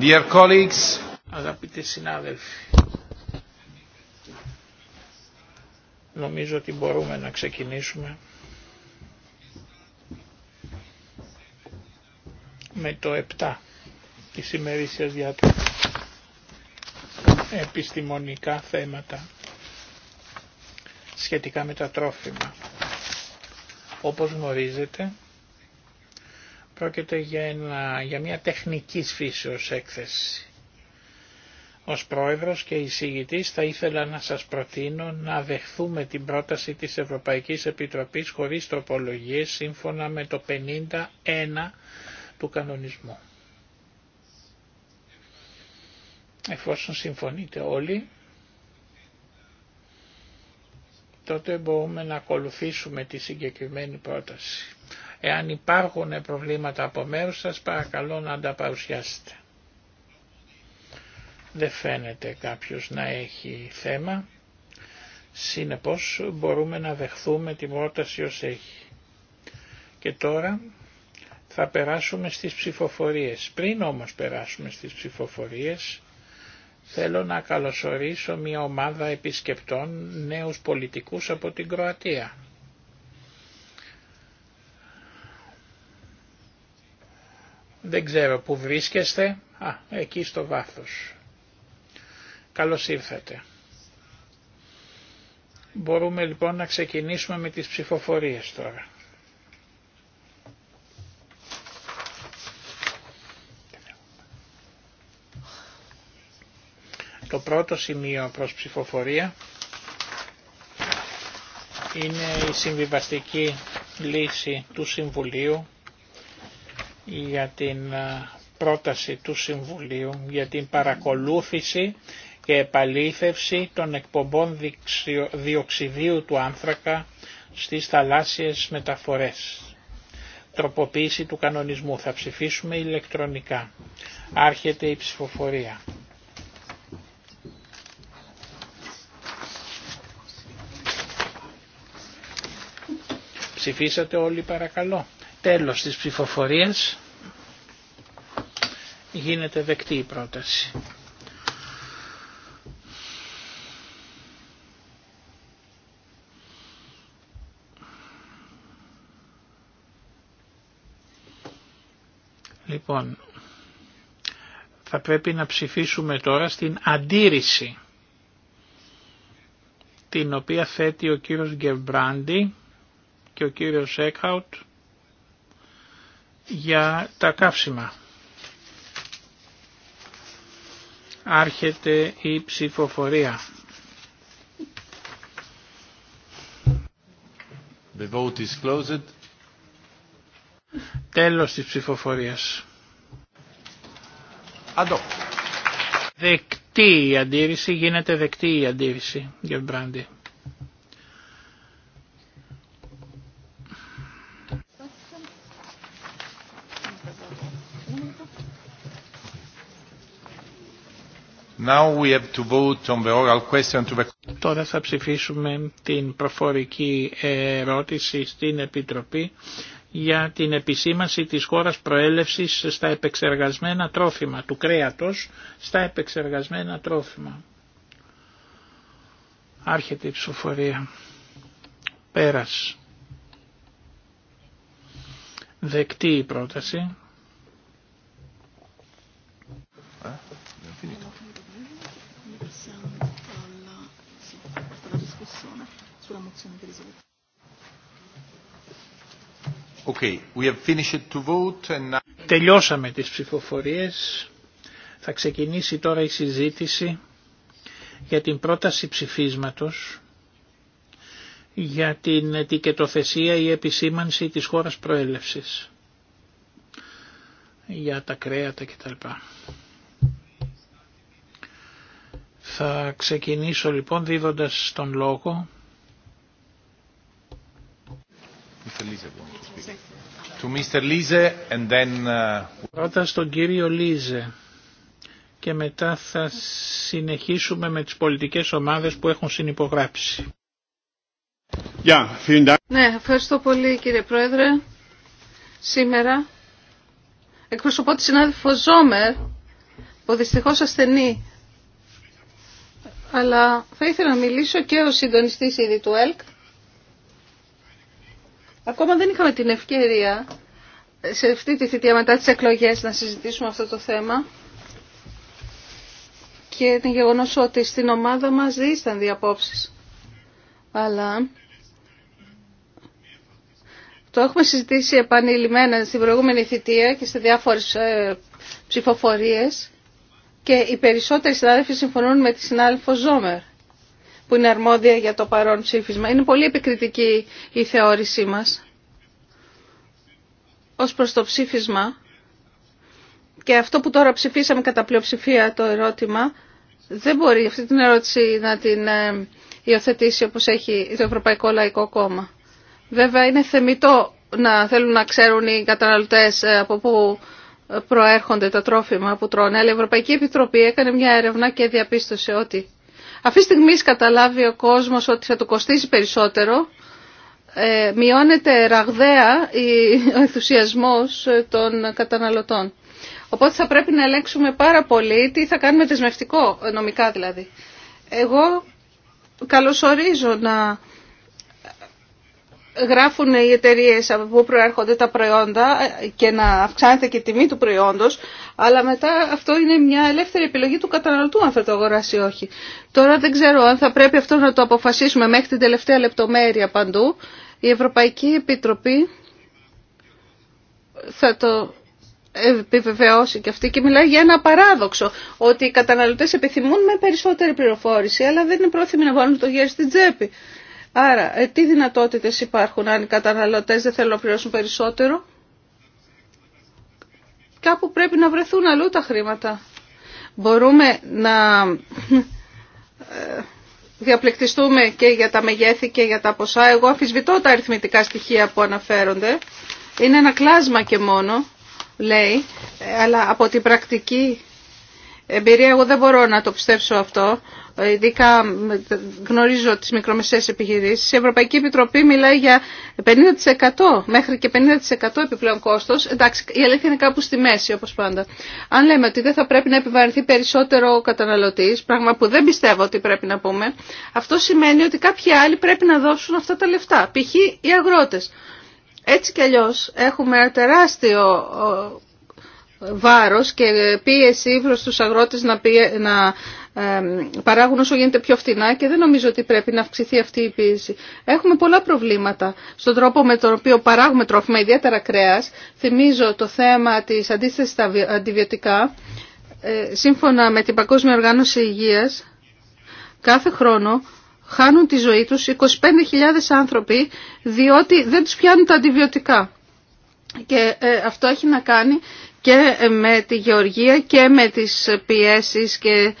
Dear colleagues. Αγαπητοί συνάδελφοι, νομίζω ότι μπορούμε να ξεκινήσουμε με το 7 της ημερήσιας διάταξης. Επιστημονικά θέματα σχετικά με τα τρόφιμα. Όπως γνωρίζετε, Πρόκειται για, μια τεχνικής φύσεως έκθεση. Ως πρόεδρος και εισηγητής θα ήθελα να σας προτείνω να δεχθούμε την πρόταση της Ευρωπαϊκής Επιτροπής χωρίς τροπολογίες σύμφωνα με το 51 του κανονισμού. Εφόσον συμφωνείτε όλοι, τότε μπορούμε να ακολουθήσουμε τη συγκεκριμένη πρόταση. Εάν υπάρχουν προβλήματα από μέρους σας παρακαλώ να τα παρουσιάσετε. Δεν φαίνεται κάποιος να έχει θέμα. Συνεπώς μπορούμε να δεχθούμε την πρόταση ως έχει. Και τώρα θα περάσουμε στις ψηφοφορίες. Πριν όμως περάσουμε στις ψηφοφορίες, θέλω να καλωσορίσω μια ομάδα επισκεπτών νέους πολιτικούς από την Κροατία. Δεν ξέρω πού βρίσκεστε. Α, εκεί στο βάθος. Καλώς ήρθατε. Μπορούμε λοιπόν να ξεκινήσουμε με τις ψηφοφορίες τώρα. Το πρώτο σημείο προς ψηφοφορία είναι η συμβιβαστική λύση του Συμβουλίου για την πρόταση του Συμβουλίου για την παρακολούθηση και επαλήθευση των εκπομπών διοξιδίου του άνθρακα στις θαλάσσιες μεταφορές. Τροποποίηση του κανονισμού. Θα ψηφίσουμε ηλεκτρονικά. Άρχεται η ψηφοφορία. Ψηφίσατε όλοι παρακαλώ. Τέλος της ψηφοφορίας γίνεται δεκτή η πρόταση. Λοιπόν, θα πρέπει να ψηφίσουμε τώρα στην αντίρρηση την οποία θέτει ο κύριος Γκεμπράντι και ο κύριος Έκχαουτ για τα καύσιμα. Άρχεται η ψηφοφορία. The vote is closed. Τέλος της ψηφοφορίας. Δεκτή η αντίρρηση, γίνεται δεκτή η αντίρρηση, μπράντι. Τώρα θα ψηφίσουμε την προφορική ερώτηση στην Επιτροπή για την επισήμαση της χώρας προέλευσης στα επεξεργασμένα τρόφιμα, του κρέατος στα επεξεργασμένα τρόφιμα. Άρχεται η ψηφοφορία. Πέρας. Δεκτή η πρόταση. Ε, Τελειώσαμε τις ψηφοφορίες. Θα ξεκινήσει τώρα η συζήτηση για την πρόταση ψηφίσματος για την ετικετοθεσία ή επισήμανση της χώρας προέλευσης για τα κρέατα κτλ. Θα ξεκινήσω λοιπόν δίδοντας τον λόγο Uh, Πρώτα στον κύριο Λίζε και μετά θα συνεχίσουμε με τις πολιτικές ομάδες που έχουν συνυπογράψει. Yeah, ναι, ευχαριστώ πολύ κύριε Πρόεδρε. Σήμερα εκπροσωπώ τη συνάδελφο Ζόμερ που δυστυχώς ασθενεί. Αλλά θα ήθελα να μιλήσω και ο συντονιστής ήδη του ΕΛΚ Ακόμα δεν είχαμε την ευκαιρία σε αυτή τη θητεία μετά τις εκλογές να συζητήσουμε αυτό το θέμα και την γεγονός ότι στην ομάδα μας ήσταν διαπόψεις. Αλλά το έχουμε συζητήσει επανειλημμένα στην προηγούμενη θητεία και σε διάφορες ε, ψηφοφορίες και οι περισσότεροι συνάδελφοι συμφωνούν με τη συνάδελφο Ζόμερ που είναι αρμόδια για το παρόν ψήφισμα. Είναι πολύ επικριτική η θεώρησή μας ως προς το ψήφισμα και αυτό που τώρα ψηφίσαμε κατά πλειοψηφία το ερώτημα δεν μπορεί αυτή την ερώτηση να την ε, υιοθετήσει όπως έχει το Ευρωπαϊκό Λαϊκό Κόμμα. Βέβαια είναι θεμητό να θέλουν να ξέρουν οι καταναλωτές ε, από πού ε, προέρχονται τα τρόφιμα που τρώνε, αλλά η Ευρωπαϊκή Επιτροπή έκανε μια έρευνα και διαπίστωσε ότι αυτή τη στιγμή καταλάβει ο κόσμος ότι θα του κοστίσει περισσότερο. Ε, μειώνεται ραγδαία ο ενθουσιασμός ε, των καταναλωτών. Οπότε θα πρέπει να ελέγξουμε πάρα πολύ τι θα κάνουμε δεσμευτικό, νομικά δηλαδή. Εγώ καλωσορίζω να γράφουν οι εταιρείε από πού προέρχονται τα προϊόντα ε, και να αυξάνεται και η τιμή του προϊόντος, αλλά μετά αυτό είναι μια ελεύθερη επιλογή του καταναλωτού αν θα το αγοράσει ή όχι. Τώρα δεν ξέρω αν θα πρέπει αυτό να το αποφασίσουμε μέχρι την τελευταία λεπτομέρεια παντού. Η Ευρωπαϊκή Επιτροπή θα το επιβεβαιώσει και αυτή και μιλάει για ένα παράδοξο ότι οι καταναλωτές επιθυμούν με περισσότερη πληροφόρηση αλλά δεν είναι πρόθυμοι να βάλουν το γέρι στην τσέπη. Άρα, ε, τι δυνατότητες υπάρχουν αν οι καταναλωτές δεν θέλουν να πληρώσουν περισσότερο. Κάπου πρέπει να βρεθούν αλλού τα χρήματα. Μπορούμε να ε, διαπληκτιστούμε και για τα μεγέθη και για τα ποσά. Εγώ αμφισβητώ τα αριθμητικά στοιχεία που αναφέρονται. Είναι ένα κλάσμα και μόνο, λέει, ε, αλλά από την πρακτική εμπειρία εγώ δεν μπορώ να το πιστέψω αυτό ειδικά γνωρίζω τις μικρομεσαίες επιχειρήσεις, η Ευρωπαϊκή Επιτροπή μιλάει για 50% μέχρι και 50% επιπλέον κόστος. Εντάξει, η αλήθεια είναι κάπου στη μέση όπως πάντα. Αν λέμε ότι δεν θα πρέπει να επιβαρυνθεί περισσότερο ο καταναλωτής, πράγμα που δεν πιστεύω ότι πρέπει να πούμε, αυτό σημαίνει ότι κάποιοι άλλοι πρέπει να δώσουν αυτά τα λεφτά, π.χ. οι αγρότες. Έτσι κι αλλιώς έχουμε τεράστιο ε, βάρος και πίεση προς στους αγρότες να, παράγουν όσο γίνεται πιο φτηνά και δεν νομίζω ότι πρέπει να αυξηθεί αυτή η πίεση. Έχουμε πολλά προβλήματα στον τρόπο με τον οποίο παράγουμε τρόφιμα, ιδιαίτερα κρέα. Θυμίζω το θέμα τη αντίσταση στα αντιβιωτικά. Ε, σύμφωνα με την Παγκόσμια Οργάνωση Υγεία κάθε χρόνο χάνουν τη ζωή τους 25.000 άνθρωποι διότι δεν τους πιάνουν τα αντιβιωτικά. Και ε, αυτό έχει να κάνει και με τη γεωργία και με τις πιέσεις και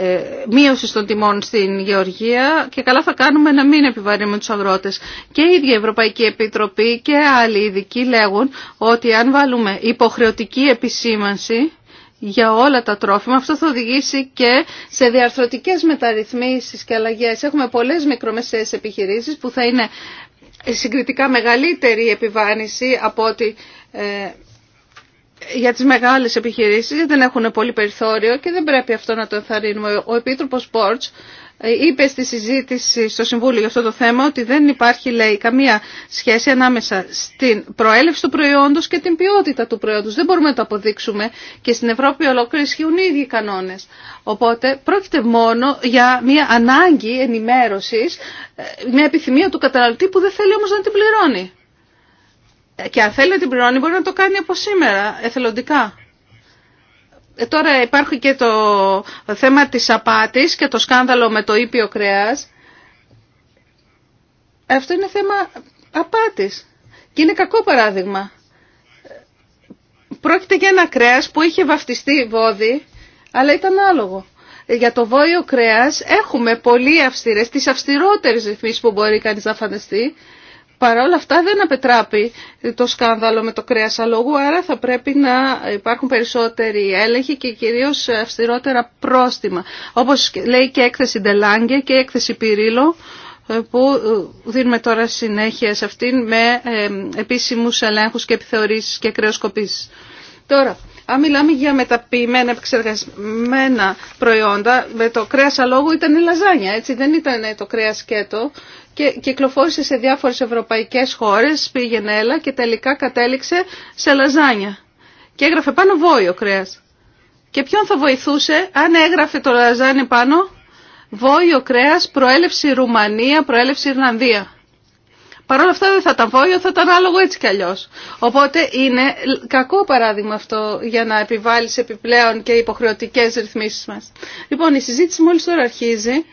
ε, μείωση των τιμών στην γεωργία και καλά θα κάνουμε να μην επιβαρύνουμε τους αγρότες. Και η ίδια Ευρωπαϊκή Επιτροπή και άλλοι ειδικοί λέγουν ότι αν βάλουμε υποχρεωτική επισήμανση για όλα τα τρόφιμα. Αυτό θα οδηγήσει και σε διαρθρωτικές μεταρρυθμίσεις και αλλαγές. Έχουμε πολλές μικρομεσαίες επιχειρήσεις που θα είναι συγκριτικά μεγαλύτερη επιβάρυνση από ότι ε, για τις μεγάλες επιχειρήσεις γιατί δεν έχουν πολύ περιθώριο και δεν πρέπει αυτό να το ενθαρρύνουμε. Ο Επίτροπος Πόρτς ε, είπε στη συζήτηση στο Συμβούλιο για αυτό το θέμα ότι δεν υπάρχει, λέει, καμία σχέση ανάμεσα στην προέλευση του προϊόντος και την ποιότητα του προϊόντος. Δεν μπορούμε να το αποδείξουμε και στην Ευρώπη ολόκληρη ισχύουν οι ίδιοι κανόνες. Οπότε πρόκειται μόνο για μια ανάγκη ενημέρωσης, ε, μια επιθυμία του καταναλωτή που δεν θέλει όμως να την πληρώνει. Και αν θέλει να την πληρώνει μπορεί να το κάνει από σήμερα, εθελοντικά. Ε, τώρα υπάρχει και το θέμα της απάτης και το σκάνδαλο με το ήπιο κρέας. Αυτό είναι θέμα απάτης και είναι κακό παράδειγμα. Πρόκειται για ένα κρέας που είχε βαφτιστεί βόδι, αλλά ήταν άλογο. Για το βόλιο κρέας έχουμε πολύ αυστηρές, τις αυστηρότερες ρυθμίσεις που μπορεί κανείς να φανταστεί, Παρ' όλα αυτά δεν απετράπει το σκάνδαλο με το κρέας αλόγου, άρα θα πρέπει να υπάρχουν περισσότεροι έλεγχοι και κυρίως αυστηρότερα πρόστιμα. Όπως λέει και έκθεση Ντελάνγκε και έκθεση Πυρίλο, που δίνουμε τώρα συνέχεια σε αυτήν με ε, επίσημους ελέγχους και επιθεωρήσεις και κρεοσκοπήσεις. Τώρα, αν μιλάμε για μεταποιημένα επεξεργασμένα προϊόντα, με το κρέας αλόγου ήταν η λαζάνια, έτσι δεν ήταν το κρέας σκέτο και κυκλοφόρησε σε διάφορες ευρωπαϊκές χώρες, πήγαινε έλα και τελικά κατέληξε σε λαζάνια. Και έγραφε πάνω ο κρέας. Και ποιον θα βοηθούσε αν έγραφε το λαζάνι πάνω ο κρέας προέλευση Ρουμανία, προέλευση Ιρλανδία. Παρ' όλα αυτά δεν θα τα βόλιο, θα ήταν άλογο έτσι κι αλλιώ. Οπότε είναι κακό παράδειγμα αυτό για να επιβάλλει επιπλέον και υποχρεωτικέ ρυθμίσει μα. Λοιπόν, η συζήτηση μόλι τώρα αρχίζει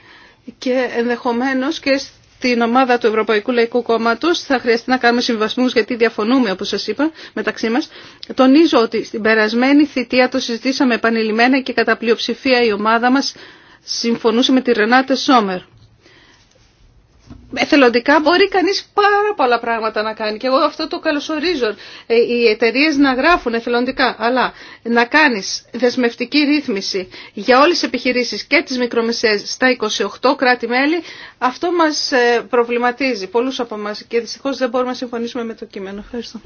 και ενδεχομένω και στην ομάδα του Ευρωπαϊκού Λαϊκού Κόμματο θα χρειαστεί να κάνουμε συμβασμού γιατί διαφωνούμε, όπω σα είπα, μεταξύ μα. Τονίζω ότι στην περασμένη θητεία το συζητήσαμε επανειλημμένα και κατά πλειοψηφία η ομάδα μα συμφωνούσε με τη Ρενάτε Σόμερ εθελοντικά μπορεί κανείς πάρα πολλά πράγματα να κάνει και εγώ αυτό το καλωσορίζω ε, οι εταιρείε να γράφουν εθελοντικά αλλά να κάνεις δεσμευτική ρύθμιση για όλες τις επιχειρήσεις και τις μικρομεσαίες στα 28 κράτη-μέλη αυτό μας ε, προβληματίζει πολλούς από εμάς και δυστυχώ δεν μπορούμε να συμφωνήσουμε με το κείμενο. Ευχαριστώ.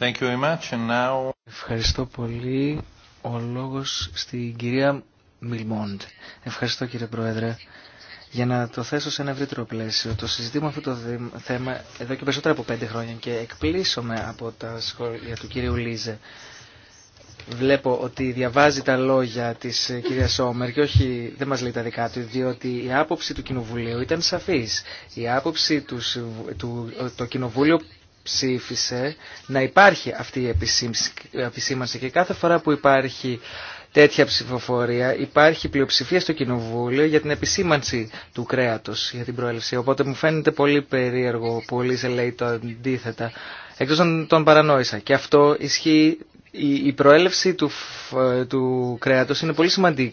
Thank you very much. And now... Ευχαριστώ πολύ. Ο λόγος στην κυρία Μιλμόντ. Ευχαριστώ κύριε Πρόεδρε για να το θέσω σε ένα ευρύτερο πλαίσιο. Το συζητήμα αυτό το θέμα εδώ και περισσότερα από πέντε χρόνια και εκπλήσωμαι από τα σχόλια του κύριου Λίζε. Βλέπω ότι διαβάζει τα λόγια της ε, κυρίας Σόμερ και όχι δεν μας λέει τα δικά του, διότι η άποψη του Κοινοβουλίου ήταν σαφής. Η άποψη του, του ε, το Κοινοβούλιο ψήφισε να υπάρχει αυτή η επισήμανση και κάθε φορά που υπάρχει τέτοια ψηφοφορία υπάρχει πλειοψηφία στο Κοινοβούλιο για την επισήμανση του κρέατος για την προέλευση. Οπότε μου φαίνεται πολύ περίεργο που ο λέει το αντίθετα. Εκτός αν τον παρανόησα. Και αυτό ισχύει. Η προέλευση του, του κρέατος είναι πολύ σημαντική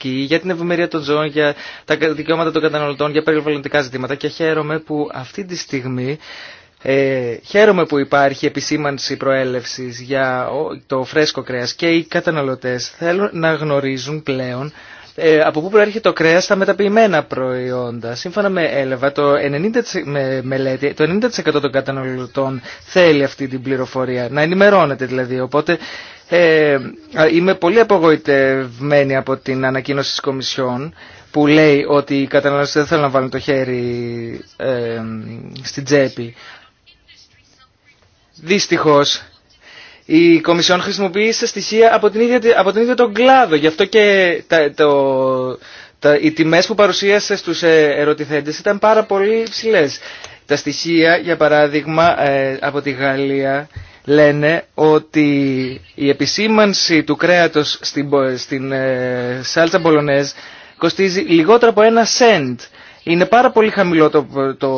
για την ευημερία των ζώων, για τα δικαιώματα των καταναλωτών, για περιβαλλοντικά ζητήματα και χαίρομαι που αυτή τη στιγμή ε, χαίρομαι που υπάρχει επισήμανση προέλευσης για το φρέσκο κρέας και οι καταναλωτές θέλουν να γνωρίζουν πλέον ε, από πού προέρχεται το κρέας στα μεταποιημένα προϊόντα. Σύμφωνα με έλεβα, το 90, το 90% των καταναλωτών θέλει αυτή την πληροφορία, να ενημερώνεται δηλαδή. Οπότε ε, είμαι πολύ απογοητευμένη από την ανακοίνωση της Κομισιόν που λέει ότι οι καταναλωτές δεν θέλουν να βάλουν το χέρι ε, στην τσέπη. Δυστυχώ, η Κομισιόν χρησιμοποίησε στοιχεία από, την ίδια, από τον ίδιο κλάδο. Γι' αυτό και το, οι τιμέ που παρουσίασε στου ε, ερωτηθέντες ήταν πάρα πολύ υψηλές. Τα στοιχεία, για παράδειγμα, ε, από τη Γαλλία λένε ότι η επισήμανση του κρέατος στην, στην ε, σάλτσα μπολονέζ κοστίζει λιγότερο από ένα σέντ. Είναι πάρα πολύ χαμηλό το, το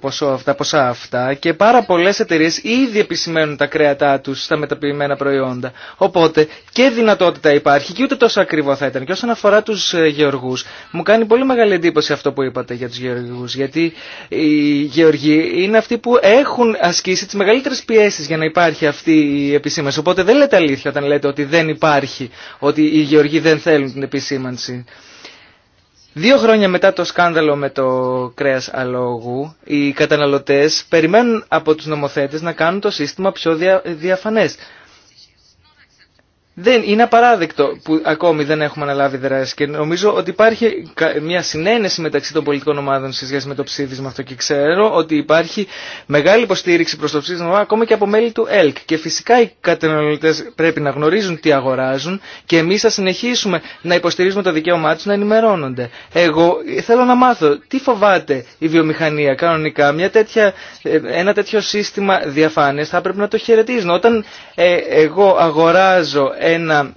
ποσό αυτά, ποσά αυτά και πάρα πολλέ εταιρείε ήδη επισημαίνουν τα κρέατά του στα μεταποιημένα προϊόντα. Οπότε και δυνατότητα υπάρχει και ούτε τόσο ακριβό θα ήταν. Και όσον αφορά τους ε, γεωργού, μου κάνει πολύ μεγάλη εντύπωση αυτό που είπατε για του γεωργού. Γιατί οι γεωργοί είναι αυτοί που έχουν ασκήσει τι μεγαλύτερε πιέσει για να υπάρχει αυτή η επισήμανση. Οπότε δεν λέτε αλήθεια όταν λέτε ότι δεν υπάρχει, ότι οι γεωργοί δεν θέλουν την επισήμανση. Δύο χρόνια μετά το σκάνδαλο με το κρέας αλόγου, οι καταναλωτές περιμένουν από τους νομοθέτες να κάνουν το σύστημα πιο διαφανές. Δεν, είναι απαράδεκτο που ακόμη δεν έχουμε αναλάβει δράση και νομίζω ότι υπάρχει μια συνένεση μεταξύ των πολιτικών ομάδων σε σχέση με το ψήφισμα αυτό και ξέρω ότι υπάρχει μεγάλη υποστήριξη προς το ψήφισμα ακόμα και από μέλη του ΕΛΚ και φυσικά οι καταναλωτές πρέπει να γνωρίζουν τι αγοράζουν και εμείς θα συνεχίσουμε να υποστηρίζουμε το δικαίωμά τους να ενημερώνονται. Εγώ θέλω να μάθω τι φοβάται η βιομηχανία κανονικά μια τέτοια, ε, ένα τέτοιο σύστημα διαφάνειας θα πρέπει να το χαιρετίζουν. Όταν ε, εγώ αγοράζω ένα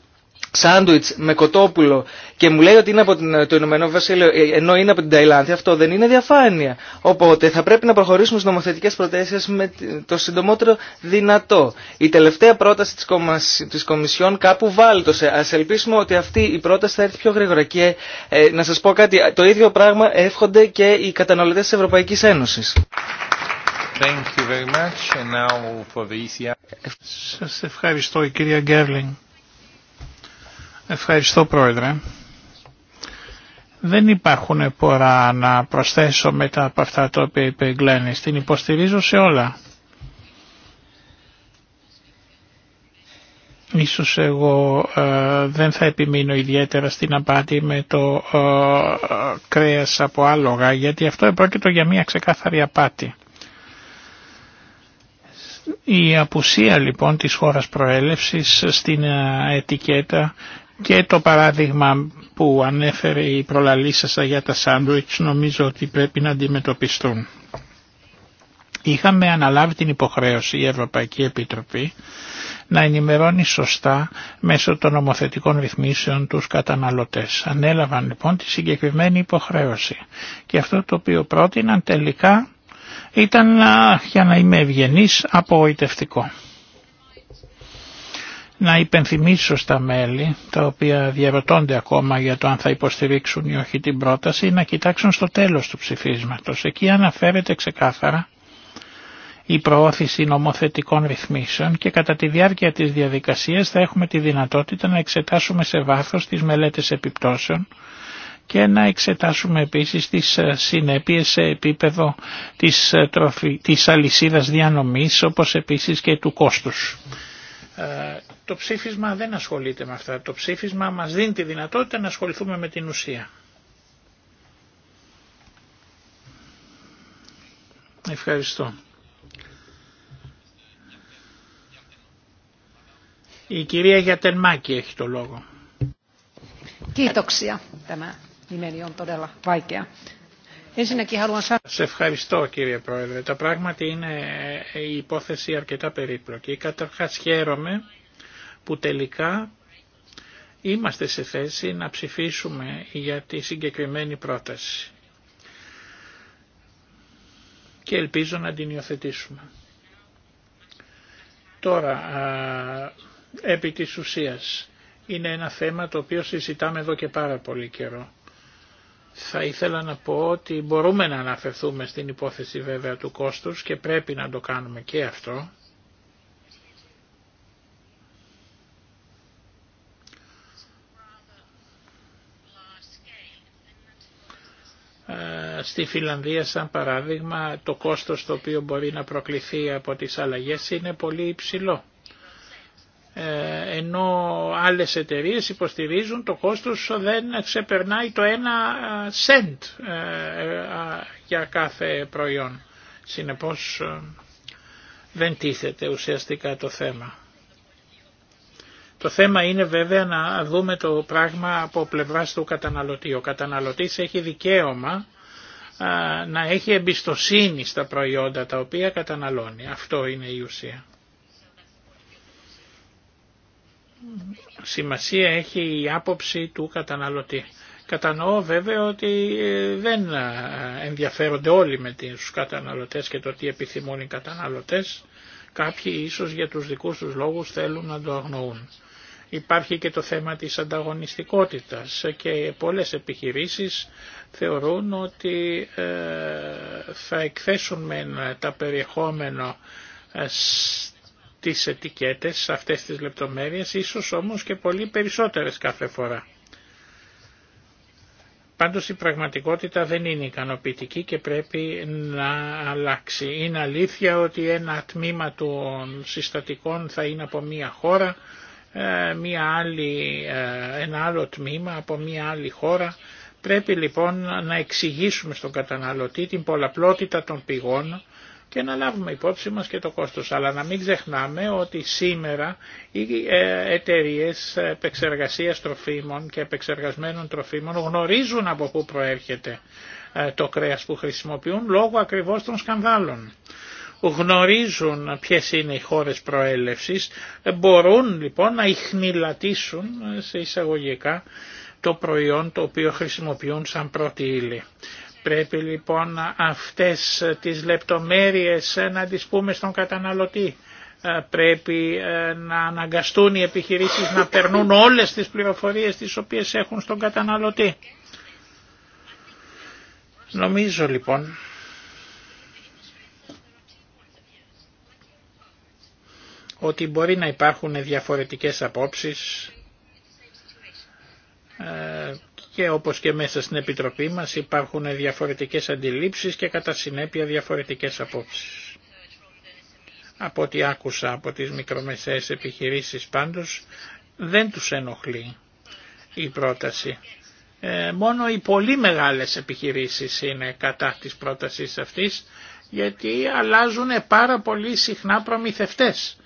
σάντουιτς με κοτόπουλο και μου λέει ότι είναι από το Ηνωμένο Βασίλειο ε, ενώ είναι από την Ταϊλάνδη, αυτό δεν είναι διαφάνεια. Οπότε θα πρέπει να προχωρήσουμε στις νομοθετικές προτέσεις με το συντομότερο δυνατό. Η τελευταία πρόταση της, Κομισιόν κάπου βάλτωσε. Ας ελπίσουμε ότι αυτή η πρόταση θα έρθει πιο γρήγορα. Και ε, να σας πω κάτι, το ίδιο πράγμα εύχονται και οι καταναλωτές της Ευρωπαϊκής Ένωσης. Thank you very much. And now for the ECR. Σας ευχαριστώ η κυρία Γκέρλινγκ. Ευχαριστώ Πρόεδρε. Δεν υπάρχουν πορά να προσθέσω μετά από αυτά τα οποία είπε η Γκλένη. Την υποστηρίζω σε όλα. Ίσως εγώ ε, δεν θα επιμείνω ιδιαίτερα στην απάτη με το ε, κρέας από άλογα γιατί αυτό επρόκειτο για μια ξεκάθαρη απάτη. Η απουσία λοιπόν της χώρας προέλευσης στην ε, ετικέτα και το παράδειγμα που ανέφερε η προλαλήσασα για τα σάντουιτς νομίζω ότι πρέπει να αντιμετωπιστούν. Είχαμε αναλάβει την υποχρέωση η Ευρωπαϊκή Επιτροπή να ενημερώνει σωστά μέσω των νομοθετικών ρυθμίσεων τους καταναλωτές. Ανέλαβαν λοιπόν τη συγκεκριμένη υποχρέωση. Και αυτό το οποίο πρότειναν τελικά ήταν, για να είμαι ευγενής, απογοητευτικό να υπενθυμίσω στα μέλη, τα οποία διαρωτώνται ακόμα για το αν θα υποστηρίξουν ή όχι την πρόταση, να κοιτάξουν στο τέλος του ψηφίσματος. Εκεί αναφέρεται ξεκάθαρα η προώθηση νομοθετικών ρυθμίσεων και κατά τη διάρκεια της διαδικασίας θα έχουμε τη δυνατότητα να εξετάσουμε σε βάθος τις μελέτες επιπτώσεων και να εξετάσουμε επίσης τις ε, συνέπειες σε επίπεδο της, ε, τροφι... της αλυσίδας διανομής όπως επίσης και του κόστους. Ε, το ψήφισμα δεν ασχολείται με αυτά. Το ψήφισμα μας δίνει τη δυνατότητα να ασχοληθούμε με την ουσία. Ευχαριστώ. Η κυρία Γιατενμάκη έχει το λόγο. Kiitoksia. Tämä on todella vaikea. Σε ευχαριστώ κύριε Πρόεδρε. Τα πράγματα είναι ε, η υπόθεση αρκετά περίπλοκη. Καταρχάς χαίρομαι που τελικά είμαστε σε θέση να ψηφίσουμε για τη συγκεκριμένη πρόταση. Και ελπίζω να την υιοθετήσουμε. Τώρα, α, επί της ουσίας, είναι ένα θέμα το οποίο συζητάμε εδώ και πάρα πολύ καιρό θα ήθελα να πω ότι μπορούμε να αναφερθούμε στην υπόθεση βέβαια του κόστους και πρέπει να το κάνουμε και αυτό. Ε, στη Φιλανδία σαν παράδειγμα το κόστος το οποίο μπορεί να προκληθεί από τις αλλαγές είναι πολύ υψηλό. Ε, ενώ άλλες εταιρείες υποστηρίζουν το κόστος δεν ξεπερνάει το ένα σεντ ε, ε, για κάθε προϊόν. Συνεπώς δεν τίθεται ουσιαστικά το θέμα. Το θέμα είναι βέβαια να δούμε το πράγμα από πλευράς του καταναλωτή. Ο καταναλωτής έχει δικαίωμα να έχει εμπιστοσύνη στα προϊόντα τα οποία καταναλώνει. Αυτό είναι η ουσία. σημασία έχει η άποψη του καταναλωτή. Κατανοώ βέβαια ότι ε, δεν ε, ενδιαφέρονται όλοι με τους καταναλωτές και το τι επιθυμούν οι καταναλωτές. Κάποιοι ίσως για τους δικούς τους λόγους θέλουν να το αγνοούν. Υπάρχει και το θέμα της ανταγωνιστικότητας και πολλές επιχειρήσεις θεωρούν ότι ε, θα εκθέσουν μεν τα περιεχόμενο τις ετικέτες, σε αυτές τις λεπτομέρειες, ίσως όμως και πολύ περισσότερες κάθε φορά. Πάντως η πραγματικότητα δεν είναι ικανοποιητική και πρέπει να αλλάξει. Είναι αλήθεια ότι ένα τμήμα των συστατικών θα είναι από μία χώρα, ε, μία άλλη, ε, ένα άλλο τμήμα από μία άλλη χώρα. Πρέπει λοιπόν να εξηγήσουμε στον καταναλωτή την πολλαπλότητα των πηγών και να λάβουμε υπόψη μας και το κόστος. Αλλά να μην ξεχνάμε ότι σήμερα οι ε, εταιρείε επεξεργασίας τροφίμων και επεξεργασμένων τροφίμων γνωρίζουν από πού προέρχεται ε, το κρέας που χρησιμοποιούν λόγω ακριβώς των σκανδάλων γνωρίζουν ποιες είναι οι χώρες προέλευσης, μπορούν λοιπόν να ιχνηλατήσουν ε, σε εισαγωγικά το προϊόν το οποίο χρησιμοποιούν σαν πρώτη ύλη. Πρέπει λοιπόν αυτές τις λεπτομέρειες να τις πούμε στον καταναλωτή. Ε, πρέπει ε, να αναγκαστούν οι επιχειρήσεις να περνούν όλες τις πληροφορίες τις οποίες έχουν στον καταναλωτή. Νομίζω λοιπόν ότι μπορεί να υπάρχουν διαφορετικές απόψεις ε, και όπως και μέσα στην Επιτροπή μας υπάρχουν διαφορετικές αντιλήψεις και κατά συνέπεια διαφορετικές απόψεις. Από ό,τι άκουσα από τις μικρομεσαίες επιχειρήσεις πάντως δεν τους ενοχλεί η πρόταση. Ε, μόνο οι πολύ μεγάλες επιχειρήσεις είναι κατά της πρότασης αυτής γιατί αλλάζουν πάρα πολύ συχνά προμηθευτές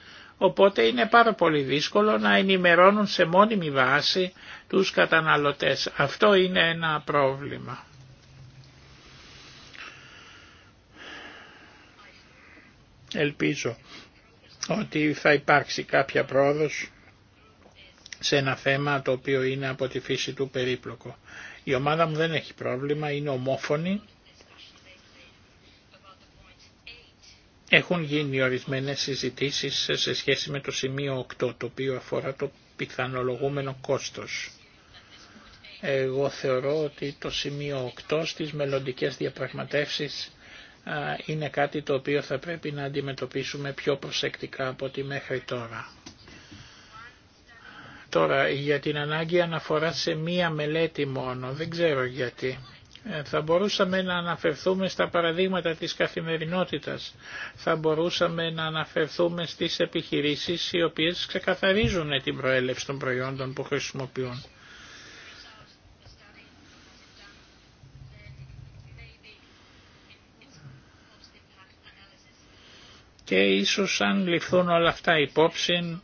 Οπότε είναι πάρα πολύ δύσκολο να ενημερώνουν σε μόνιμη βάση τους καταναλωτές. Αυτό είναι ένα πρόβλημα. Ελπίζω ότι θα υπάρξει κάποια πρόοδος σε ένα θέμα το οποίο είναι από τη φύση του περίπλοκο. Η ομάδα μου δεν έχει πρόβλημα, είναι ομόφωνη Έχουν γίνει ορισμένες συζητήσεις σε σχέση με το σημείο 8, το οποίο αφορά το πιθανολογούμενο κόστος. Εγώ θεωρώ ότι το σημείο 8 στις μελλοντικέ διαπραγματεύσεις είναι κάτι το οποίο θα πρέπει να αντιμετωπίσουμε πιο προσεκτικά από τη μέχρι τώρα. Τώρα, για την ανάγκη αναφορά σε μία μελέτη μόνο, δεν ξέρω γιατί. Ε, θα μπορούσαμε να αναφερθούμε στα παραδείγματα της καθημερινότητας. Θα μπορούσαμε να αναφερθούμε στις επιχειρήσεις οι οποίες ξεκαθαρίζουν την προέλευση των προϊόντων που χρησιμοποιούν. Και ίσως αν ληφθούν όλα αυτά υπόψη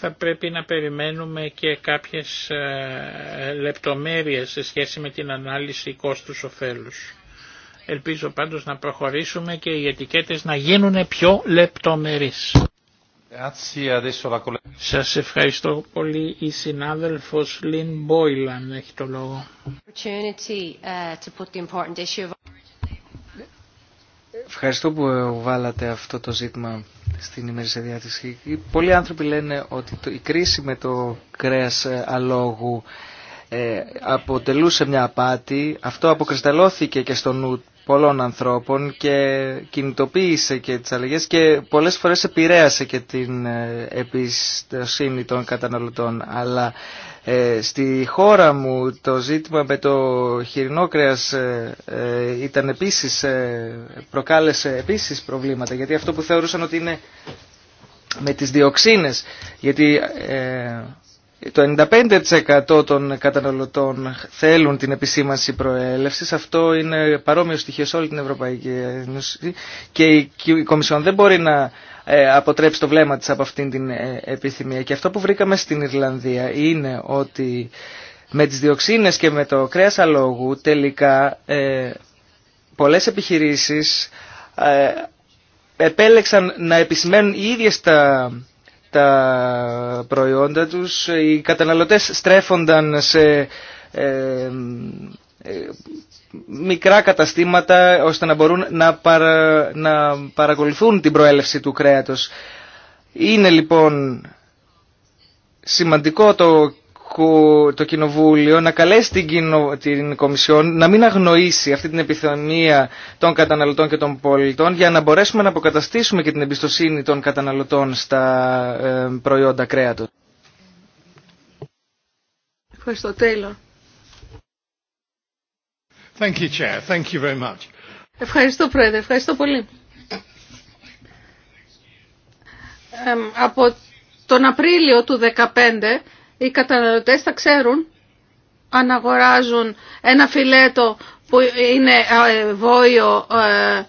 θα πρέπει να περιμένουμε και κάποιες ε, λεπτομέρειες σε σχέση με την ανάλυση κόστους ωφέλους. Ελπίζω πάντως να προχωρήσουμε και οι ετικέτες να γίνουν πιο λεπτομερείς. Σας ευχαριστώ πολύ. Η συνάδελφος Λίν Μπόιλαν έχει το λόγο. Ευχαριστώ που βάλατε αυτό το ζήτημα στην ημερήσια διάθεση. Πολλοί άνθρωποι λένε ότι η κρίση με το κρέας ε, αλόγου ε, αποτελούσε μια απάτη. Αυτό αποκρισταλώθηκε και στο νου πολλών ανθρώπων και κινητοποίησε και τις αλλαγές και πολλές φορές επηρέασε και την επιστοσύνη των καταναλωτών. Αλλά ε, στη χώρα μου το ζήτημα με το χοιρινό κρέας ε, ε, ήταν επίσης, προκάλεσε επίσης προβλήματα γιατί αυτό που θεωρούσαν ότι είναι με τις διοξίνες γιατί... Το 95% των καταναλωτών θέλουν την επισήμανση προέλευσης. Αυτό είναι παρόμοιο στοιχείο σε όλη την Ευρωπαϊκή Ένωση και η Κομισιόν δεν μπορεί να ε, αποτρέψει το βλέμμα της από αυτήν την ε, επιθυμία. Και αυτό που βρήκαμε στην Ιρλανδία είναι ότι με τις διοξίνες και με το κρέας αλόγου τελικά ε, πολλές επιχειρήσεις επέλεξαν να επισημαίνουν οι ίδιες τα τα προϊόντα τους, οι καταναλωτές στρέφονταν σε ε, ε, μικρά καταστήματα ώστε να μπορούν να, παρακολουθούν την προέλευση του κρέατος. Είναι λοιπόν σημαντικό το το Κοινοβούλιο να καλέσει την, κοινο, την Κομισιόν να μην αγνοήσει αυτή την επιθυμία των καταναλωτών και των πολιτών για να μπορέσουμε να αποκαταστήσουμε και την εμπιστοσύνη των καταναλωτών στα ε, προϊόντα κρέατος. Ευχαριστώ, Τέιλορ. Thank you, Chair. Thank you very much. Ευχαριστώ, Πρόεδρε. Ευχαριστώ πολύ. Ε, από τον Απρίλιο του 2015 οι καταναλωτές θα ξέρουν αν αγοράζουν ένα φιλέτο που είναι ε, βόιο ε,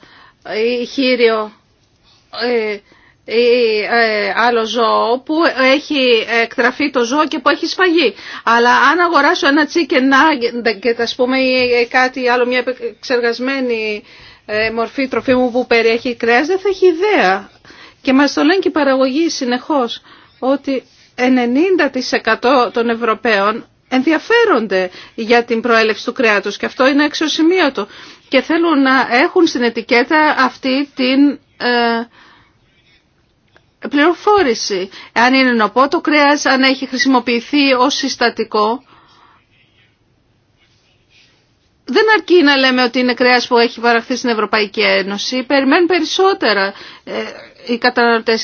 ή χείριο ε, ή άλλο ζώο που έχει εκτραφεί το ζώο και που έχει σφαγεί. Αλλά αν αγοράσω ένα chicken και ας πούμε ή κάτι άλλο, μια εξεργασμένη μορφή μου που περιέχει κρέας δεν θα έχει ιδέα. Και μας το λένε και οι παραγωγοί συνεχώς ότι 90% των Ευρωπαίων ενδιαφέρονται για την προέλευση του κρέατος και αυτό είναι αξιοσημείωτο και θέλουν να έχουν στην ετικέτα αυτή την ε, πληροφόρηση. Αν είναι νοπό το κρέας, αν έχει χρησιμοποιηθεί ως συστατικό, δεν αρκεί να λέμε ότι είναι κρέας που έχει παραχθεί στην Ευρωπαϊκή Ένωση. Περιμένουν περισσότερα. Ε,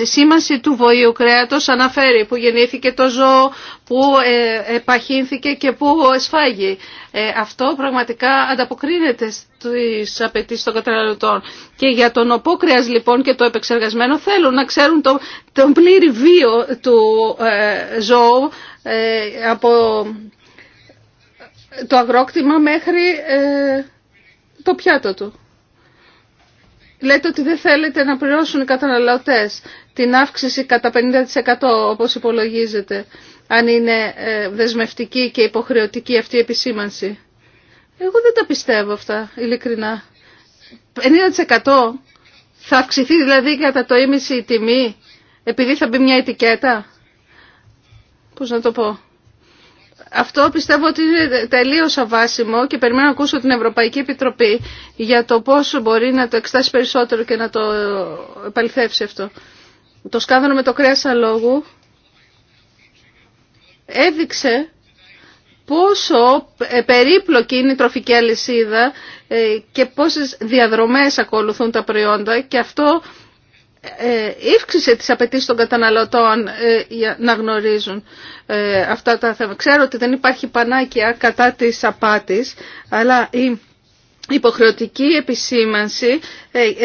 η σήμανση του βοήου κρέατος αναφέρει που γεννήθηκε το ζώο, που ε, επαχύνθηκε και που εσφάγει. Ε, αυτό πραγματικά ανταποκρίνεται στις απαιτήσεις των καταναλωτών. Και για τον οποκριας λοιπόν και το επεξεργασμένο θέλουν να ξέρουν τον, τον πλήρη βίο του ε, ζώου από το αγρόκτημα μέχρι το πιάτο του λέτε ότι δεν θέλετε να πληρώσουν οι καταναλωτές την αύξηση κατά 50% όπως υπολογίζεται, αν είναι ε, δεσμευτική και υποχρεωτική αυτή η επισήμανση. Εγώ δεν τα πιστεύω αυτά, ειλικρινά. 50% θα αυξηθεί δηλαδή κατά το ίμιση η τιμή, επειδή θα μπει μια ετικέτα. Πώς να το πω. Αυτό πιστεύω ότι είναι τελείως αβάσιμο και περιμένω να ακούσω την Ευρωπαϊκή Επιτροπή για το πόσο μπορεί να το εξετάσει περισσότερο και να το επαληθεύσει αυτό. Το σκάνδαλο με το κρέας αλόγου έδειξε πόσο ε, περίπλοκη είναι η τροφική αλυσίδα ε, και πόσες διαδρομές ακολουθούν τα προϊόντα και αυτό ε, Ήρξησε τις απαιτήσει των καταναλωτών ε, για να γνωρίζουν ε, αυτά τα θέματα. Ξέρω ότι δεν υπάρχει πανάκια κατά της απάτης, αλλά η υποχρεωτική επισήμανση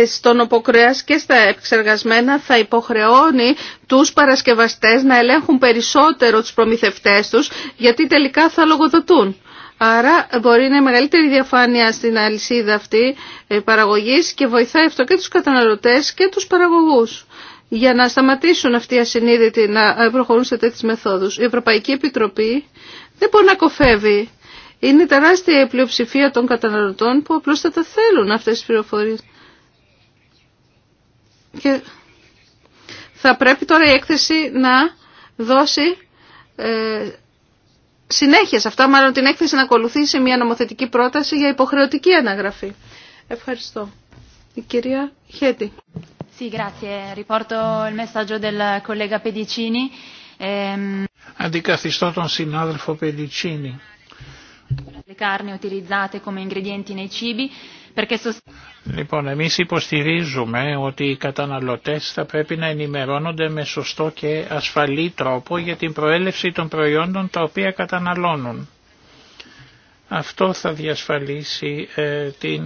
στον οποκρέας και στα εξεργασμένα θα υποχρεώνει τους παρασκευαστές να ελέγχουν περισσότερο τους προμηθευτές τους, γιατί τελικά θα λογοδοτούν. Άρα μπορεί να είναι μεγαλύτερη διαφάνεια στην αλυσίδα αυτή ε, παραγωγής και βοηθάει αυτό και τους καταναλωτές και τους παραγωγούς για να σταματήσουν αυτοί οι ασυνείδητοι να ε, προχωρούν σε τέτοιες μεθόδους. Η Ευρωπαϊκή Επιτροπή δεν μπορεί να κοφεύει. Είναι τεράστια η πλειοψηφία των καταναλωτών που απλώς θα τα θέλουν αυτές τις πληροφορίες. Και θα πρέπει τώρα η έκθεση να δώσει ε, συνέχεια σε αυτά, μάλλον την έκθεση να ακολουθήσει μια νομοθετική πρόταση για υποχρεωτική αναγραφή. Ευχαριστώ. Η κυρία Χέτη. Ehm, Αντικαθιστώ τον συνάδελφο Pedicini. Le carni utilizzate come ingredienti nei cibi Λοιπόν, εμείς υποστηρίζουμε ότι οι καταναλωτές θα πρέπει να ενημερώνονται με σωστό και ασφαλή τρόπο για την προέλευση των προϊόντων τα οποία καταναλώνουν. Αυτό θα διασφαλίσει ε, την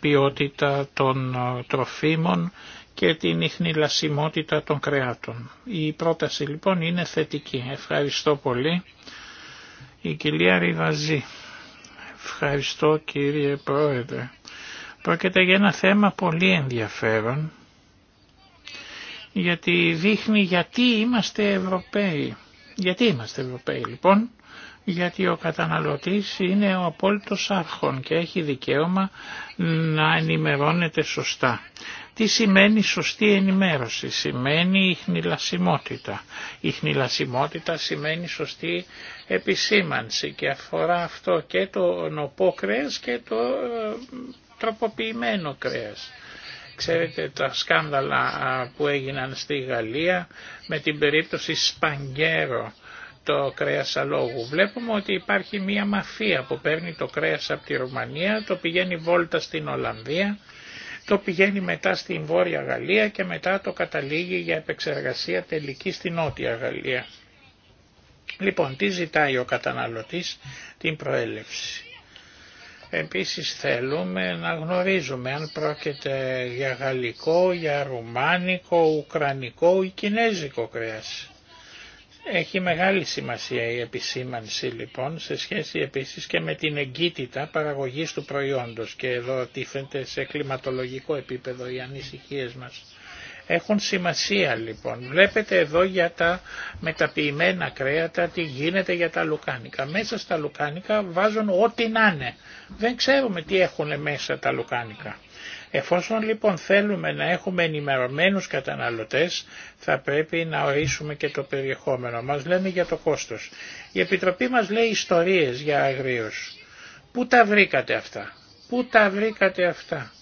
ποιότητα των ε, τροφίμων και την ιχνηλασιμότητα των κρεάτων. Η πρόταση λοιπόν είναι θετική. Ευχαριστώ πολύ. Η κυρία Ριβαζή. Ευχαριστώ κύριε Πρόεδρε. Πρόκειται για ένα θέμα πολύ ενδιαφέρον γιατί δείχνει γιατί είμαστε Ευρωπαίοι. Γιατί είμαστε Ευρωπαίοι λοιπόν, γιατί ο καταναλωτής είναι ο απόλυτος άρχον και έχει δικαίωμα να ενημερώνεται σωστά. Τι σημαίνει σωστή ενημέρωση, σημαίνει η χνηλασιμότητα. σημαίνει σωστή επισήμανση και αφορά αυτό και το νοπό κρέας και το ε, τροποποιημένο κρέας. Ξέρετε τα σκάνδαλα που έγιναν στη Γαλλία με την περίπτωση Σπαγκέρο το κρέας αλόγου. Βλέπουμε ότι υπάρχει μία μαφία που παίρνει το κρέας από τη Ρουμανία, το πηγαίνει βόλτα στην Ολλανδία το πηγαίνει μετά στην Βόρεια Γαλλία και μετά το καταλήγει για επεξεργασία τελική στην Νότια Γαλλία. Λοιπόν, τι ζητάει ο καταναλωτής την προέλευση. Επίσης θέλουμε να γνωρίζουμε αν πρόκειται για γαλλικό, για ρουμάνικο, ουκρανικό ή κινέζικο κρέας. Έχει μεγάλη σημασία η επισήμανση λοιπόν σε σχέση επίσης και με την εγκύτητα παραγωγής του προϊόντος και εδώ τίθενται σε κλιματολογικό επίπεδο οι ανησυχίες μας. Έχουν σημασία λοιπόν. Βλέπετε εδώ για τα μεταποιημένα κρέατα τι γίνεται για τα λουκάνικα. Μέσα στα λουκάνικα βάζουν ό,τι να είναι. Δεν ξέρουμε τι έχουν μέσα τα λουκάνικα. Εφόσον λοιπόν θέλουμε να έχουμε ενημερωμένους καταναλωτές θα πρέπει να ορίσουμε και το περιεχόμενο. Μας λένε για το κόστος. Η Επιτροπή μας λέει ιστορίες για αγρίους. Πού τα βρήκατε αυτά. Πού τα βρήκατε αυτά.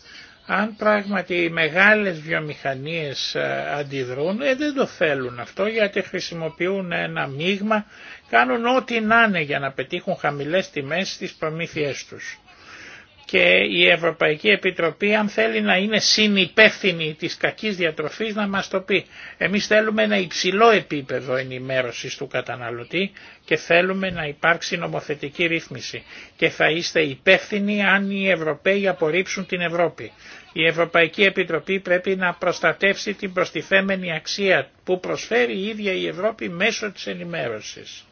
Αν πράγματι οι μεγάλες βιομηχανίες ε, αντιδρούν, ε, δεν το θέλουν αυτό γιατί χρησιμοποιούν ένα μείγμα, κάνουν ό,τι να είναι για να πετύχουν χαμηλές τιμές στις προμήθειές τους και η Ευρωπαϊκή Επιτροπή αν θέλει να είναι συνυπεύθυνη της κακής διατροφής να μας το πει. Εμείς θέλουμε ένα υψηλό επίπεδο ενημέρωσης του καταναλωτή και θέλουμε να υπάρξει νομοθετική ρύθμιση και θα είστε υπεύθυνοι αν οι Ευρωπαίοι απορρίψουν την Ευρώπη. Η Ευρωπαϊκή Επιτροπή πρέπει να προστατεύσει την προστιθέμενη αξία που προσφέρει η ίδια η Ευρώπη μέσω της ενημέρωσης.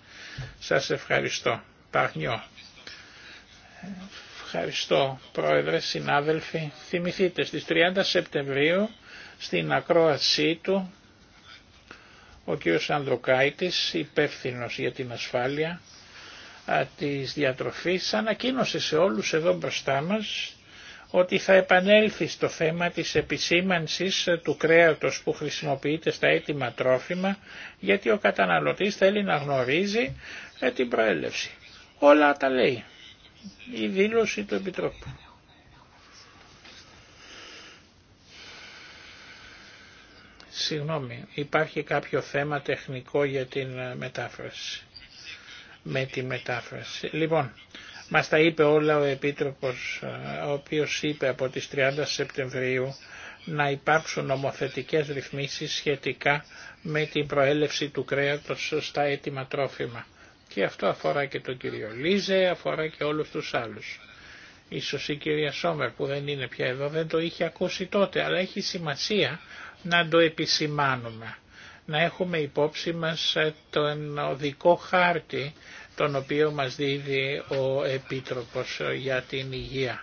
Σας ευχαριστώ. Ευχαριστώ πρόεδρε, συνάδελφοι. Θυμηθείτε στις 30 Σεπτεμβρίου στην ακρόασή του ο κύριος Ανδροκάητης, υπεύθυνο για την ασφάλεια της διατροφής, ανακοίνωσε σε όλους εδώ μπροστά μας ότι θα επανέλθει στο θέμα της επισήμανσης ε, του κρέατος που χρησιμοποιείται στα έτοιμα τρόφιμα, γιατί ο καταναλωτής θέλει να γνωρίζει ε, την προέλευση. Όλα τα λέει η δήλωση του Επιτρόπου. Συγγνώμη, υπάρχει κάποιο θέμα τεχνικό για την ε, μετάφραση. Με τη μετάφραση. Λοιπόν, μας τα είπε όλα ο Επίτροπος, ε, ο οποίος είπε από τις 30 Σεπτεμβρίου να υπάρξουν νομοθετικές ρυθμίσεις σχετικά με την προέλευση του κρέατος στα έτοιμα τρόφιμα. Και αυτό αφορά και τον κύριο Λίζε, αφορά και όλους τους άλλους. Ίσως η κυρία Σόμερ που δεν είναι πια εδώ δεν το είχε ακούσει τότε, αλλά έχει σημασία να το επισημάνουμε. Να έχουμε υπόψη μας ε, τον οδικό χάρτη τον οποίο μας δίδει ο Επίτροπος ε, για την Υγεία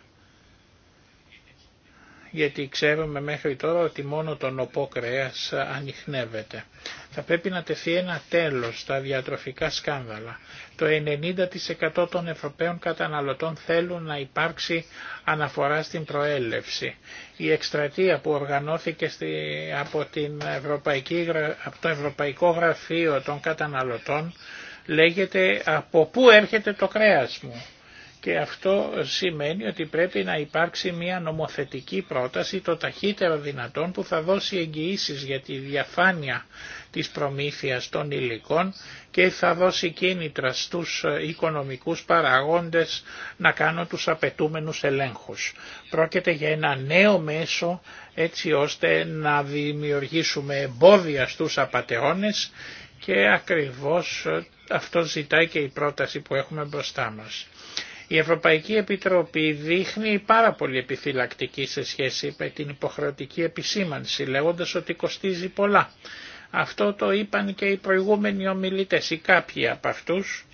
γιατί ξέρουμε μέχρι τώρα ότι μόνο το νοπό κρέας ανοιχνεύεται. Θα πρέπει να τεθεί ένα τέλος στα διατροφικά σκάνδαλα. Το 90% των Ευρωπαίων καταναλωτών θέλουν να υπάρξει αναφορά στην προέλευση. Η εκστρατεία που οργανώθηκε από, την Ευρωπαϊκή, από το Ευρωπαϊκό Γραφείο των Καταναλωτών λέγεται «Από πού έρχεται το κρέας μου» και αυτό σημαίνει ότι πρέπει να υπάρξει μια νομοθετική πρόταση το ταχύτερο δυνατόν που θα δώσει εγγυήσεις για τη διαφάνεια της προμήθειας των υλικών και θα δώσει κίνητρα στους οικονομικούς παραγόντες να κάνουν τους απαιτούμενους ελέγχους. Πρόκειται για ένα νέο μέσο έτσι ώστε να δημιουργήσουμε εμπόδια στους απαταιώνες και ακριβώς αυτό ζητάει και η πρόταση που έχουμε μπροστά μας. Η Ευρωπαϊκή Επιτροπή δείχνει πάρα πολύ επιφυλακτική σε σχέση με την υποχρεωτική επισήμανση λέγοντας ότι κοστίζει πολλά. Αυτό το είπαν και οι προηγούμενοι ομιλητές ή κάποιοι από αυτούς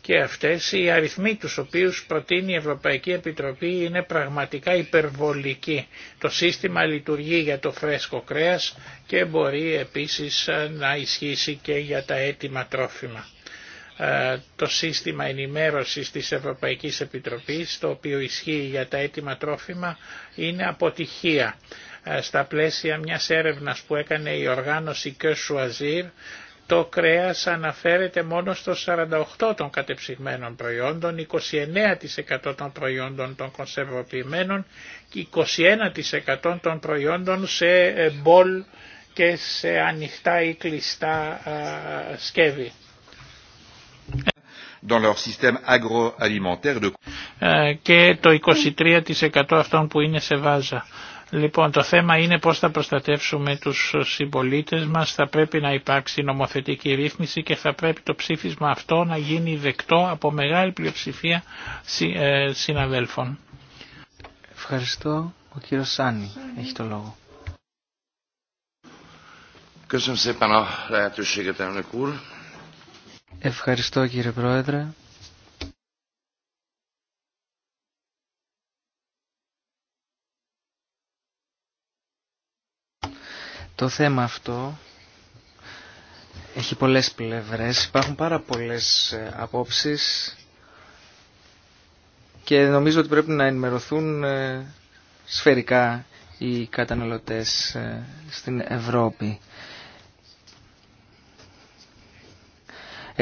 και αυτές οι αριθμοί τους οποίους προτείνει η Ευρωπαϊκή Επιτροπή είναι πραγματικά υπερβολικοί. Το σύστημα λειτουργεί για το φρέσκο κρέας και μπορεί επίσης να ισχύσει και για τα έτοιμα τρόφιμα. Ε, το σύστημα ενημέρωσης της Ευρωπαϊκής Επιτροπής, το οποίο ισχύει για τα έτοιμα τρόφιμα, είναι αποτυχία. Ε, στα πλαίσια μιας έρευνας που έκανε η οργάνωση και το κρέας αναφέρεται μόνο στο 48% των κατεψυγμένων προϊόντων, 29% των προϊόντων των κονσερβοποιημένων και 21% των προϊόντων σε ε, μπολ και σε ανοιχτά ή κλειστά σκεύη. Ε, και το 23% αυτών που είναι σε βάζα. Λοιπόν, το θέμα είναι πώς θα προστατεύσουμε τους συμπολίτε μας, θα πρέπει να υπάρξει νομοθετική ρύθμιση και θα πρέπει το ψήφισμα αυτό να γίνει δεκτό από μεγάλη πλειοψηφία ε, συναδέλφων. Ευχαριστώ. Ο κύριος Σάνι έχει το λόγο. Köszönöm szépen a Ευχαριστώ κύριε Πρόεδρε. Το θέμα αυτό έχει πολλές πλευρές, υπάρχουν πάρα πολλές ε, απόψεις και νομίζω ότι πρέπει να ενημερωθούν ε, σφαιρικά οι καταναλωτές ε, στην Ευρώπη.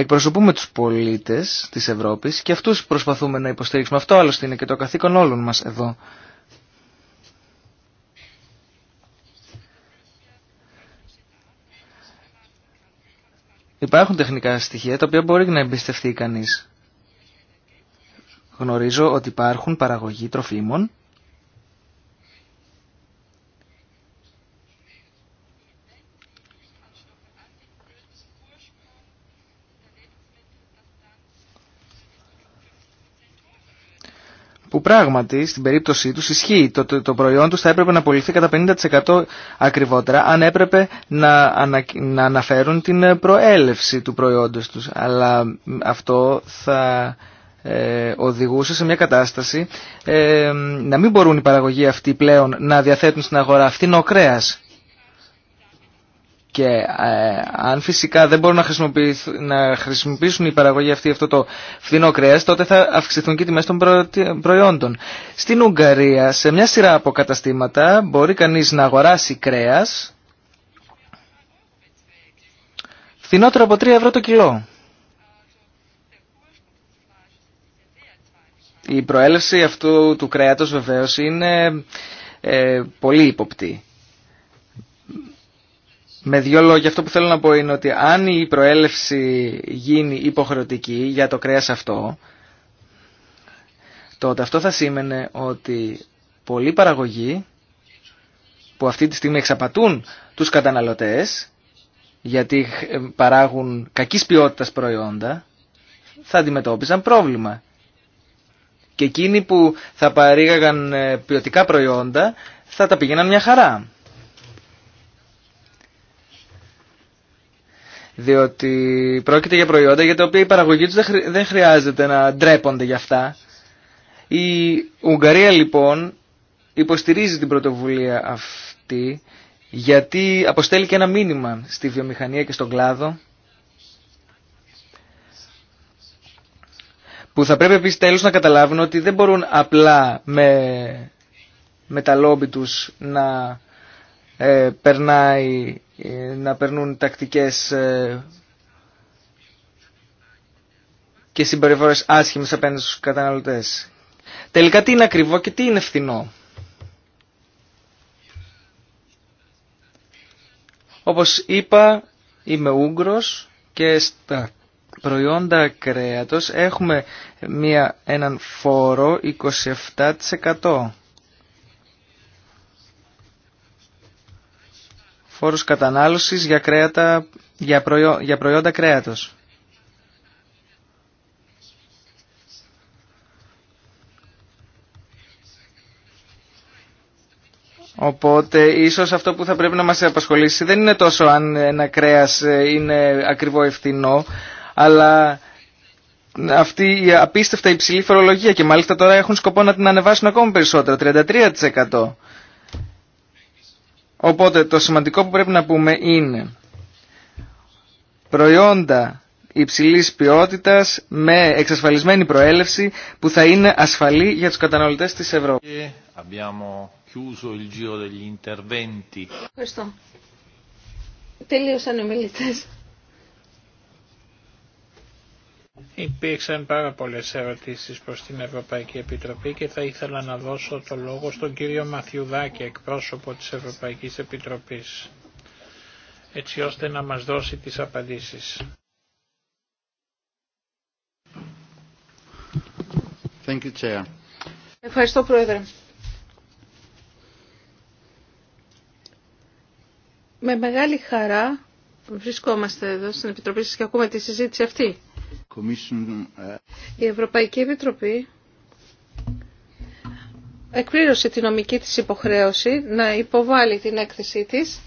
Εκπροσωπούμε τους πολίτες της Ευρώπης και αυτούς προσπαθούμε να υποστηρίξουμε. Αυτό άλλωστε είναι και το καθήκον όλων μας εδώ. Υπάρχουν τεχνικά στοιχεία τα οποία μπορεί να εμπιστευτεί κανείς. Γνωρίζω ότι υπάρχουν παραγωγοί τροφίμων που πράγματι στην περίπτωσή τους ισχύει. Το, το, προϊόν τους θα έπρεπε να πολιθεί κατά 50% ακριβότερα αν έπρεπε να, ανα, να αναφέρουν την προέλευση του προϊόντος τους. Αλλά αυτό θα ε, οδηγούσε σε μια κατάσταση ε, να μην μπορούν οι παραγωγοί αυτοί πλέον να διαθέτουν στην αγορά φθηνό κρέας και ε, αν φυσικά δεν μπορούν να, να χρησιμοποιήσουν η παραγωγή αυτή αυτό το φθηνό κρέας, τότε θα αυξηθούν και οι τιμές των προϊόντων. Στην Ουγγαρία, σε μια σειρά από καταστήματα, μπορεί κανείς να αγοράσει κρέας φθηνότερο από 3 ευρώ το κιλό. Η προέλευση αυτού του κρέατος βεβαίως είναι ε, πολύ υποπτή. Με δύο λόγια, αυτό που θέλω να πω είναι ότι αν η προέλευση γίνει υποχρεωτική για το κρέας αυτό, τότε αυτό θα σήμαινε ότι πολλοί παραγωγοί που αυτή τη στιγμή εξαπατούν τους καταναλωτές, γιατί ε, παράγουν κακής ποιότητας προϊόντα, θα αντιμετώπιζαν πρόβλημα. Και εκείνοι που θα παρήγαγαν ε, ποιοτικά προϊόντα θα τα πήγαιναν μια χαρά. διότι πρόκειται για προϊόντα για τα οποία η παραγωγή τους δεν χρειάζεται να ντρέπονται για αυτά. Η Ουγγαρία λοιπόν υποστηρίζει την πρωτοβουλία αυτή γιατί αποστέλει και ένα μήνυμα στη βιομηχανία και στον κλάδο που θα πρέπει επίσης τέλος να καταλάβουν ότι δεν μπορούν απλά με, με τα λόμπι τους να ε, περνάει ε, να περνούν τακτικές ε, και συμπεριφορές άσχημες απέναντι στους καταναλωτές. Τελικά τι είναι ακριβό και τι είναι φθηνό. Όπως είπα, είμαι Ούγγρος και στα προϊόντα κρέατος έχουμε μια, έναν φόρο 27%. φόρους κατανάλωσης για, κρέατα, για, προϊό, για προϊόντα κρέατος. Οπότε ίσως αυτό που θα πρέπει να μας απασχολήσει δεν είναι τόσο αν ένα κρέας ε, είναι ακριβό ή φθηνό, αλλά αυτή ευθυνό, αλλα αυτη υψηλή φορολογία και μάλιστα τώρα έχουν σκοπό να την ανεβάσουν ακόμα περισσότερο, 33%. Οπότε το σημαντικό που πρέπει να πούμε είναι προϊόντα υψηλής ποιότητας με εξασφαλισμένη προέλευση που θα είναι ασφαλή για τους καταναλωτές της Ευρώπης. Ευχαριστώ. Τελείωσαν οι μιλητές. Υπήρξαν πάρα πολλές ερωτήσεις προς την Ευρωπαϊκή Επιτροπή και θα ήθελα να δώσω το λόγο στον κύριο Μαθιουδάκη, εκπρόσωπο της Ευρωπαϊκής Επιτροπής, έτσι ώστε να μας δώσει τις απαντήσεις. Ευχαριστώ, Πρόεδρε. Με μεγάλη χαρά βρισκόμαστε εδώ στην Επιτροπή σας και ακούμε τη συζήτηση αυτή. Uh, Η Ευρωπαϊκή Επιτροπή εκπλήρωσε τη νομική της υποχρέωση να υποβάλει την έκθεσή της.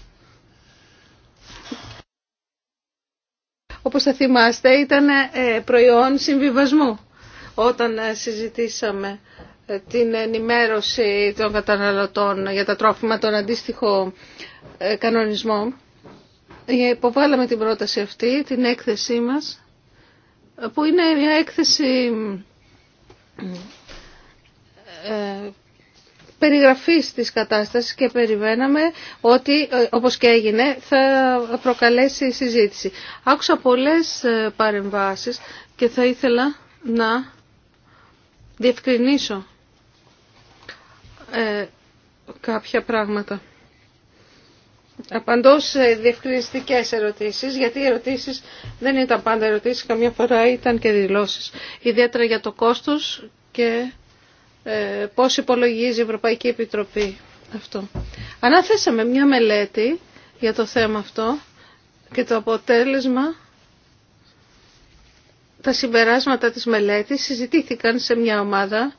Όπως θα θυμάστε ήταν ε, προϊόν συμβιβασμού όταν ε, συζητήσαμε ε, την ενημέρωση των καταναλωτών για τα τρόφιμα, τον αντίστοιχο κανονισμό. Υποβάλαμε την πρόταση αυτή, την έκθεσή μας που είναι μια έκθεση ε, περιγραφής της κατάστασης και περιμέναμε ότι, ε, όπως και έγινε, θα προκαλέσει συζήτηση. Άκουσα πολλές ε, παρεμβάσεις και θα ήθελα να διευκρινίσω κάποια πράγματα. Απαντώ σε διευκρινιστικέ ερωτήσεις, γιατί οι ερωτήσεις δεν ήταν πάντα ερωτήσεις, καμιά φορά ήταν και δηλώσει. Ιδιαίτερα για το κόστος και ε, πώς υπολογίζει η Ευρωπαϊκή Επιτροπή αυτό. Ανάθεσαμε μια μελέτη για το θέμα αυτό και το αποτέλεσμα, τα συμπεράσματα της μελέτης συζητήθηκαν σε μια ομάδα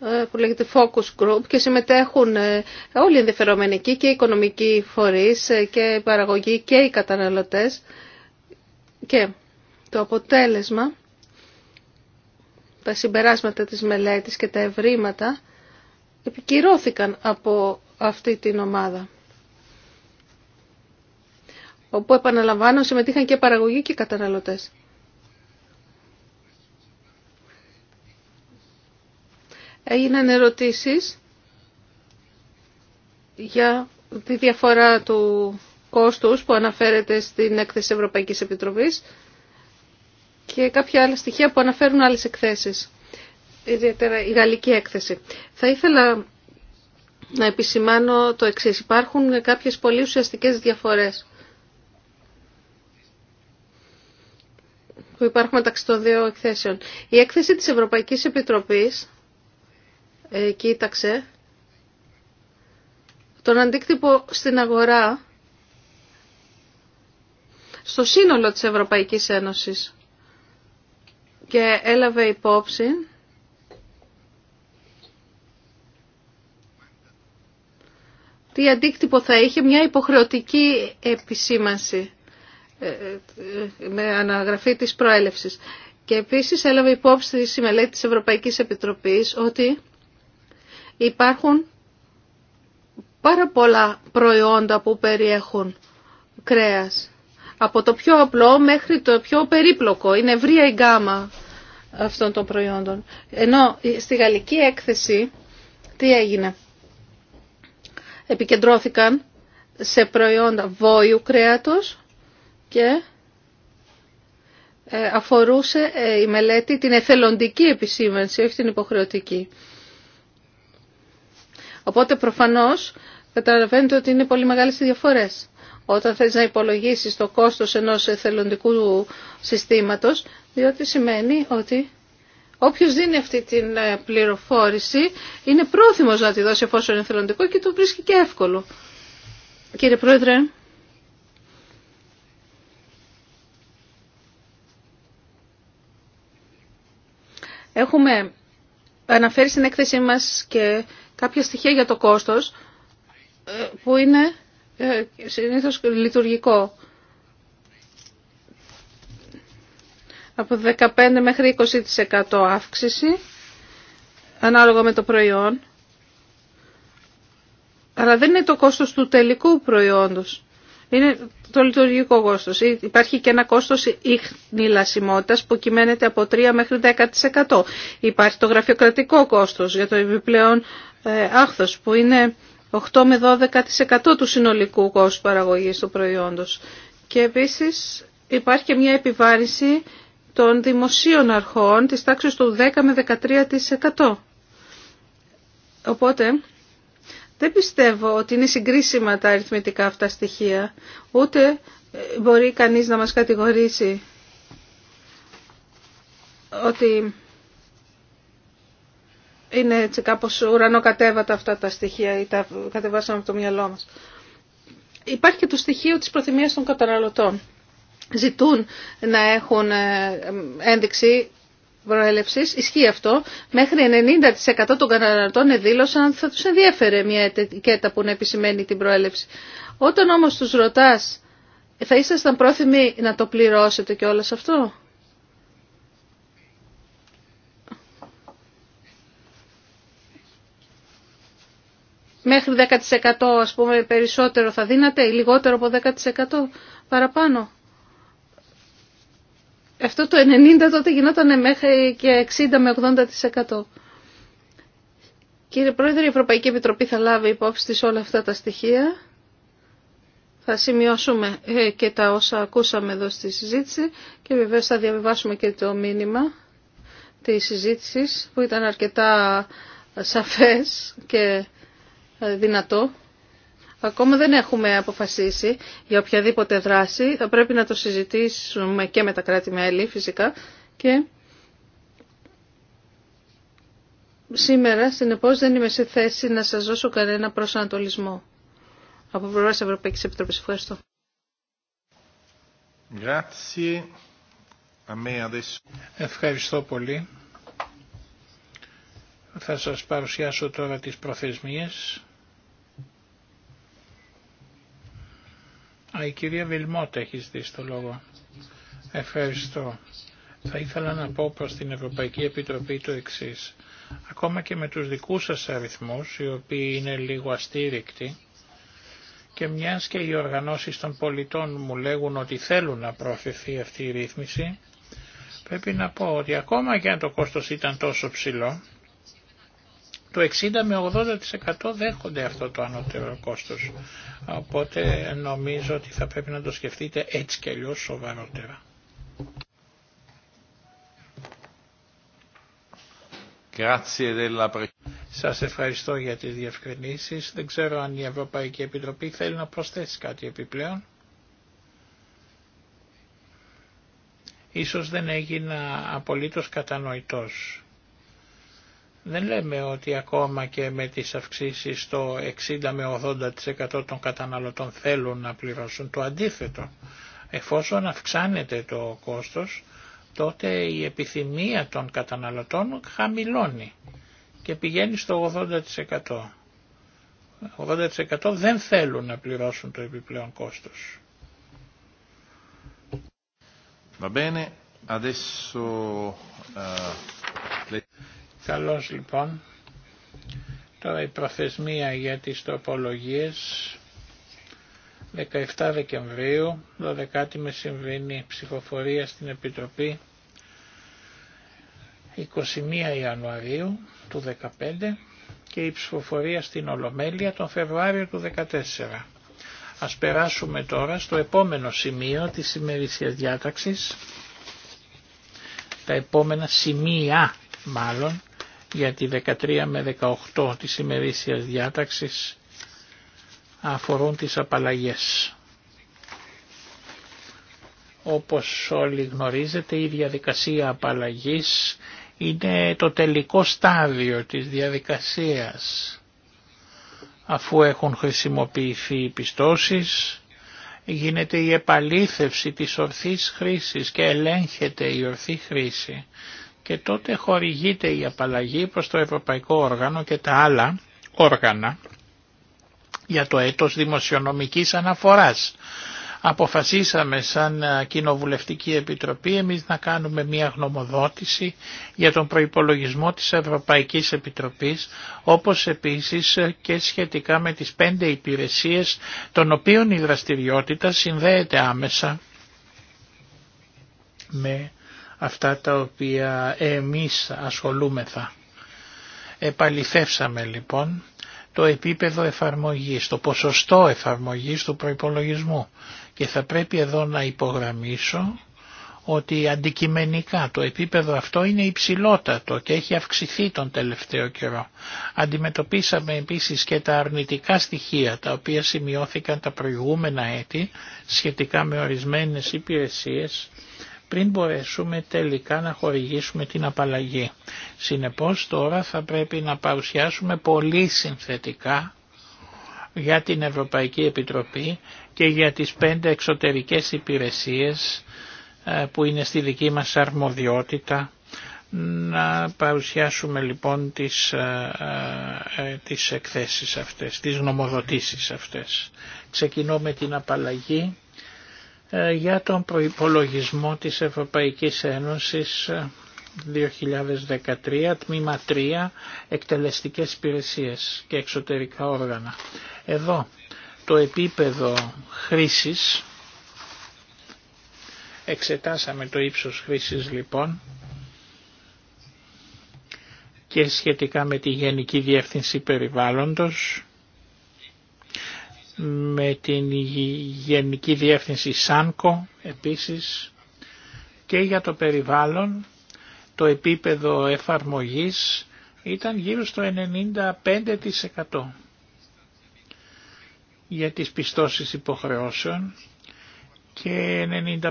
ε, που λέγεται Focus Group και συμμετέχουν ε, όλοι οι ενδιαφερόμενοι και οι οικονομικοί φορείς ε, και η παραγωγή και οι καταναλωτές και το αποτέλεσμα, τα συμπεράσματα της μελέτης και τα ευρήματα επικυρώθηκαν από αυτή την ομάδα όπου επαναλαμβάνω συμμετείχαν και παραγωγοί και καταναλωτές. Έγιναν ερωτήσεις για τη διαφορά του κόστους που αναφέρεται στην έκθεση Ευρωπαϊκής Επιτροπής και κάποια άλλα στοιχεία που αναφέρουν άλλες εκθέσεις, ιδιαίτερα η γαλλική έκθεση. Θα ήθελα να επισημάνω το εξής. Υπάρχουν κάποιες πολύ ουσιαστικές διαφορές που υπάρχουν μεταξύ των δύο εκθέσεων. Η έκθεση της Ευρωπαϊκής Επιτροπής ε, κοίταξε τον αντίκτυπο στην αγορά στο σύνολο της Ευρωπαϊκής Ένωσης και έλαβε υπόψη τι αντίκτυπο θα είχε μια υποχρεωτική επισήμανση ε, ε, με αναγραφή της προέλευσης. Και επίσης έλαβε υπόψη στη μελέτη της Ευρωπαϊκής Επιτροπής ότι Υπάρχουν πάρα πολλά προϊόντα που περιέχουν κρέας. Από το πιο απλό μέχρι το πιο περίπλοκο. Είναι ευρία η γκάμα αυτών των προϊόντων. Ενώ στη γαλλική έκθεση τι έγινε. Επικεντρώθηκαν σε προϊόντα βόηου κρέατος και ε, αφορούσε ε, η μελέτη την εθελοντική επισήμανση, όχι την υποχρεωτική. Οπότε προφανώς καταλαβαίνετε ότι είναι πολύ μεγάλες οι διαφορές. Όταν θες να υπολογίσεις το κόστος ενός εθελοντικού συστήματος, διότι σημαίνει ότι όποιος δίνει αυτή την ε, πληροφόρηση είναι πρόθυμος να τη δώσει εφόσον είναι εθελοντικό και το βρίσκει και εύκολο. Κύριε Πρόεδρε, έχουμε αναφέρει στην έκθεσή μας και κάποια στοιχεία για το κόστος ε, που είναι ε, συνήθως λειτουργικό. Από 15 μέχρι 20% αύξηση ανάλογα με το προϊόν. Αλλά δεν είναι το κόστος του τελικού προϊόντος. Είναι το λειτουργικό κόστος. Υπάρχει και ένα κόστος ίχνηλασιμότητας που κυμαίνεται από 3 μέχρι 10%. Υπάρχει το γραφειοκρατικό κόστος για το επιπλέον ε, άχθος που είναι 8 με 12% του συνολικού κόστου παραγωγής του προϊόντος. Και επίσης υπάρχει και μια επιβάρηση των δημοσίων αρχών της τάξης του 10 με 13%. Οπότε δεν πιστεύω ότι είναι συγκρίσιμα τα αριθμητικά αυτά στοιχεία, ούτε ε, μπορεί κανείς να μας κατηγορήσει ότι είναι έτσι κάπως ουρανοκατέβατα αυτά τα στοιχεία ή τα κατεβάσαμε από το μυαλό μας. Υπάρχει και το στοιχείο της προθυμίας των καταναλωτών. Ζητούν να έχουν ε, ένδειξη προέλευσης, ισχύει αυτό. Μέχρι 90% των καταναλωτών εδήλωσαν ότι θα τους ενδιέφερε μια ετικέτα που να επισημαίνει την προέλευση. Όταν όμως τους ρωτάς, θα ήσασταν πρόθυμοι να το πληρώσετε και όλο αυτό. μέχρι 10% ας πούμε περισσότερο θα δίνατε ή λιγότερο από 10% παραπάνω. Αυτό το 90% τότε γινόταν μέχρι και 60 με 80%. Κύριε Πρόεδρε, η Ευρωπαϊκή Επιτροπή θα λάβει υπόψη της όλα αυτά τα στοιχεία. Θα σημειώσουμε ε, και τα όσα ακούσαμε εδώ στη συζήτηση και βεβαίως θα διαβιβάσουμε και το μήνυμα της συζήτησης που ήταν αρκετά σαφές και ε, δυνατό. Ακόμα δεν έχουμε αποφασίσει για οποιαδήποτε δράση. Θα πρέπει να το συζητήσουμε και με τα κράτη-μέλη φυσικά. Και σήμερα, συνεπώς, δεν είμαι σε θέση να σας δώσω κανένα προσανατολισμό. Από πλευρά της Ευρωπαϊκής Επιτροπής. Ευχαριστώ. Ευχαριστώ πολύ. Θα σας παρουσιάσω τώρα τις προθεσμίες. Α, η κυρία Βιλμότα έχει δει το λόγο. Ευχαριστώ. Θα ήθελα να πω προς την Ευρωπαϊκή Επιτροπή το εξής. Ακόμα και με τους δικούς σας αριθμούς, οι οποίοι είναι λίγο αστήρικτοι, και μιας και οι οργανώσεις των πολιτών μου λέγουν ότι θέλουν να προωθηθεί αυτή η ρύθμιση, πρέπει να πω ότι ακόμα και αν το κόστος ήταν τόσο ψηλό, το 60 με 80% δέχονται αυτό το ανώτερο κόστος. Οπότε νομίζω ότι θα πρέπει να το σκεφτείτε έτσι και αλλιώς σοβαρότερα. Σας ευχαριστώ για τις διευκρινήσεις. Δεν ξέρω αν η Ευρωπαϊκή Επιτροπή θέλει να προσθέσει κάτι επιπλέον. Ίσως δεν έγινα απολύτως κατανοητός. Δεν λέμε ότι ακόμα και με τις αυξήσεις το 60 με 80% των καταναλωτών θέλουν να πληρώσουν. Το αντίθετο, εφόσον αυξάνεται το κόστος, τότε η επιθυμία των καταναλωτών χαμηλώνει και πηγαίνει στο 80%. 80% δεν θέλουν να πληρώσουν το επιπλέον κόστος. Eh, Καλώς λοιπόν. Τώρα η προθεσμία για τις τοπολογίες 17 Δεκεμβρίου, 12 με συμβαίνει ψηφοφορία στην Επιτροπή 21 Ιανουαρίου του 2015 και η ψηφοφορία στην Ολομέλεια τον Φεβρουάριο του 2014. Ας περάσουμε τώρα στο επόμενο σημείο της ημερησίας διάταξης, τα επόμενα σημεία μάλλον για τη 13 με 18 της ημερήσιας διάταξης αφορούν τις απαλλαγές. Όπως όλοι γνωρίζετε η διαδικασία απαλλαγής είναι το τελικό στάδιο της διαδικασίας αφού έχουν χρησιμοποιηθεί οι πιστώσεις γίνεται η επαλήθευση της ορθής χρήσης και ελέγχεται η ορθή χρήση και τότε χορηγείται η απαλλαγή προς το Ευρωπαϊκό Όργανο και τα άλλα όργανα για το έτος δημοσιονομικής αναφοράς. Αποφασίσαμε σαν Κοινοβουλευτική Επιτροπή εμείς να κάνουμε μια γνωμοδότηση για τον προϋπολογισμό της Ευρωπαϊκής Επιτροπής όπως επίσης και σχετικά με τις πέντε υπηρεσίες των οποίων η δραστηριότητα συνδέεται άμεσα με αυτά τα οποία εμείς ασχολούμεθα. Επαληθεύσαμε λοιπόν το επίπεδο εφαρμογής, το ποσοστό εφαρμογής του προϋπολογισμού και θα πρέπει εδώ να υπογραμμίσω ότι αντικειμενικά το επίπεδο αυτό είναι υψηλότατο και έχει αυξηθεί τον τελευταίο καιρό. Αντιμετωπίσαμε επίσης και τα αρνητικά στοιχεία τα οποία σημειώθηκαν τα προηγούμενα έτη σχετικά με ορισμένες υπηρεσίες πριν μπορέσουμε τελικά να χορηγήσουμε την απαλλαγή. Συνεπώς τώρα θα πρέπει να παρουσιάσουμε πολύ συνθετικά για την Ευρωπαϊκή Επιτροπή και για τις πέντε εξωτερικές υπηρεσίες ε, που είναι στη δική μας αρμοδιότητα να παρουσιάσουμε λοιπόν τις, ε, ε, τις εκθέσεις αυτές, τις νομοδοτήσεις αυτές. Ξεκινώ με την απαλλαγή ε, για τον προϋπολογισμό της Ευρωπαϊκής Ένωσης 2013, ε, τμήμα 3, εκτελεστικές υπηρεσίες και εξωτερικά όργανα. Εδώ το επίπεδο χρήσης, εξετάσαμε το ύψος χρήσης λοιπόν, και σχετικά με τη Γενική Διεύθυνση Περιβάλλοντος, με την Γενική Διεύθυνση ΣΑΝΚΟ επίσης και για το περιβάλλον το επίπεδο εφαρμογής ήταν γύρω στο 95% για τις πιστώσεις υποχρεώσεων και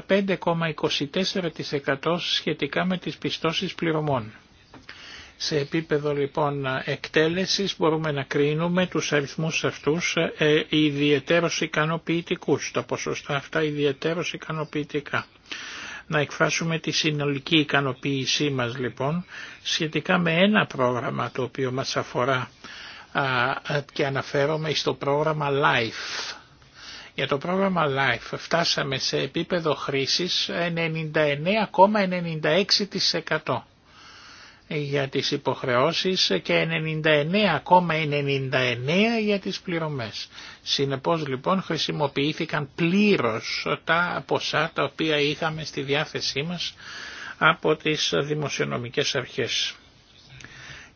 95,24% σχετικά με τις πιστώσεις πληρωμών. Σε επίπεδο λοιπόν εκτέλεσης μπορούμε να κρίνουμε τους αριθμούς αυτούς ε, ιδιαιτέρως ικανοποιητικούς, τα ποσοστά αυτά ιδιαιτέρως ικανοποιητικά. Να εκφράσουμε τη συνολική ικανοποίησή μας λοιπόν σχετικά με ένα πρόγραμμα το οποίο μας αφορά και αναφέρομαι στο πρόγραμμα LIFE. Για το πρόγραμμα LIFE φτάσαμε σε επίπεδο χρήσης 99,96% για τις υποχρεώσεις και 99,99 για τις πληρωμές. Συνεπώς λοιπόν χρησιμοποιήθηκαν πλήρως τα ποσά τα οποία είχαμε στη διάθεσή μας από τις δημοσιονομικές αρχές.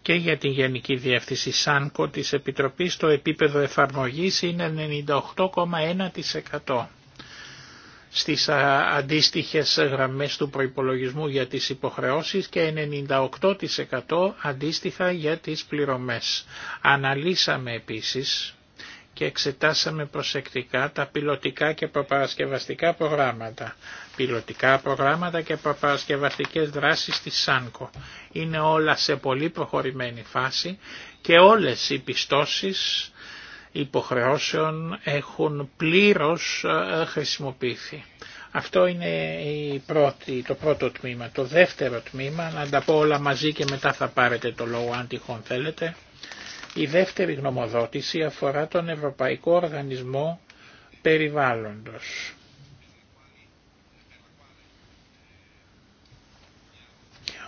Και για την Γενική Διεύθυνση ΣΑΝΚΟ της Επιτροπής το επίπεδο εφαρμογής είναι 98,1% στις αντίστοιχες γραμμές του προϋπολογισμού για τις υποχρεώσεις και 98% αντίστοιχα για τις πληρωμές. Αναλύσαμε επίσης και εξετάσαμε προσεκτικά τα πιλωτικά και προπαρασκευαστικά προγράμματα. Πιλωτικά προγράμματα και προπαρασκευαστικές δράσεις της ΣΑΝΚΟ. Είναι όλα σε πολύ προχωρημένη φάση και όλες οι πιστώσεις υποχρεώσεων έχουν πλήρως ε, χρησιμοποιηθεί. Αυτό είναι η πρώτη, το πρώτο τμήμα. Το δεύτερο τμήμα, να τα πω όλα μαζί και μετά θα πάρετε το λόγο αν τυχόν θέλετε. Η δεύτερη γνωμοδότηση αφορά τον Ευρωπαϊκό Οργανισμό Περιβάλλοντος.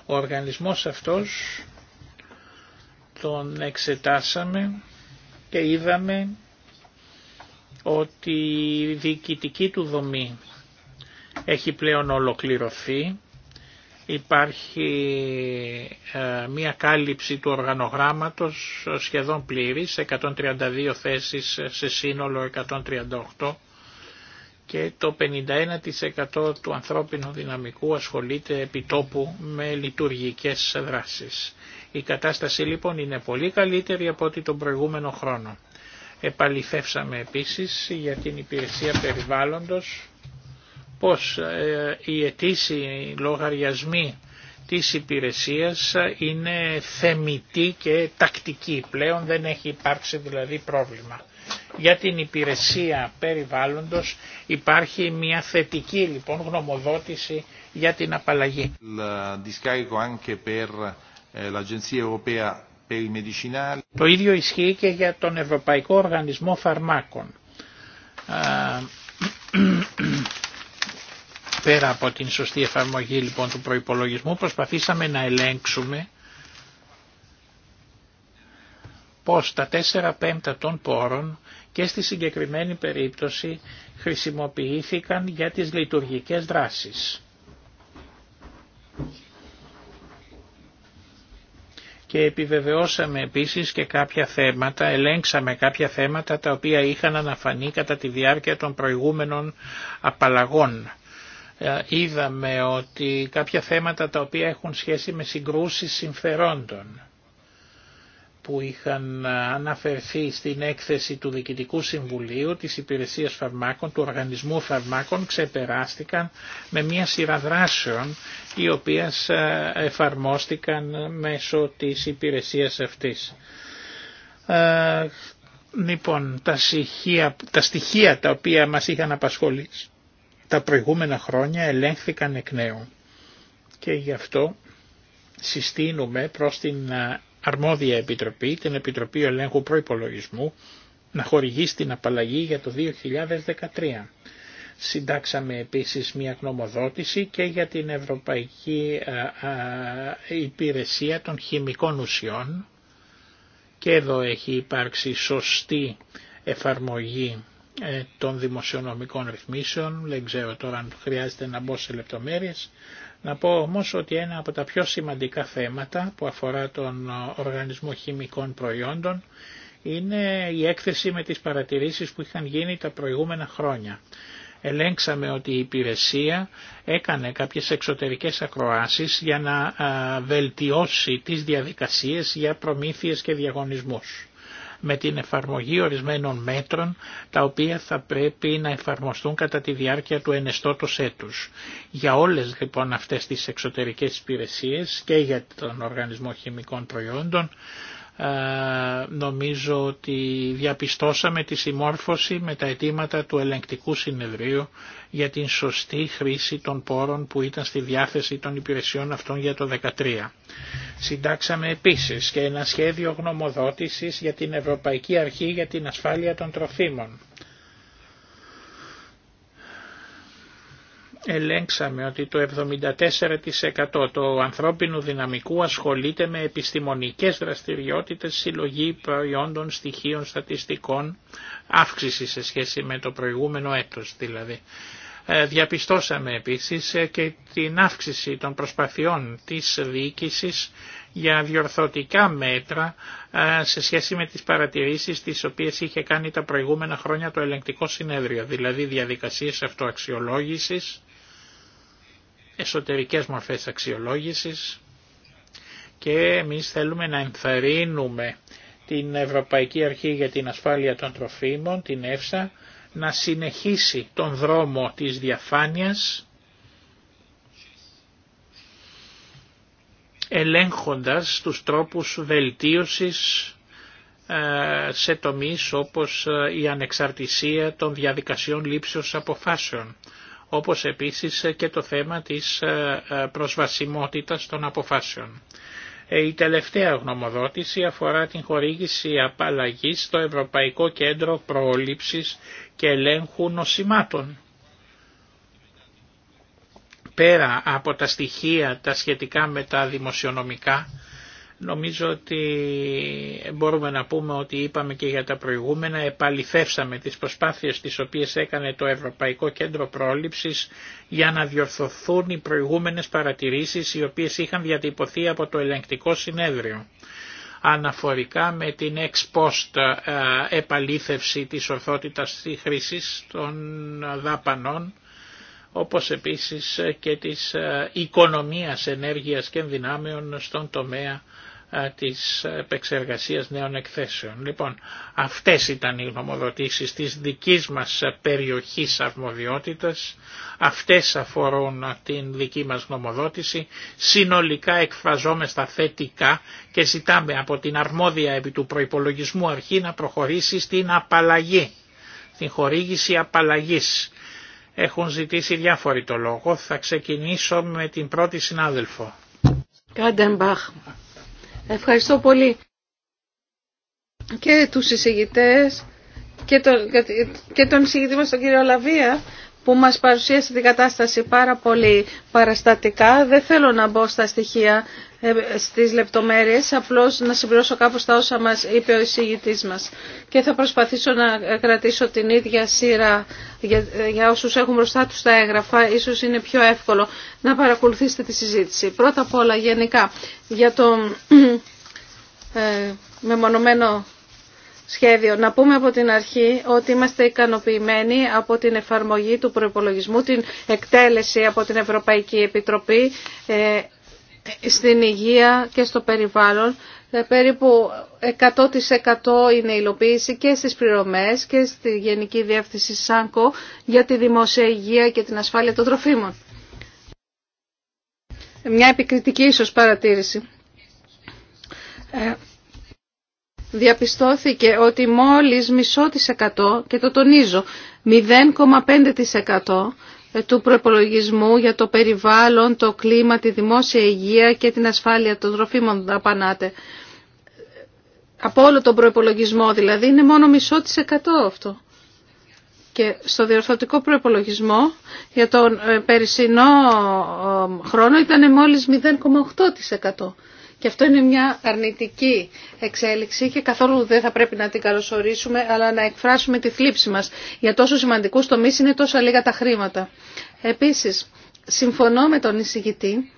Ο οργανισμός αυτός τον εξετάσαμε και είδαμε ότι η διοικητική του δομή έχει πλέον ολοκληρωθεί. Υπάρχει ε, μία κάλυψη του οργανογράμματος σχεδόν πλήρης, 132 θέσεις σε σύνολο 138 και το 51% του ανθρώπινου δυναμικού ασχολείται επιτόπου με λειτουργικές δράσεις. Η κατάσταση λοιπόν είναι πολύ καλύτερη από ό,τι τον προηγούμενο χρόνο. Επαληθεύσαμε επίσης για την υπηρεσία περιβάλλοντος πως ε, οι αιτήσιοι λογαριασμοί της υπηρεσίας είναι θεμητή και τακτική. Πλέον δεν έχει υπάρξει δηλαδή πρόβλημα. Για την υπηρεσία περιβάλλοντος υπάρχει μια θετική λοιπόν γνωμοδότηση για την απαλλαγή. Ε, Το ίδιο ισχύει και για τον Ευρωπαϊκό Οργανισμό Φαρμάκων. Πέρα από την σωστή εφαρμογή λοιπόν του προϋπολογισμού προσπαθήσαμε να ελέγξουμε πως τα 4 πέμπτα των πόρων και στη συγκεκριμένη περίπτωση χρησιμοποιήθηκαν για τις λειτουργικές δράσεις. και επιβεβαιώσαμε επίσης και κάποια θέματα, ελέγξαμε κάποια θέματα τα οποία είχαν αναφανεί κατά τη διάρκεια των προηγούμενων απαλλαγών. Ε, είδαμε ότι κάποια θέματα τα οποία έχουν σχέση με συγκρούσεις συμφερόντων που είχαν αναφερθεί στην έκθεση του Διοικητικού Συμβουλίου της Υπηρεσίας Φαρμάκων, του Οργανισμού Φαρμάκων, ξεπεράστηκαν με μια σειρά δράσεων οι οποίες ε, εφαρμόστηκαν μέσω της υπηρεσίας αυτής. Ε, λοιπόν, τα στοιχεία, τα τα οποία μας είχαν απασχολήσει τα προηγούμενα χρόνια ελέγχθηκαν εκ νέου και γι' αυτό συστήνουμε προς την ε, αρμόδια επιτροπή, την Επιτροπή Ελέγχου Προϋπολογισμού, να χορηγήσει την απαλλαγή για το 2013. Συντάξαμε επίσης μια γνωμοδότηση και για την Ευρωπαϊκή ε, ε, Υπηρεσία των Χημικών Ουσιών και εδώ έχει υπάρξει σωστή εφαρμογή ε, των δημοσιονομικών ρυθμίσεων, δεν ξέρω τώρα αν χρειάζεται να μπω σε λεπτομέρειες, να πω όμως ότι ένα από τα πιο σημαντικά θέματα που αφορά τον οργανισμό χημικών προϊόντων είναι η έκθεση με τις παρατηρήσεις που είχαν γίνει τα προηγούμενα χρόνια. Ελέγξαμε ότι η υπηρεσία έκανε κάποιες εξωτερικές ακροάσεις για να βελτιώσει τις διαδικασίες για προμήθειες και διαγωνισμούς με την εφαρμογή ορισμένων μέτρων τα οποία θα πρέπει να εφαρμοστούν κατά τη διάρκεια του ενεστώτος έτους. Για όλες λοιπόν αυτές τις εξωτερικές υπηρεσίες και για τον Οργανισμό Χημικών Προϊόντων ε, νομίζω ότι διαπιστώσαμε τη συμμόρφωση με τα αιτήματα του ελεγκτικού συνεδρίου για την σωστή χρήση των πόρων που ήταν στη διάθεση των υπηρεσιών αυτών για το 2013. Συντάξαμε επίσης και ένα σχέδιο γνωμοδότησης για την Ευρωπαϊκή Αρχή για την Ασφάλεια των Τροφίμων. ελέγξαμε ότι το 74% του ανθρώπινου δυναμικού ασχολείται με επιστημονικές δραστηριότητες, συλλογή προϊόντων, στοιχείων, στατιστικών, αύξηση σε σχέση με το προηγούμενο έτος δηλαδή. Ε, διαπιστώσαμε επίσης ε, και την αύξηση των προσπαθειών της διοίκησης για διορθωτικά μέτρα ε, σε σχέση με τις παρατηρήσεις τις οποίες είχε κάνει τα προηγούμενα χρόνια το ελεγκτικό συνέδριο, δηλαδή διαδικασίες αυτοαξιολόγησης εσωτερικές μορφές αξιολόγησης και εμείς θέλουμε να ενθαρρύνουμε την Ευρωπαϊκή Αρχή για την Ασφάλεια των Τροφίμων, την ΕΦΣΑ, να συνεχίσει τον δρόμο της διαφάνειας ελέγχοντας τους τρόπους βελτίωσης ε, σε τομείς όπως ε, η ανεξαρτησία των διαδικασιών λήψεως αποφάσεων όπως επίσης και το θέμα της ε, ε, προσβασιμότητας των αποφάσεων. Ε, η τελευταία γνωμοδότηση αφορά την χορήγηση απαλλαγής στο Ευρωπαϊκό Κέντρο Πρόληψης και Ελέγχου Νοσημάτων. Πέρα από τα στοιχεία τα σχετικά με τα δημοσιονομικά, Νομίζω ότι μπορούμε να πούμε ότι είπαμε και για τα προηγούμενα, επαληθεύσαμε τις προσπάθειες τις οποίες έκανε το Ευρωπαϊκό Κέντρο Πρόληψης για να διορθωθούν οι προηγούμενες παρατηρήσεις οι οποίες είχαν διατυπωθεί από το ελεγκτικό συνέδριο αναφορικά με την ex post ε, επαλήθευση της ορθότητας της χρήσης των δάπανών όπως επίσης και της ε, οικονομίας ενέργειας και ενδυνάμεων στον τομέα της επεξεργασίας νέων εκθέσεων. Λοιπόν, αυτές ήταν οι γνωμοδοτήσεις της δικής μας περιοχής αρμοδιότητας, αυτές αφορούν την δική μας γνωμοδότηση, συνολικά εκφραζόμεστα θετικά και ζητάμε από την αρμόδια επί του προϋπολογισμού αρχή να προχωρήσει στην απαλλαγή, την χορήγηση απαλλαγής. Έχουν ζητήσει διάφοροι το λόγο, θα ξεκινήσω με την πρώτη συνάδελφο. Ευχαριστώ πολύ και τους εισηγητές και τον, και τον εισηγητή μας τον κύριο Λαβία που μας παρουσίασε την κατάσταση πάρα πολύ παραστατικά. Δεν θέλω να μπω στα στοιχεία ε, στις λεπτομέρειες, απλώς να συμπληρώσω κάπως τα όσα μας είπε ο εισηγητής μας. Και θα προσπαθήσω να κρατήσω την ίδια σειρά για, για όσους έχουν μπροστά τους τα έγγραφα, ίσως είναι πιο εύκολο να παρακολουθήσετε τη συζήτηση. Πρώτα απ' όλα γενικά για το ε, μεμονωμένο σχέδιο. Να πούμε από την αρχή ότι είμαστε ικανοποιημένοι από την εφαρμογή του προϋπολογισμού, την εκτέλεση από την Ευρωπαϊκή Επιτροπή ε, στην υγεία και στο περιβάλλον. Ε, περίπου 100% είναι υλοποίηση και στις πληρωμές και στη Γενική Διεύθυνση ΣΑΝΚΟ για τη δημόσια υγεία και την ασφάλεια των τροφίμων. Μια επικριτική ίσως παρατήρηση. Ε, διαπιστώθηκε ότι μόλις μισό της εκατό, και το τονίζω, 0,5% ε, του προπολογισμού για το περιβάλλον, το κλίμα, τη δημόσια υγεία και την ασφάλεια των τροφίμων δαπανάτε. Από όλο τον προπολογισμό δηλαδή είναι μόνο μισό της εκατό αυτό. Και στο διορθωτικό προπολογισμό για τον ε, περσινό ε, χρόνο ήταν μόλις 0,8%. Και αυτό είναι μια αρνητική εξέλιξη και καθόλου δεν θα πρέπει να την καλωσορίσουμε, αλλά να εκφράσουμε τη θλίψη μας. Για τόσο σημαντικούς τομείς είναι τόσο λίγα τα χρήματα. Επίσης, συμφωνώ με τον εισηγητή.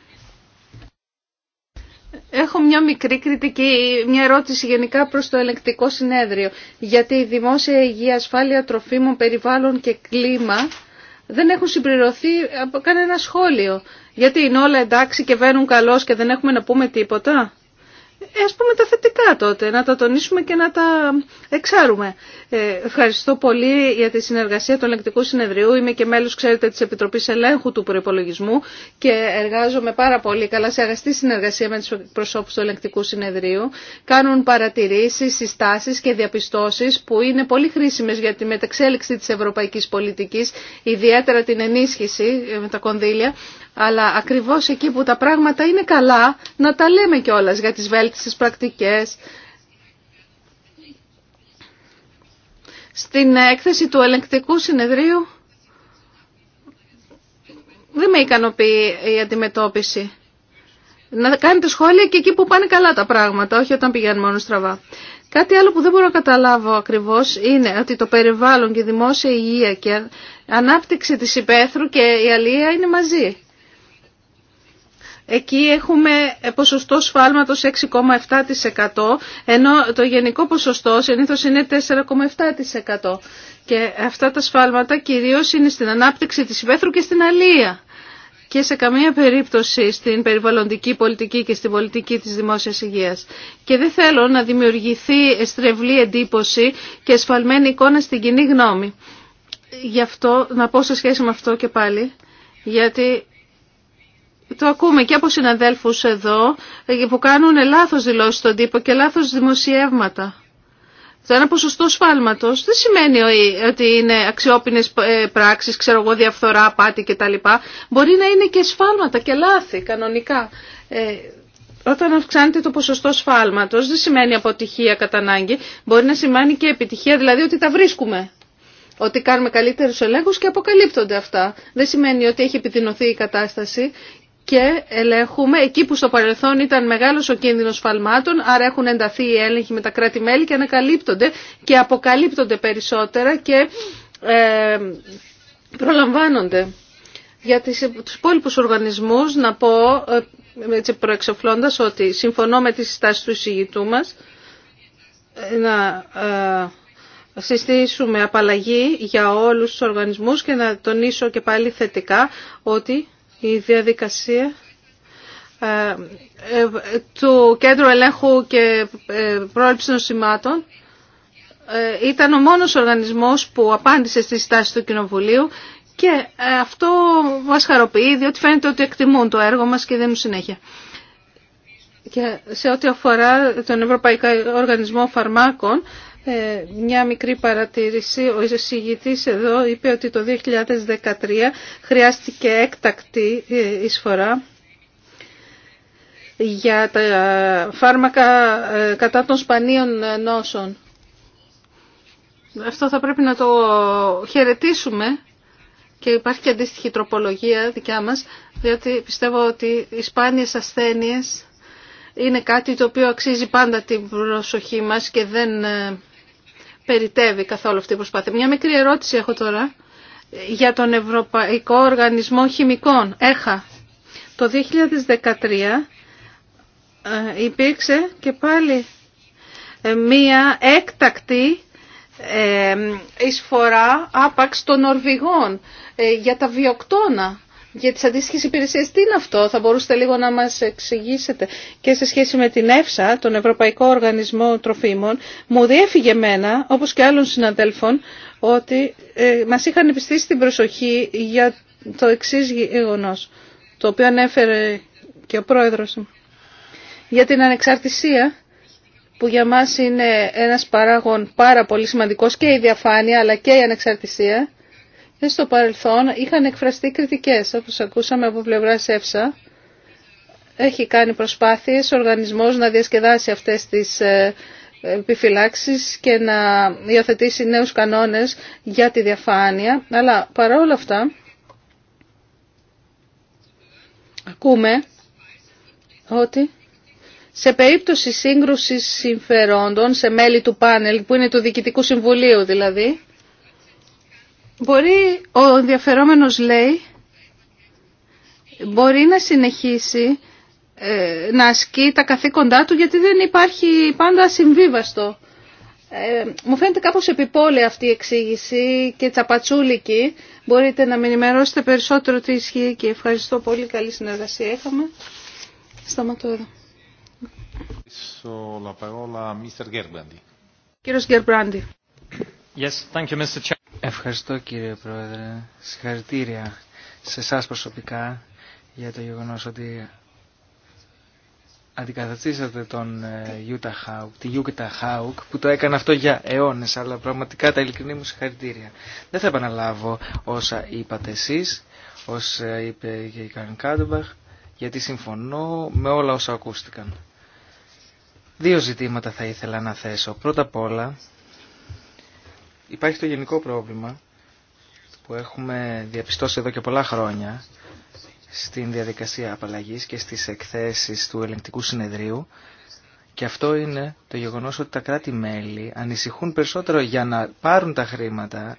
Έχω μια μικρή κριτική, μια ερώτηση γενικά προς το ελεκτικό συνέδριο. Γιατί η δημόσια υγεία, ασφάλεια τροφίμων, περιβάλλον και κλίμα δεν έχουν συμπληρωθεί από κανένα σχόλιο. Γιατί είναι όλα εντάξει και βαίνουν καλώς και δεν έχουμε να πούμε τίποτα. Ε, ας πούμε τα θετικά τότε, να τα τονίσουμε και να τα εξάρουμε. Ε, ευχαριστώ πολύ για τη συνεργασία του Ελεκτικού Συνεδρίου. Είμαι και μέλος, ξέρετε, της Επιτροπής Ελέγχου του Προϋπολογισμού και εργάζομαι πάρα πολύ καλά σε αγαστή συνεργασία με τους προσώπους του Ελεκτικού Συνεδρίου. Κάνουν παρατηρήσεις, συστάσεις και διαπιστώσεις που είναι πολύ χρήσιμες για τη μεταξέλιξη της ευρωπαϊκής πολιτικής, ιδιαίτερα την ενίσχυση ε, με τα κονδύλια, αλλά ακριβώς εκεί που τα πράγματα είναι καλά να τα λέμε κιόλας για τις βέλτιστες πρακτικές. Στην έκθεση του ελεγκτικού συνεδρίου δεν με ικανοποιεί η αντιμετώπιση. Να κάνετε σχόλια και εκεί που πάνε καλά τα πράγματα, όχι όταν πηγαίνουν μόνο στραβά. Κάτι άλλο που δεν μπορώ να καταλάβω ακριβώς είναι ότι το περιβάλλον και η δημόσια υγεία και ανάπτυξη της υπαίθρου και η αλληλεία είναι μαζί. Εκεί έχουμε ποσοστό σφάλματος 6,7% ενώ το γενικό ποσοστό συνήθως είναι 4,7% και αυτά τα σφάλματα κυρίως είναι στην ανάπτυξη της υπαίθρου και στην αλία και σε καμία περίπτωση στην περιβαλλοντική πολιτική και στην πολιτική της δημόσιας υγείας. Και δεν θέλω να δημιουργηθεί στρεβλή εντύπωση και σφαλμένη εικόνα στην κοινή γνώμη. Γι' αυτό, να πω σε σχέση με αυτό και πάλι, γιατί το ακούμε και από συναδέλφους εδώ ε, που κάνουν λάθος δηλώσεις στον τύπο και λάθος δημοσιεύματα. Το ένα ποσοστό σφάλματος δεν σημαίνει ότι είναι αξιόπινες ε, πράξεις, ξέρω εγώ, διαφθορά, απάτη κτλ. Μπορεί να είναι και σφάλματα και λάθη κανονικά. Ε, όταν αυξάνεται το ποσοστό σφάλματος δεν σημαίνει αποτυχία κατά ανάγκη. Μπορεί να σημαίνει και επιτυχία, δηλαδή ότι τα βρίσκουμε. Ότι κάνουμε καλύτερους ελέγχους και αποκαλύπτονται αυτά. Δεν σημαίνει ότι έχει επιδεινωθεί η κατάσταση και ελέγχουμε εκεί που στο παρελθόν ήταν μεγάλος ο κίνδυνος φαλμάτων, άρα έχουν ενταθεί οι έλεγχοι με τα κράτη-μέλη και ανακαλύπτονται και αποκαλύπτονται περισσότερα και ε, προλαμβάνονται. Για τις, τους υπόλοιπους οργανισμούς να πω, ε, έτσι προεξοφλώντας, ότι συμφωνώ με τις συστάσεις του εισηγητού μας, ε, να συστήσουμε απαλλαγή για όλους τους οργανισμούς και να τονίσω και πάλι θετικά ότι η διαδικασία ε, ε, του Κέντρου Ελέγχου και ε, Πρόληψης Νοσημάτων ήταν ο μόνος οργανισμός που απάντησε στη στάση του Κοινοβουλίου και αυτό μας χαροποιεί διότι φαίνεται ότι εκτιμούν το έργο μας και δίνουν συνέχεια. Και σε ό,τι αφορά τον Ευρωπαϊκό Οργανισμό Φαρμάκων ε, μια μικρή παρατήρηση. Ο εισηγητής εδώ είπε ότι το 2013 χρειάστηκε έκτακτη ε, εισφορά για τα φάρμακα ε, κατά των σπανίων νόσων. Αυτό θα πρέπει να το χαιρετήσουμε και υπάρχει και αντίστοιχη τροπολογία δικιά μας, διότι πιστεύω ότι οι σπάνιες ασθένειες είναι κάτι το οποίο αξίζει πάντα την προσοχή μας και δεν περιτεύει καθόλου αυτή η προσπάθεια. Μια μικρή ερώτηση έχω τώρα για τον Ευρωπαϊκό Οργανισμό Χημικών, ΕΧΑ. Το 2013 ε, υπήρξε και πάλι ε, μία έκτακτη ε, εισφορά άπαξ των Νορβηγών για τα βιοκτώνα για τις αντίστοιχες υπηρεσίες. Τι είναι αυτό, θα μπορούσατε λίγο να μας εξηγήσετε. Και σε σχέση με την ΕΦΣΑ, τον Ευρωπαϊκό Οργανισμό Τροφίμων, μου διέφυγε εμένα, όπως και άλλων συναδέλφων, ότι ε, μας είχαν επιστήσει την προσοχή για το εξή γεγονό, το οποίο ανέφερε και ο πρόεδρος μου. Για την ανεξαρτησία που για μας είναι ένας παράγον πάρα πολύ σημαντικός και η διαφάνεια αλλά και η ανεξαρτησία στο παρελθόν είχαν εκφραστεί κριτικές, όπως ακούσαμε από πλευρά ΕΦΣΑ. Έχει κάνει προσπάθειες ο οργανισμός να διασκεδάσει αυτές τις ε, επιφυλάξεις και να υιοθετήσει νέους κανόνες για τη διαφάνεια. Αλλά παρόλα αυτά, ακούμε ότι σε περίπτωση σύγκρουσης συμφερόντων σε μέλη του πάνελ που είναι του Διοικητικού Συμβουλίου δηλαδή, Μπορεί, ο ενδιαφερόμενος λέει, μπορεί να συνεχίσει ε, να ασκεί τα καθήκοντά του γιατί δεν υπάρχει πάντα συμβίβαστο. Ε, μου φαίνεται κάπως επιπόλαια αυτή η εξήγηση και τσαπατσούλικη. Μπορείτε να με ενημερώσετε περισσότερο τι ισχύει και ευχαριστώ πολύ. Καλή συνεργασία είχαμε. Σταματώ εδώ. Κύριος Γερμπράντη. Yes, thank you, Mr. Ευχαριστώ κύριε Πρόεδρε. Συγχαρητήρια σε εσά προσωπικά για το γεγονός ότι αντικαταστήσατε τον ε, Utah Hawk, τη Utah Hawk που το έκανε αυτό για αιώνες αλλά πραγματικά τα ειλικρινή μου συγχαρητήρια. Δεν θα επαναλάβω όσα είπατε εσείς, όσα είπε και η Καρν Κάντεμπαχ γιατί συμφωνώ με όλα όσα ακούστηκαν. Δύο ζητήματα θα ήθελα να θέσω. Πρώτα απ' όλα Υπάρχει το γενικό πρόβλημα που έχουμε διαπιστώσει εδώ και πολλά χρόνια στην διαδικασία απαλλαγής και στις εκθέσεις του ελεγκτικού συνεδρίου και αυτό είναι το γεγονός ότι τα κράτη-μέλη ανησυχούν περισσότερο για να πάρουν τα χρήματα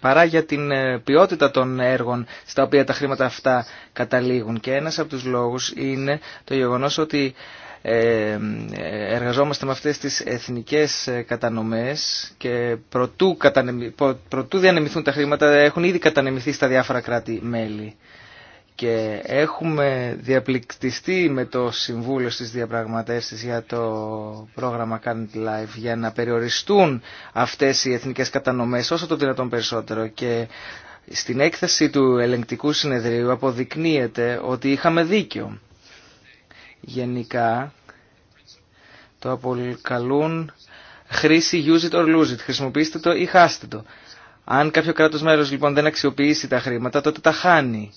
παρά για την ε, ποιότητα των έργων στα οποία τα χρήματα αυτά καταλήγουν. Και ένα από τους λόγου είναι το γεγονός ότι ε, εργαζόμαστε με αυτές τις εθνικές ε, κατανομές και προτού, προτού διανεμηθούν τα χρήματα έχουν ήδη κατανεμηθεί στα διάφορα κράτη-μέλη. Και έχουμε διαπληκτιστεί με το Συμβούλιο στις διαπραγματεύσεις για το πρόγραμμα Current Life για να περιοριστούν αυτές οι εθνικές κατανομές όσο το δυνατόν περισσότερο και στην έκθεση του ελεγκτικού συνεδρίου αποδεικνύεται ότι είχαμε δίκιο γενικά το αποκαλούν χρήση use it or lose it. Χρησιμοποιήστε το ή χάστε το. Αν κάποιο κράτος μέλος λοιπόν δεν αξιοποιήσει τα χρήματα τότε τα χάνει.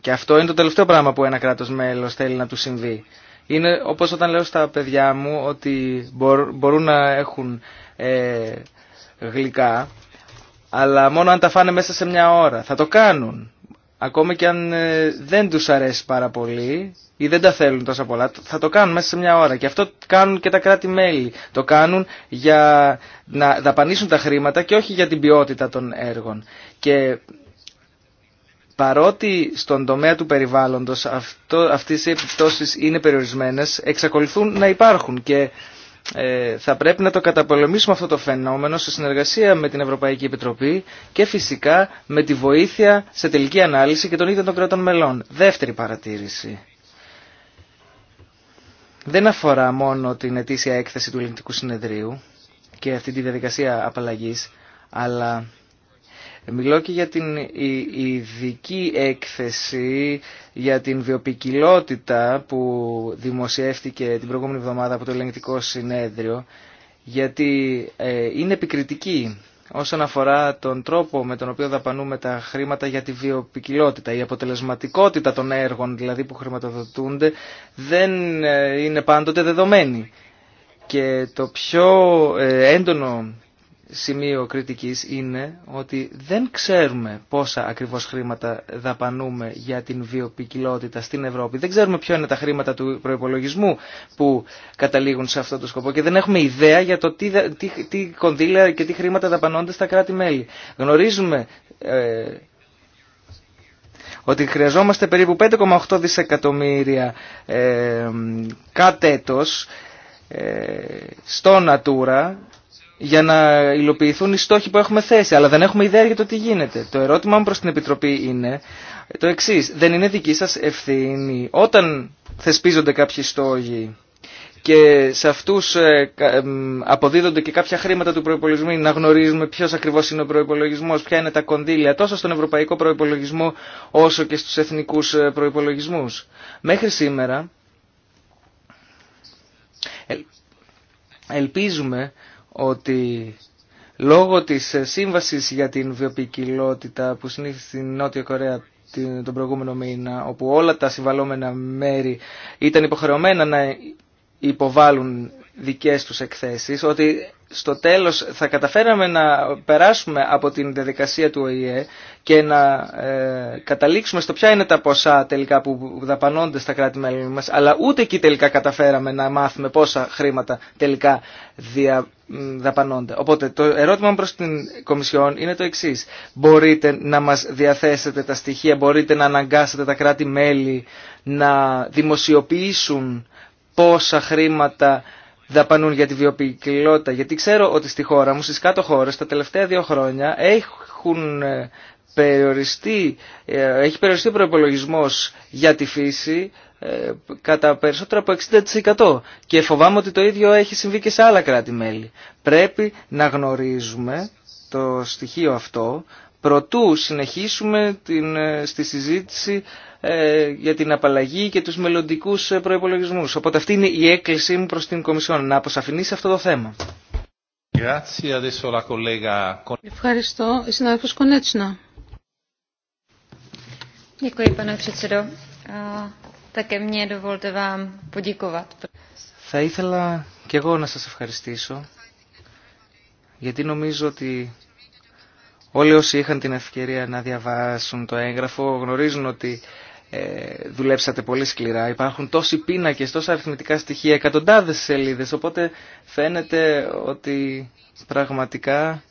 Και αυτό είναι το τελευταίο πράγμα που ένα κράτος μέλος θέλει να του συμβεί. Είναι όπως όταν λέω στα παιδιά μου ότι μπορούν να έχουν ε, γλυκά αλλά μόνο αν τα φάνε μέσα σε μια ώρα. Θα το κάνουν ακόμα και αν ε, δεν τους αρέσει πάρα πολύ ή δεν τα θέλουν τόσα πολλά, θα το κάνουν μέσα σε μια ώρα. Και αυτό κάνουν και τα κράτη-μέλη. Το κάνουν για να δαπανίσουν τα χρήματα και όχι για την ποιότητα των έργων. Και παρότι στον τομέα του περιβάλλοντος αυτό, αυτές οι επιπτώσεις είναι περιορισμένες, εξακολουθούν να υπάρχουν και ε, θα πρέπει να το καταπολεμήσουμε αυτό το φαινόμενο σε συνεργασία με την Ευρωπαϊκή Επιτροπή και φυσικά με τη βοήθεια σε τελική ανάλυση και των ίδιων των κρατών μελών. Δεύτερη παρατήρηση. Δεν αφορά μόνο την ετήσια έκθεση του ελληνικού συνεδρίου και αυτή τη διαδικασία απαλλαγής, αλλά Μιλώ και για την ειδική έκθεση για την βιοπικιλότητα που δημοσιεύτηκε την προηγούμενη εβδομάδα από το ελεγκτικό συνέδριο γιατί ε, είναι επικριτική όσον αφορά τον τρόπο με τον οποίο δαπανούμε τα χρήματα για τη βιοπικιλότητα. Η αποτελεσματικότητα των έργων δηλαδή που χρηματοδοτούνται δεν ε, είναι πάντοτε δεδομένη. Και το πιο ε, έντονο σημείο κριτικής είναι ότι δεν ξέρουμε πόσα ακριβώς χρήματα δαπανούμε για την βιοπικιλότητα στην Ευρώπη. Δεν ξέρουμε ποιο είναι τα χρήματα του προϋπολογισμού που καταλήγουν σε αυτό το σκοπό και δεν έχουμε ιδέα για το τι, τι, κονδύλια και τι χρήματα δαπανώνται στα κράτη-μέλη. Γνωρίζουμε ε, ότι χρειαζόμαστε περίπου 5,8 δισεκατομμύρια ε, κατ' έτος, ε, στο Natura για να υλοποιηθούν οι στόχοι που έχουμε θέσει, αλλά δεν έχουμε ιδέα για το τι γίνεται. Το ερώτημά μου προς την Επιτροπή είναι το εξή. Δεν είναι δική σας ευθύνη όταν θεσπίζονται κάποιοι στόχοι και σε αυτούς ε, αποδίδονται και κάποια χρήματα του προϋπολογισμού να γνωρίζουμε ποιος ακριβώς είναι ο προϋπολογισμός, ποια είναι τα κονδύλια τόσο στον ευρωπαϊκό προϋπολογισμό όσο και στους εθνικούς ε, προϋπολογισμούς. Μέχρι σήμερα ε, ελπίζουμε ότι λόγω της ε, σύμβασης για την βιοποικιλότητα που συνήθισε στην Νότια Κορέα τον προηγούμενο μήνα, όπου όλα τα συμβαλόμενα μέρη ήταν υποχρεωμένα να υποβάλουν δικές τους εκθέσεις ότι στο τέλος θα καταφέραμε να περάσουμε από την διαδικασία του ΟΗΕ και να ε, καταλήξουμε στο ποια είναι τα ποσά τελικά που δαπανώνται στα κράτη-μέλη μας αλλά ούτε εκεί τελικά καταφέραμε να μάθουμε πόσα χρήματα τελικά δια, δαπανώνται. Οπότε το ερώτημα προς την Κομισιόν είναι το εξής. Μπορείτε να μας διαθέσετε τα στοιχεία, μπορείτε να αναγκάσετε τα κράτη-μέλη να δημοσιοποιήσουν πόσα χρήματα δαπανούν για τη βιοποικιλότητα. Γιατί ξέρω ότι στη χώρα μου, στις κάτω χώρες, τα τελευταία δύο χρόνια έχουν ε, περιοριστεί, ε, έχει περιοριστεί ο προπολογισμό για τη φύση ε, κατά περισσότερο από 60% και φοβάμαι ότι το ίδιο έχει συμβεί και σε άλλα κράτη-μέλη. Πρέπει να γνωρίζουμε το στοιχείο αυτό, Προτού συνεχίσουμε την, ε, στη συζήτηση ε, για την απαλλαγή και τους μελλοντικού ε, προϋπολογισμούς. Οπότε αυτή είναι η έκκλησή μου προς την Κομισιόν, να αποσαφηνίσει αυτό το θέμα. Ευχαριστώ. Συνάδελφος Κονέτσινα. Θα ήθελα και εγώ να σας ευχαριστήσω, γιατί νομίζω ότι Όλοι όσοι είχαν την ευκαιρία να διαβάσουν το έγγραφο γνωρίζουν ότι ε, δουλέψατε πολύ σκληρά. Υπάρχουν τόσοι πίνακες, τόσα αριθμητικά στοιχεία, εκατοντάδες σελίδες, οπότε φαίνεται ότι πραγματικά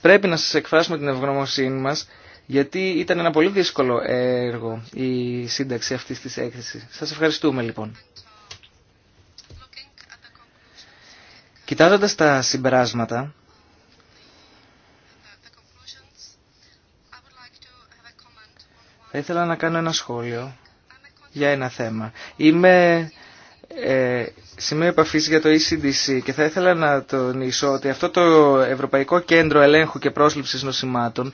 πρέπει να σας εκφράσουμε την ευγνωμοσύνη μας, γιατί ήταν ένα πολύ δύσκολο έργο η σύνταξη αυτής της έκθεσης. Σας ευχαριστούμε λοιπόν. Κοιτάζοντας τα συμπεράσματα, ήθελα να κάνω ένα σχόλιο για ένα θέμα. Είμαι ε, σημείο επαφή για το ECDC και θα ήθελα να τονίσω ότι αυτό το Ευρωπαϊκό Κέντρο Ελέγχου και Πρόσληψης Νοσημάτων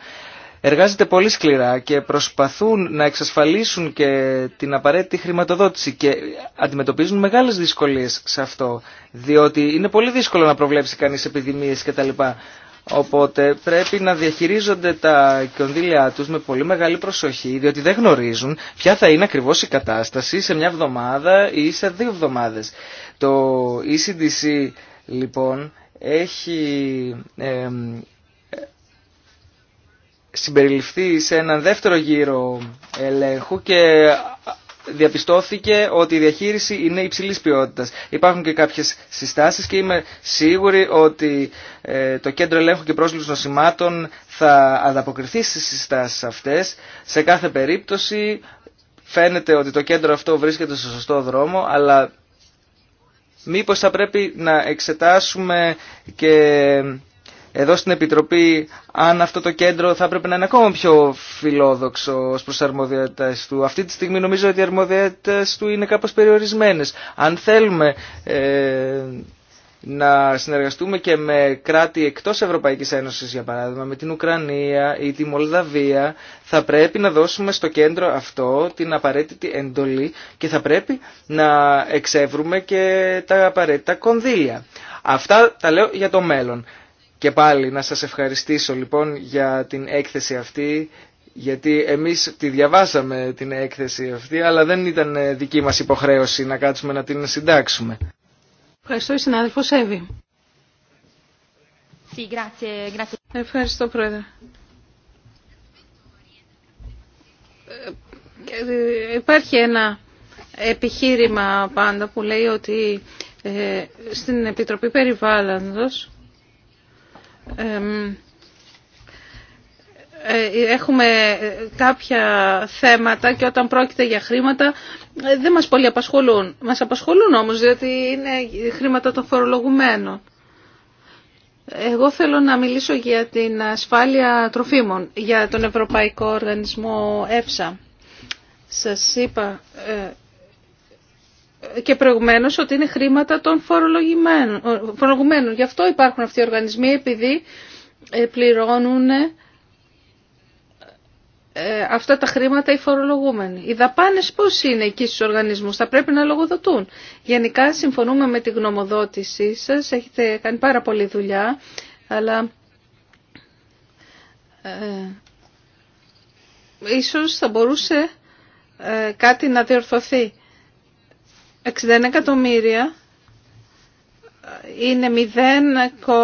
εργάζεται πολύ σκληρά και προσπαθούν να εξασφαλίσουν και την απαραίτητη χρηματοδότηση και αντιμετωπίζουν μεγάλες δυσκολίες σε αυτό, διότι είναι πολύ δύσκολο να προβλέψει κανείς επιδημίες κτλ. Οπότε πρέπει να διαχειρίζονται τα κονδύλια τους με πολύ μεγάλη προσοχή, διότι δεν γνωρίζουν ποια θα είναι ακριβώς η κατάσταση σε μια εβδομάδα ή σε δύο εβδομάδες. Το ECDC λοιπόν έχει συμπεριληφθεί σε έναν δεύτερο γύρο ελέγχου και διαπιστώθηκε ότι η διαχείριση είναι υψηλή ποιότητα. Υπάρχουν και κάποιες συστάσεις και είμαι σίγουρη ότι ε, το Κέντρο Ελέγχου και Πρόσληψης Νοσημάτων θα ανταποκριθεί στις συστάσει αυτές. Σε κάθε περίπτωση φαίνεται ότι το κέντρο αυτό βρίσκεται στο σωστό δρόμο, αλλά μήπως θα πρέπει να εξετάσουμε και εδώ στην Επιτροπή αν αυτό το κέντρο θα έπρεπε να είναι ακόμα πιο φιλόδοξο ως προς του. Αυτή τη στιγμή νομίζω ότι οι αρμοδιότητες του είναι κάπως περιορισμένες. Αν θέλουμε ε, να συνεργαστούμε και με κράτη εκτός Ευρωπαϊκής Ένωσης για παράδειγμα, με την Ουκρανία ή τη Μολδαβία, θα πρέπει να δώσουμε στο κέντρο αυτό την απαραίτητη εντολή και θα πρέπει να εξεύρουμε και τα απαραίτητα κονδύλια. Αυτά τα λέω για το μέλλον. Και πάλι να σας ευχαριστήσω λοιπόν για την έκθεση αυτή, γιατί εμείς τη διαβάσαμε την έκθεση αυτή, αλλά δεν ήταν ε, δική μας υποχρέωση να κάτσουμε να την συντάξουμε. Ευχαριστώ, συνάδελφο Σέβη. Ευχαριστώ, Πρόεδρε. Ε, υπάρχει ένα επιχείρημα πάντα που λέει ότι ε, στην Επιτροπή Περιβάλλοντος ε, έχουμε κάποια θέματα και όταν πρόκειται για χρήματα ε, δεν μας πολύ απασχολούν. Μας απασχολούν όμως διότι είναι χρήματα των φορολογουμένων. Εγώ θέλω να μιλήσω για την ασφάλεια τροφίμων, για τον Ευρωπαϊκό Οργανισμό ΕΦΣΑ. Σας είπα ε, και προηγουμένως ότι είναι χρήματα των φορολογουμένων. Γι' αυτό υπάρχουν αυτοί οι οργανισμοί επειδή ε, πληρώνουν ε, αυτά τα χρήματα οι φορολογούμενοι. Οι δαπάνες πώς είναι εκεί στους οργανισμούς, θα πρέπει να λογοδοτούν. Γενικά συμφωνούμε με τη γνωμοδότησή σας, έχετε κάνει πάρα πολλή δουλειά, αλλά ε, ίσως θα μπορούσε ε, κάτι να διορθωθεί. 61 εκατομμύρια είναι 0,52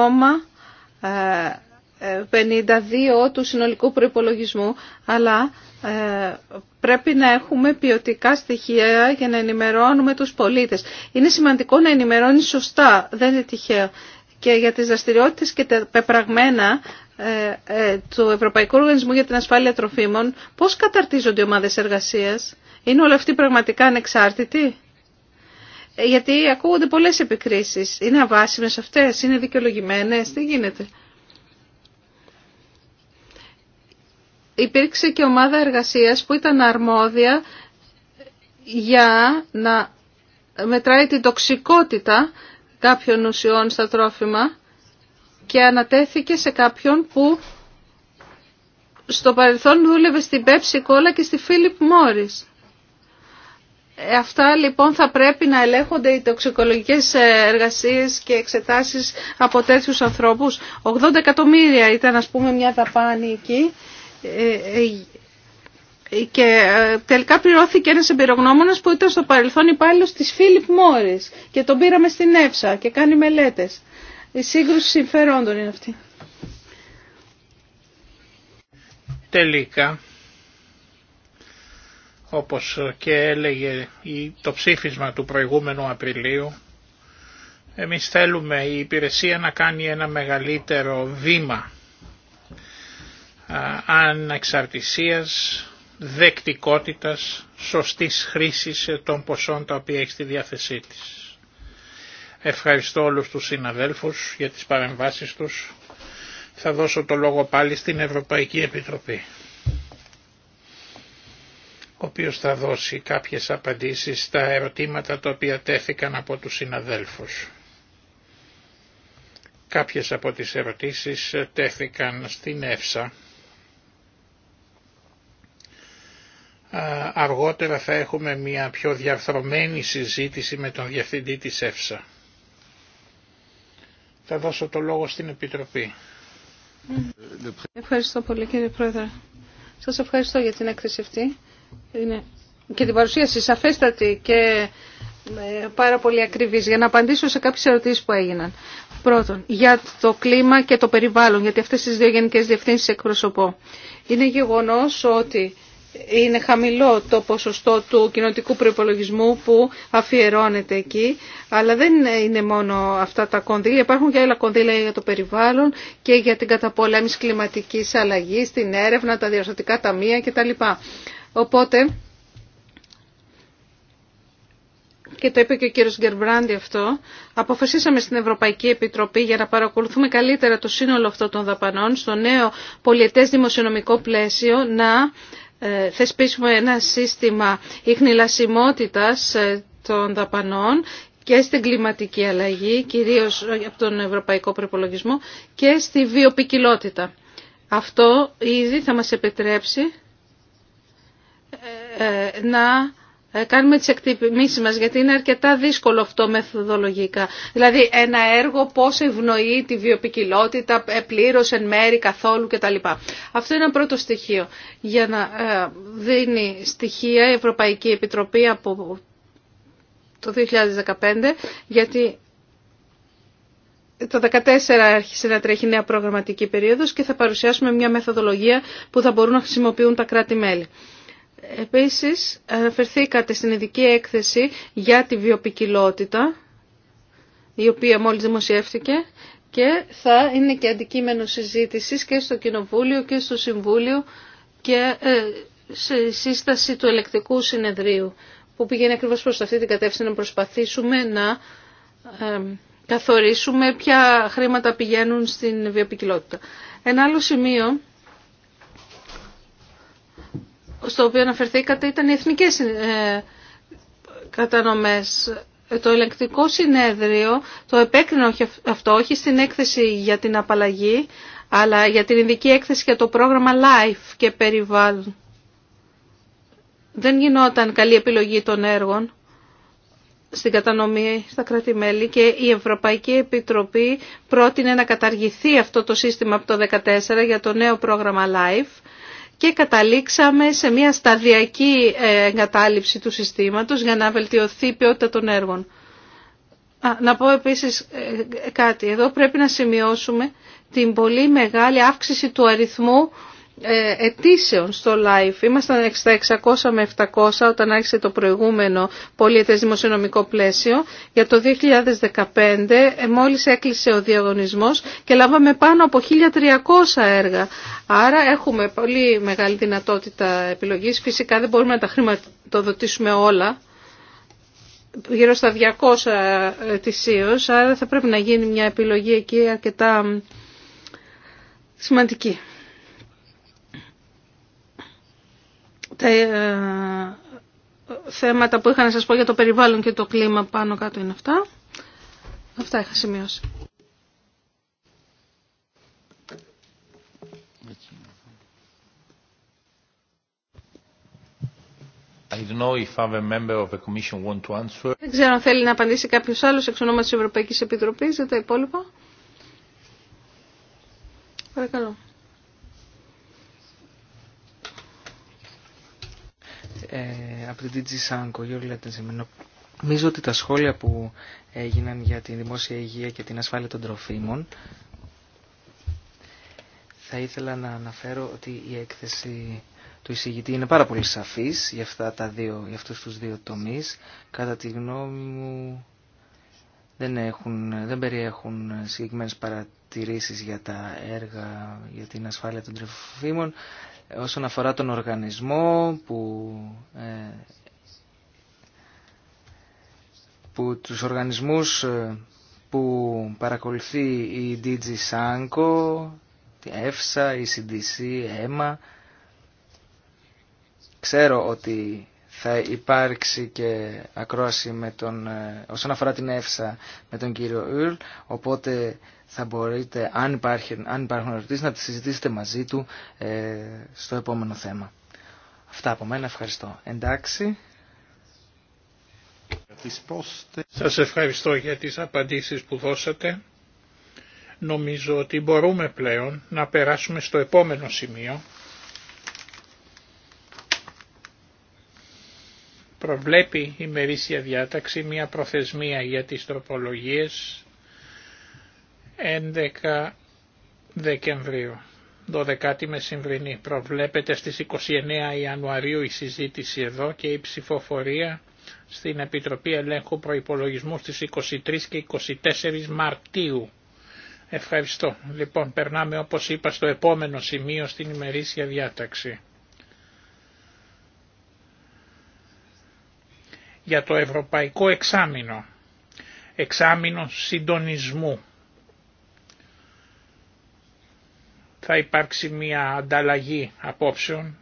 ε, ε, του συνολικού προϋπολογισμού, αλλά ε, πρέπει να έχουμε ποιοτικά στοιχεία για να ενημερώνουμε τους πολίτες. Είναι σημαντικό να ενημερώνει σωστά, δεν είναι τυχαίο. Και για τις δραστηριότητες και τα πεπραγμένα του Ευρωπαϊκού Οργανισμού για την Ασφάλεια Τροφίμων, πώς καταρτίζονται οι ομάδες εργασίας. Είναι όλα αυτοί πραγματικά ανεξάρτητοι γιατί ακούγονται πολλές επικρίσεις. Είναι αβάσιμες αυτές, είναι δικαιολογημένες, τι γίνεται. Υπήρξε και ομάδα εργασίας που ήταν αρμόδια για να μετράει την τοξικότητα κάποιων ουσιών στα τρόφιμα και ανατέθηκε σε κάποιον που στο παρελθόν δούλευε στην Pepsi Cola και στη Φίλιπ Μόρις. Ε, αυτά λοιπόν θα πρέπει να ελέγχονται οι τοξικολογικές ε, εργασίες και εξετάσεις από τέτοιους ανθρώπους. 80 εκατομμύρια ήταν ας πούμε μια δαπάνη εκεί ε, και τελικά πληρώθηκε ένας εμπειρογνώμονας που ήταν στο παρελθόν υπάλληλο της Φίλιπ Μόρις και τον πήραμε στην Εύσα και κάνει μελέτες. Η σύγκρουση συμφερόντων είναι αυτή. Τελικά όπως και έλεγε το ψήφισμα του προηγούμενου Απριλίου, εμείς θέλουμε η υπηρεσία να κάνει ένα μεγαλύτερο βήμα ανεξαρτησίας, δεκτικότητας, σωστής χρήσης των ποσών τα οποία έχει στη διάθεσή της. Ευχαριστώ όλους τους συναδέλφους για τις παρεμβάσεις τους. Θα δώσω το λόγο πάλι στην Ευρωπαϊκή Επιτροπή ο οποίος θα δώσει κάποιες απαντήσεις στα ερωτήματα τα οποία τέθηκαν από τους συναδέλφους. Κάποιες από τις ερωτήσεις τέθηκαν στην ΕΦΣΑ. Αργότερα θα έχουμε μια πιο διαρθρωμένη συζήτηση με τον Διευθυντή της ΕΦΣΑ. Θα δώσω το λόγο στην Επιτροπή. Ευχαριστώ πολύ κύριε Πρόεδρε. Σας ευχαριστώ για την έκθεση αυτή είναι και την παρουσίαση σαφέστατη και ε, πάρα πολύ ακριβής για να απαντήσω σε κάποιες ερωτήσεις που έγιναν. Πρώτον, για το κλίμα και το περιβάλλον, γιατί αυτές τις δύο γενικές διευθύνσεις εκπροσωπώ. Είναι γεγονός ότι είναι χαμηλό το ποσοστό του κοινοτικού προπολογισμού που αφιερώνεται εκεί, αλλά δεν είναι μόνο αυτά τα κονδύλια, υπάρχουν και άλλα κονδύλια για το περιβάλλον και για την καταπολέμηση κλιματικής αλλαγής, την έρευνα, τα διαστατικά ταμεία κτλ. Οπότε, και το είπε και ο κύριος Γκερμπράντι αυτό, αποφασίσαμε στην Ευρωπαϊκή Επιτροπή για να παρακολουθούμε καλύτερα το σύνολο αυτό των δαπανών στο νέο πολιετές δημοσιονομικό πλαίσιο να ε, θεσπίσουμε ένα σύστημα ίχνηλασιμότητας ε, των δαπανών και στην κλιματική αλλαγή, κυρίως ε, από τον Ευρωπαϊκό Προπολογισμό και στη βιοπικιλότητα. Αυτό ήδη θα μας επιτρέψει ε, να ε, κάνουμε τις εκτιμήσεις μας, γιατί είναι αρκετά δύσκολο αυτό μεθοδολογικά. Δηλαδή ένα έργο πώς ευνοεί τη βιοπικιλότητα, ε, πλήρως, εν μέρη, καθόλου κτλ. Αυτό είναι ένα πρώτο στοιχείο. Για να δίνει στοιχεία η Ευρωπαϊκή Επιτροπή από το 2015, γιατί το 2014 άρχισε να τρέχει νέα προγραμματική περίοδος και θα παρουσιάσουμε μια μεθοδολογία που θα μπορούν να χρησιμοποιούν τα κράτη-μέλη. Επίσης, αναφερθήκατε στην ειδική έκθεση για τη βιοπικιλότητα, η οποία μόλις δημοσιεύτηκε και θα είναι και αντικείμενο συζήτησης και στο Κοινοβούλιο και στο Συμβούλιο και ε, σε σύσταση του ελεκτικού συνεδρίου που πηγαίνει ακριβώς προς αυτή την κατεύθυνση να προσπαθήσουμε να ε, καθορίσουμε ποια χρήματα πηγαίνουν στην βιοπικιλότητα. Ένα άλλο σημείο στο οποίο αναφερθήκατε ήταν οι εθνικές ε, κατανομές. Το ελεγκτικό συνέδριο το επέκρινε αυτό, όχι στην έκθεση για την απαλλαγή, αλλά για την ειδική έκθεση για το πρόγραμμα LIFE και περιβάλλον. Δεν γινόταν καλή επιλογή των έργων στην κατανομή στα κράτη-μέλη και η Ευρωπαϊκή Επιτροπή πρότεινε να καταργηθεί αυτό το σύστημα από το 2014 για το νέο πρόγραμμα LIFE και καταλήξαμε σε μια σταδιακή ε, εγκατάλειψη του συστήματος για να βελτιωθεί η ποιότητα των έργων. Να πω επίσης ε, κάτι. Εδώ πρέπει να σημειώσουμε την πολύ μεγάλη αύξηση του αριθμού ετήσεων στο live. Ήμασταν στα 600 με 700 όταν άρχισε το προηγούμενο πολιετές δημοσιονομικό πλαίσιο. Για το 2015 ε, μόλις έκλεισε ο διαγωνισμός και λάβαμε πάνω από 1300 έργα. Άρα έχουμε πολύ μεγάλη δυνατότητα επιλογής. Φυσικά δεν μπορούμε να τα χρηματοδοτήσουμε όλα γύρω στα 200 ετησίως, άρα θα πρέπει να γίνει μια επιλογή εκεί αρκετά σημαντική. τα ε, θέματα που είχα να σας πω για το περιβάλλον και το κλίμα πάνω κάτω είναι αυτά. Αυτά είχα σημειώσει. Δεν ξέρω αν θέλει να απαντήσει κάποιος άλλος εξ ονόματος της Ευρωπαϊκής Επιτροπής για τα υπόλοιπα. Παρακαλώ. Ε, από την DG Sanko, Γιώργη Λατενζημένο. Νομίζω ότι τα σχόλια που έγιναν για τη δημόσια υγεία και την ασφάλεια των τροφίμων θα ήθελα να αναφέρω ότι η έκθεση του εισηγητή είναι πάρα πολύ σαφής για, αυτά τα δύο, για αυτούς τους δύο τομείς. Κατά τη γνώμη μου δεν, έχουν, δεν περιέχουν συγκεκριμένες παρατηρήσεις για τα έργα, για την ασφάλεια των τροφίμων όσον αφορά τον οργανισμό που, ε, που τους οργανισμούς ε, που παρακολουθεί η DG Sanko, η EFSA, η CDC, η EMA. Ξέρω ότι θα υπάρξει και ακρόαση με τον, ε, όσον αφορά την ΕΦΣΑ με τον κύριο Ουρλ, οπότε θα μπορείτε, αν, υπάρχει, αν υπάρχουν ερωτήσεις, να τις συζητήσετε μαζί του ε, στο επόμενο θέμα. Αυτά από μένα, ευχαριστώ. Εντάξει. Σας ευχαριστώ για τις απαντήσεις που δώσατε. Νομίζω ότι μπορούμε πλέον να περάσουμε στο επόμενο σημείο προβλέπει η μερίσια διάταξη μια προθεσμία για τις τροπολογίες 11 Δεκεμβρίου. 12η μεσημβρινή προβλέπεται στις 29 Ιανουαρίου η συζήτηση εδώ και η ψηφοφορία στην Επιτροπή Ελέγχου Προϋπολογισμού στις 23 και 24 Μαρτίου. Ευχαριστώ. Λοιπόν, περνάμε όπως είπα στο επόμενο σημείο στην ημερήσια διάταξη. για το Ευρωπαϊκό Εξάμεινο, Εξάμεινο Συντονισμού. Θα υπάρξει μια ανταλλαγή απόψεων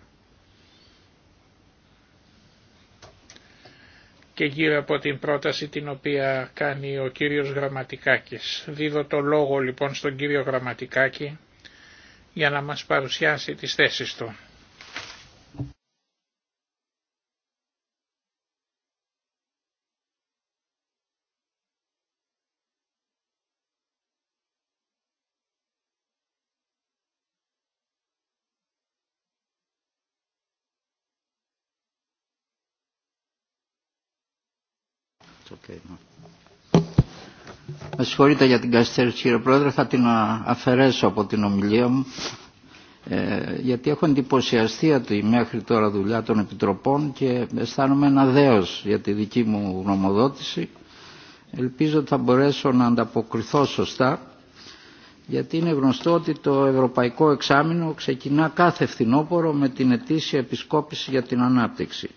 και γύρω από την πρόταση την οποία κάνει ο κύριος Γραμματικάκης. Δίδω το λόγο λοιπόν στον κύριο Γραμματικάκη για να μας παρουσιάσει τις θέσεις του. Με συγχωρείτε για την καθυστέρηση κύριε Πρόεδρε, θα την αφαιρέσω από την ομιλία μου ε, γιατί έχω εντυπωσιαστεί από μέχρι τώρα δουλειά των Επιτροπών και αισθάνομαι ένα δέος για τη δική μου γνωμοδότηση. Ελπίζω ότι θα μπορέσω να ανταποκριθώ σωστά γιατί είναι γνωστό ότι το Ευρωπαϊκό Εξάμεινο ξεκινά κάθε φθινόπωρο με την ετήσια επισκόπηση για την ανάπτυξη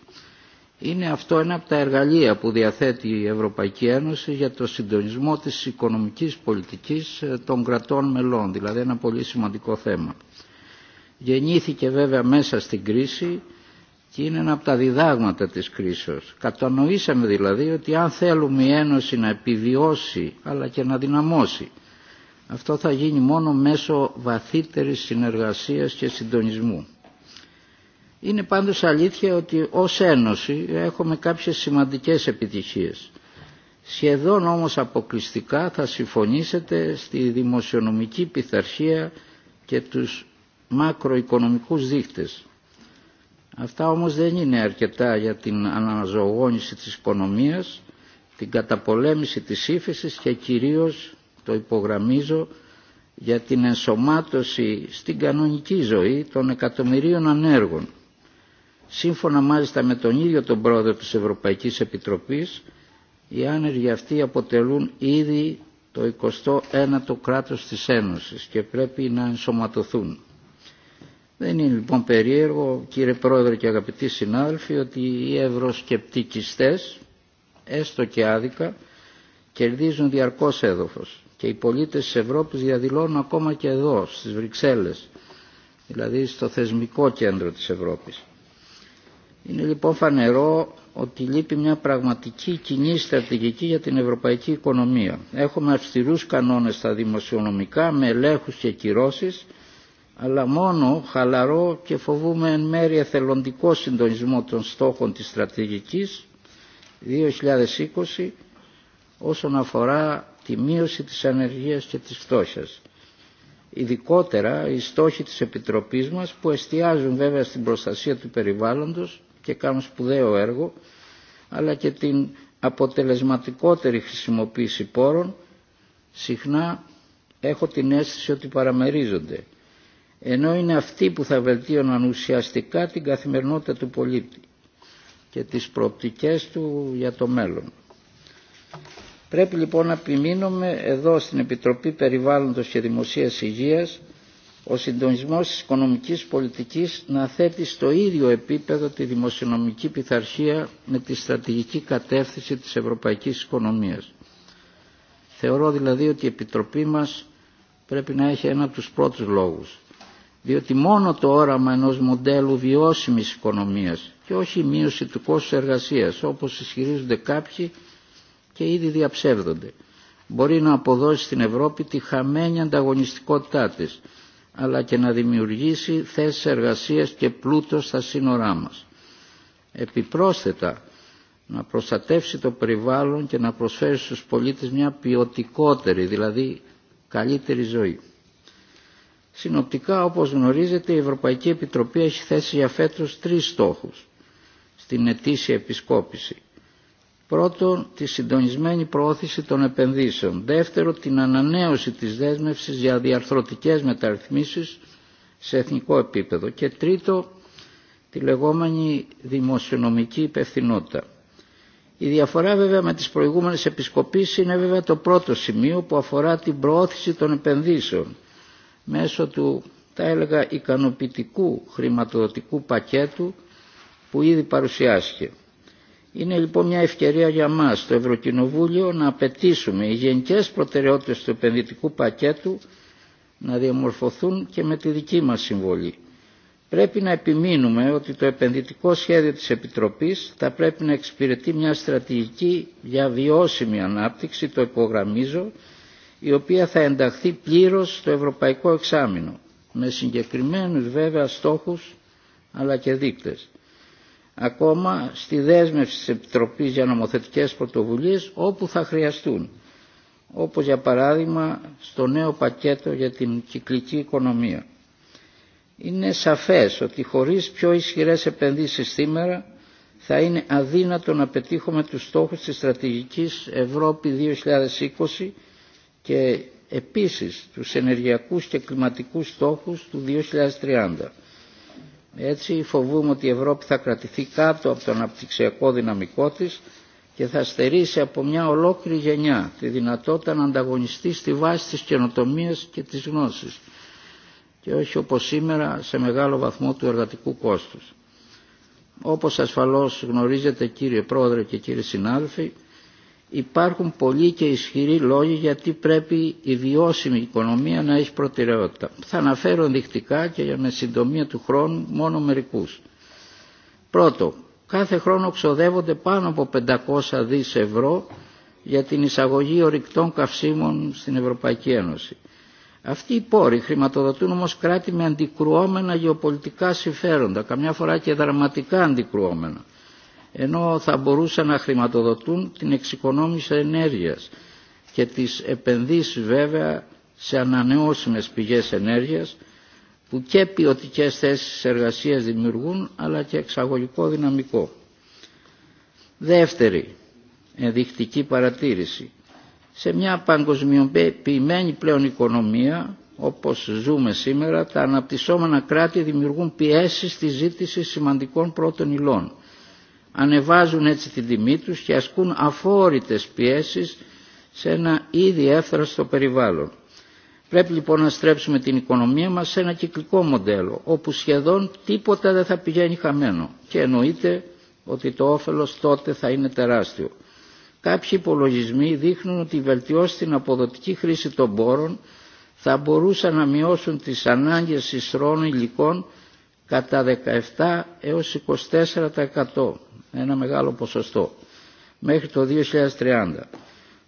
είναι αυτό ένα από τα εργαλεία που διαθέτει η Ευρωπαϊκή Ένωση για το συντονισμό της οικονομικής πολιτικής ε, των κρατών μελών, δηλαδή ένα πολύ σημαντικό θέμα. Γεννήθηκε βέβαια μέσα στην κρίση και είναι ένα από τα διδάγματα της κρίσεως. Κατανοήσαμε δηλαδή ότι αν θέλουμε η Ένωση να επιβιώσει αλλά και να δυναμώσει, αυτό θα γίνει μόνο μέσω βαθύτερης συνεργασίας και συντονισμού. Είναι πάντως αλήθεια ότι ως Ένωση έχουμε κάποιες σημαντικές επιτυχίες. Σχεδόν όμως αποκλειστικά θα συμφωνήσετε στη δημοσιονομική πειθαρχία και τους μακροοικονομικούς δείχτες. Αυτά όμως δεν είναι αρκετά για την αναζωογόνηση της οικονομίας, την καταπολέμηση της ύφεσης και κυρίως, το υπογραμμίζω, για την ενσωμάτωση στην κανονική ζωή των εκατομμυρίων ανέργων. Σύμφωνα μάλιστα με τον ίδιο τον πρόεδρο της Ευρωπαϊκής Επιτροπής, οι άνεργοι αυτοί αποτελούν ήδη το 21ο κράτος της Ένωσης και πρέπει να ενσωματωθούν. Δεν είναι λοιπόν περίεργο, κύριε Πρόεδρε και αγαπητοί συνάδελφοι, ότι οι ευρωσκεπτικιστές, έστω και άδικα, κερδίζουν διαρκώς έδαφος και οι πολίτες της Ευρώπης διαδηλώνουν ακόμα και εδώ, στις Βρυξέλλες, δηλαδή στο θεσμικό κέντρο της Ευρώπης. Είναι λοιπόν φανερό ότι λείπει μια πραγματική κοινή στρατηγική για την ευρωπαϊκή οικονομία. Έχουμε αυστηρούς κανόνες στα δημοσιονομικά με ελέγχους και κυρώσεις, αλλά μόνο χαλαρό και φοβούμε εν μέρει εθελοντικό συντονισμό των στόχων της στρατηγικής 2020 όσον αφορά τη μείωση της ανεργίας και της φτώχειας. Ειδικότερα οι στόχοι της Επιτροπής μας που εστιάζουν βέβαια στην προστασία του περιβάλλοντος και κάνουν σπουδαίο έργο, αλλά και την αποτελεσματικότερη χρησιμοποίηση πόρων, συχνά έχω την αίσθηση ότι παραμερίζονται, ενώ είναι αυτοί που θα βελτίωναν ουσιαστικά την καθημερινότητα του πολίτη και τις προοπτικές του για το μέλλον. Πρέπει λοιπόν να επιμείνουμε εδώ στην Επιτροπή Περιβάλλοντος και Δημοσίας Υγείας ο συντονισμός της οικονομικής πολιτικής να θέτει στο ίδιο επίπεδο τη δημοσιονομική πειθαρχία με τη στρατηγική κατεύθυνση της ευρωπαϊκής οικονομίας. Θεωρώ δηλαδή ότι η Επιτροπή μας πρέπει να έχει ένα από τους πρώτους λόγους. Διότι μόνο το όραμα ενός μοντέλου βιώσιμης οικονομίας και όχι η μείωση του κόστου εργασίας όπως ισχυρίζονται κάποιοι και ήδη διαψεύδονται μπορεί να αποδώσει στην Ευρώπη τη χαμένη ανταγωνιστικότητά της αλλά και να δημιουργήσει θέσεις εργασίας και πλούτο στα σύνορά μας. Επιπρόσθετα, να προστατεύσει το περιβάλλον και να προσφέρει στους πολίτες μια ποιοτικότερη, δηλαδή καλύτερη ζωή. Συνοπτικά, όπως γνωρίζετε, η Ευρωπαϊκή Επιτροπή έχει θέσει για φέτος τρεις στόχους στην ετήσια επισκόπηση – Πρώτον, τη συντονισμένη προώθηση των επενδύσεων. Δεύτερον, την ανανέωση της δέσμευσης για διαρθρωτικές μεταρρυθμίσεις σε εθνικό επίπεδο. Και τρίτο, τη λεγόμενη δημοσιονομική υπευθυνότητα. Η διαφορά βέβαια με τις προηγούμενες επισκοπήσεις είναι βέβαια το πρώτο σημείο που αφορά την προώθηση των επενδύσεων μέσω του, τα έλεγα, ικανοποιητικού χρηματοδοτικού πακέτου που ήδη παρουσιάστηκε. Είναι λοιπόν μια ευκαιρία για μας, το Ευρωκοινοβούλιο, να απαιτήσουμε οι γενικές προτεραιότητες του επενδυτικού πακέτου να διαμορφωθούν και με τη δική μας συμβολή. Πρέπει να επιμείνουμε ότι το επενδυτικό σχέδιο της Επιτροπής θα πρέπει να εξυπηρετεί μια στρατηγική για βιώσιμη ανάπτυξη, το υπογραμμίζω, η οποία θα ενταχθεί πλήρως στο ευρωπαϊκό εξάμεινο, με συγκεκριμένους βέβαια στόχους αλλά και δείκτες ακόμα στη δέσμευση της Επιτροπής για νομοθετικές πρωτοβουλίες όπου θα χρειαστούν, όπως για παράδειγμα στο νέο πακέτο για την κυκλική οικονομία. Είναι σαφές ότι χωρίς πιο ισχυρές επενδύσεις σήμερα θα είναι αδύνατο να πετύχουμε τους στόχους της στρατηγικής Ευρώπη 2020 και επίσης τους ενεργειακούς και κλιματικούς στόχους του 2030 έτσι φοβούμαι ότι η Ευρώπη θα κρατηθεί κάτω από το αναπτυξιακό δυναμικό της και θα στερήσει από μια ολόκληρη γενιά τη δυνατότητα να ανταγωνιστεί στη βάση της καινοτομίας και της γνώσης και όχι όπως σήμερα σε μεγάλο βαθμό του εργατικού κόστους. Όπως ασφαλώς γνωρίζετε κύριε Πρόεδρε και κύριοι συνάδελφοι, υπάρχουν πολλοί και ισχυροί λόγοι γιατί πρέπει η βιώσιμη οικονομία να έχει προτεραιότητα. Θα αναφέρω ενδεικτικά και με συντομία του χρόνου μόνο μερικούς. Πρώτο, κάθε χρόνο ξοδεύονται πάνω από 500 δις ευρώ για την εισαγωγή ορυκτών καυσίμων στην Ευρωπαϊκή Ένωση. Αυτοί οι πόροι χρηματοδοτούν όμως κράτη με αντικρουόμενα γεωπολιτικά συμφέροντα, καμιά φορά και δραματικά αντικρουόμενα ενώ θα μπορούσαν να χρηματοδοτούν την εξοικονόμηση ενέργειας και τις επενδύσεις βέβαια σε ανανεώσιμες πηγές ενέργειας που και ποιοτικέ θέσεις εργασίας δημιουργούν αλλά και εξαγωγικό δυναμικό. Δεύτερη ενδεικτική παρατήρηση. Σε μια παγκοσμιοποιημένη πλέον οικονομία όπως ζούμε σήμερα τα αναπτυσσόμενα κράτη δημιουργούν πιέσεις στη ζήτηση σημαντικών πρώτων υλών ανεβάζουν έτσι την τιμή τους και ασκούν αφόρητες πιέσεις σε ένα ήδη εύθραστο περιβάλλον. Πρέπει λοιπόν να στρέψουμε την οικονομία μας σε ένα κυκλικό μοντέλο, όπου σχεδόν τίποτα δεν θα πηγαίνει χαμένο και εννοείται ότι το όφελος τότε θα είναι τεράστιο. Κάποιοι υπολογισμοί δείχνουν ότι οι βελτιώση στην αποδοτική χρήση των πόρων θα μπορούσαν να μειώσουν τις ανάγκες ισρών υλικών κατά 17 έως 24% ένα μεγάλο ποσοστό μέχρι το 2030.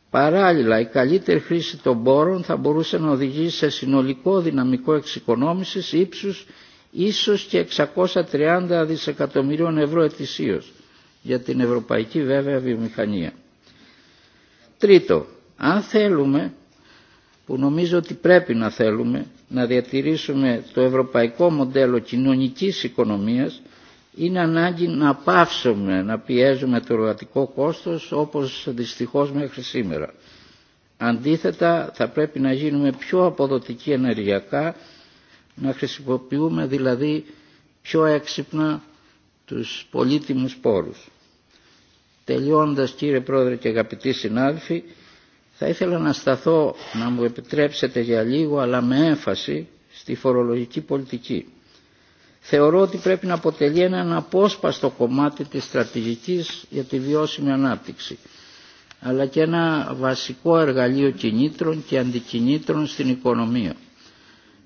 Παράλληλα, η καλύτερη χρήση των πόρων θα μπορούσε να οδηγήσει σε συνολικό δυναμικό εξοικονόμησης ύψους ίσως και 630 δισεκατομμυρίων ευρώ ετησίως για την ευρωπαϊκή βέβαια βιομηχανία. Τρίτο, αν θέλουμε, που νομίζω ότι πρέπει να θέλουμε, να διατηρήσουμε το ευρωπαϊκό μοντέλο κοινωνικής οικονομίας, είναι ανάγκη να πάυσουμε να πιέζουμε το εργατικό κόστος όπως δυστυχώς μέχρι σήμερα. Αντίθετα θα πρέπει να γίνουμε πιο αποδοτικοί ενεργειακά, να χρησιμοποιούμε δηλαδή πιο έξυπνα τους πολύτιμους πόρους. Τελειώντας κύριε Πρόεδρε και αγαπητοί συνάδελφοι, θα ήθελα να σταθώ να μου επιτρέψετε για λίγο αλλά με έμφαση στη φορολογική πολιτική θεωρώ ότι πρέπει να αποτελεί έναν απόσπαστο κομμάτι της στρατηγικής για τη βιώσιμη ανάπτυξη αλλά και ένα βασικό εργαλείο κινήτρων και αντικινήτρων στην οικονομία.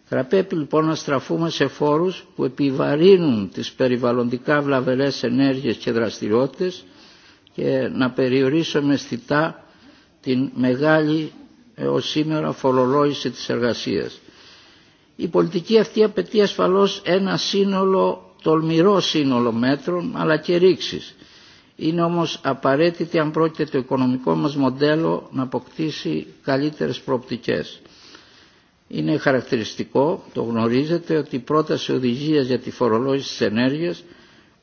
Θα πρέπει λοιπόν να στραφούμε σε φόρους που επιβαρύνουν τις περιβαλλοντικά βλαβερές ενέργειες και δραστηριότητες και να περιορίσουμε αισθητά την μεγάλη έως ε, σήμερα φορολόγηση της εργασίας. Η πολιτική αυτή απαιτεί ασφαλώς ένα σύνολο, τολμηρό σύνολο μέτρων αλλά και ρήξης. Είναι όμως απαραίτητη αν πρόκειται το οικονομικό μας μοντέλο να αποκτήσει καλύτερες προοπτικές. Είναι χαρακτηριστικό, το γνωρίζετε, ότι η πρόταση οδηγίας για τη φορολόγηση της ενέργειας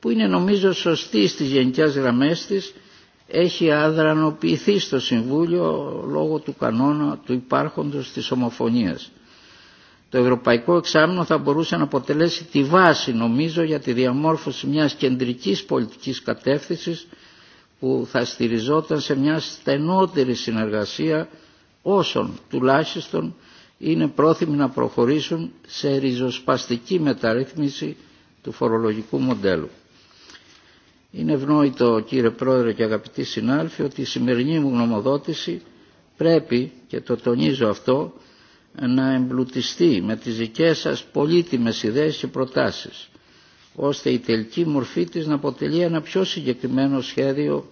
που είναι νομίζω σωστή στις γενικές γραμμές της έχει αδρανοποιηθεί στο Συμβούλιο λόγω του κανόνα του υπάρχοντος της ομοφωνίας. Το Ευρωπαϊκό Εξάμεινο θα μπορούσε να αποτελέσει τη βάση νομίζω για τη διαμόρφωση μιας κεντρικής πολιτικής κατεύθυνσης που θα στηριζόταν σε μια στενότερη συνεργασία όσων τουλάχιστον είναι πρόθυμοι να προχωρήσουν σε ριζοσπαστική μεταρρύθμιση του φορολογικού μοντέλου. Είναι ευνόητο κύριε Πρόεδρε και αγαπητοί συνάλφοι ότι η σημερινή μου γνωμοδότηση πρέπει και το τονίζω αυτό να εμπλουτιστεί με τις δικές σας πολύτιμες ιδέες και προτάσεις ώστε η τελική μορφή της να αποτελεί ένα πιο συγκεκριμένο σχέδιο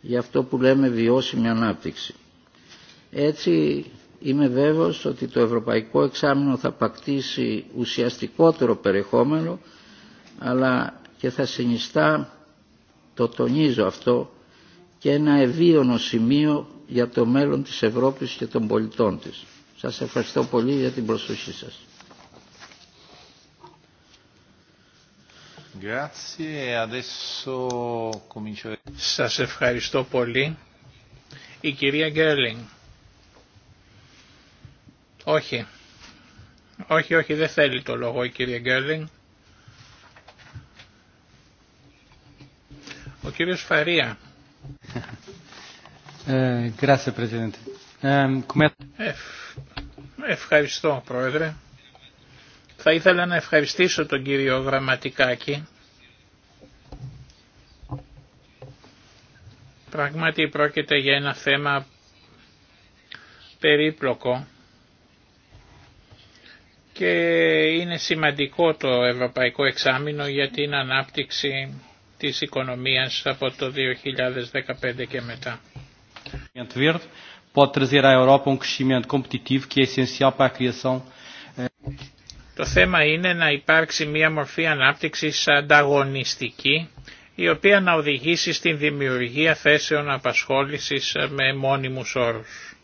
για αυτό που λέμε βιώσιμη ανάπτυξη. Έτσι είμαι βέβαιος ότι το Ευρωπαϊκό Εξάμεινο θα πακτήσει ουσιαστικότερο περιεχόμενο αλλά και θα συνιστά, το τονίζω αυτό, και ένα ευίωνο σημείο για το μέλλον της Ευρώπης και των πολιτών της. Σας ευχαριστώ πολύ για την προσοχή σας. Σας ευχαριστώ πολύ. Η κυρία Γκέρλινγκ. Όχι. Όχι, όχι, δεν θέλει το λόγο η κυρία Γκέρλινγκ. Ο κύριος Φαρία. Ε, grazie, Presidente. Ευχαριστώ. Ε, Ευχαριστώ Πρόεδρε. Θα ήθελα να ευχαριστήσω τον κύριο Γραμματικάκη. Πράγματι πρόκειται για ένα θέμα περίπλοκο και είναι σημαντικό το Ευρωπαϊκό Εξάμεινο για την ανάπτυξη της οικονομίας από το 2015 και μετά. Το θέμα είναι να υπάρξει μια μορφή ανάπτυξης ανταγωνιστική, η οποία να οδηγήσει στην δημιουργία θέσεων απασχόλησης με μόνιμους όρους.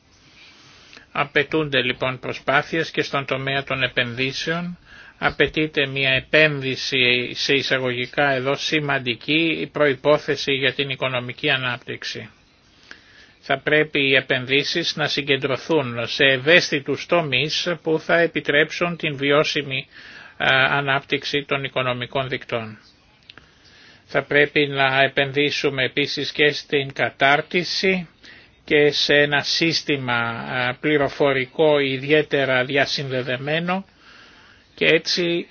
Απαιτούνται λοιπόν προσπάθειες και στον τομέα των επενδύσεων, απαιτείται μια επένδυση σε εισαγωγικά εδώ σημαντική προϋπόθεση για την οικονομική ανάπτυξη θα πρέπει οι επενδύσεις να συγκεντρωθούν σε ευαίσθητους τομείς που θα επιτρέψουν την βιώσιμη ανάπτυξη των οικονομικών δικτών. Θα πρέπει να επενδύσουμε επίσης και στην κατάρτιση και σε ένα σύστημα πληροφορικό ιδιαίτερα διασυνδεδεμένο και έτσι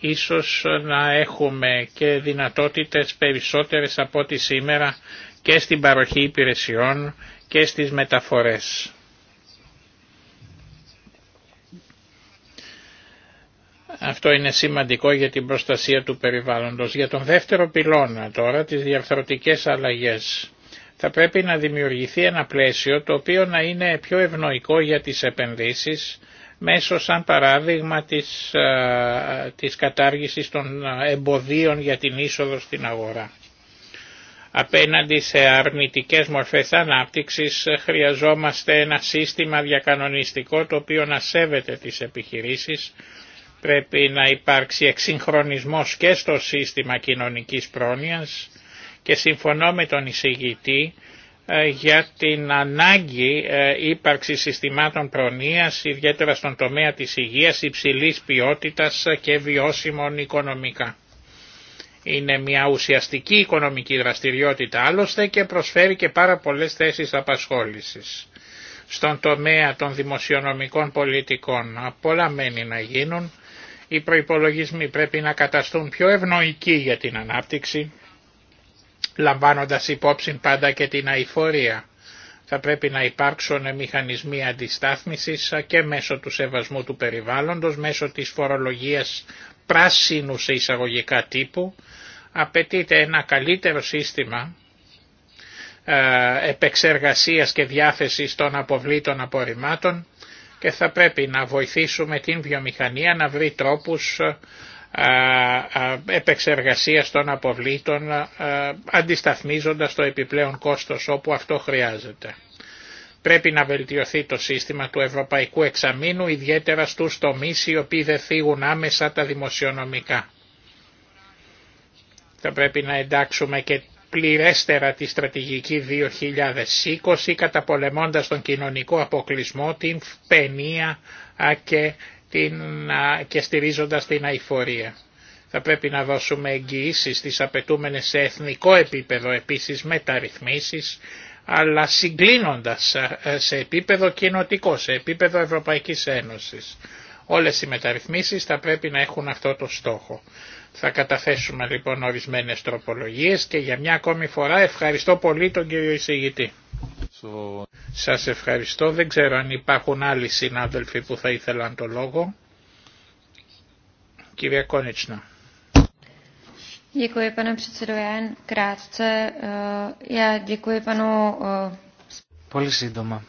ίσως να έχουμε και δυνατότητες περισσότερες από ό,τι σήμερα και στην παροχή υπηρεσιών και στις μεταφορές. Αυτό είναι σημαντικό για την προστασία του περιβάλλοντος. Για τον δεύτερο πυλώνα τώρα, τις διαρθρωτικές αλλαγές. Θα πρέπει να δημιουργηθεί ένα πλαίσιο το οποίο να είναι πιο ευνοϊκό για τις επενδύσεις μέσω σαν παράδειγμα της, ε, της κατάργησης των εμποδίων για την είσοδο στην αγορά. Απέναντι σε αρνητικές μορφές ανάπτυξης ε, χρειαζόμαστε ένα σύστημα διακανονιστικό το οποίο να σέβεται τις επιχειρήσεις. Πρέπει να υπάρξει εξυγχρονισμός και στο σύστημα κοινωνικής πρόνοιας και συμφωνώ με τον εισηγητή ε, για την ανάγκη ε, ύπαρξη συστημάτων προνοίας, ιδιαίτερα στον τομέα της υγείας, υψηλής ποιότητας και βιώσιμων οικονομικά. Είναι μια ουσιαστική οικονομική δραστηριότητα άλλωστε και προσφέρει και πάρα πολλές θέσεις απασχόλησης. Στον τομέα των δημοσιονομικών πολιτικών πολλά μένει να γίνουν. Οι προϋπολογισμοί πρέπει να καταστούν πιο ευνοϊκοί για την ανάπτυξη, λαμβάνοντας υπόψη πάντα και την αηφορία. Θα πρέπει να υπάρξουν μηχανισμοί αντιστάθμισης και μέσω του σεβασμού του περιβάλλοντος, μέσω της φορολογίας πράσινου σε εισαγωγικά τύπου, απαιτείται ένα καλύτερο σύστημα ε, επεξεργασίας και διάθεσης των αποβλήτων απορριμμάτων και θα πρέπει να βοηθήσουμε την βιομηχανία να βρει τρόπους ε, ε, επεξεργασίας των αποβλήτων αντισταθμίζοντας το επιπλέον κόστος όπου αυτό χρειάζεται. Πρέπει να βελτιωθεί το σύστημα του Ευρωπαϊκού Εξαμήνου, ιδιαίτερα στους τομείς οι οποίοι δεν φύγουν άμεσα τα δημοσιονομικά. Θα πρέπει να εντάξουμε και πληρέστερα τη στρατηγική 2020, καταπολεμώντας τον κοινωνικό αποκλεισμό, την παινία και, την, και στηρίζοντας την αηφορία. Θα πρέπει να δώσουμε εγγυήσεις στις απαιτούμενες σε εθνικό επίπεδο επίσης μεταρρυθμίσεις, αλλά συγκλίνοντας ε, ε, σε επίπεδο κοινοτικό, σε επίπεδο Ευρωπαϊκής Ένωσης. Όλες οι μεταρρυθμίσεις θα πρέπει να έχουν αυτό το στόχο. Θα καταθέσουμε λοιπόν ορισμένες τροπολογίες και για μια ακόμη φορά ευχαριστώ πολύ τον κύριο εισηγητή. So... Σας ευχαριστώ. Δεν ξέρω αν υπάρχουν άλλοι συνάδελφοι που θα ήθελαν το λόγο. Κυρία Κόνιτσνα. Πολύ σύντομα.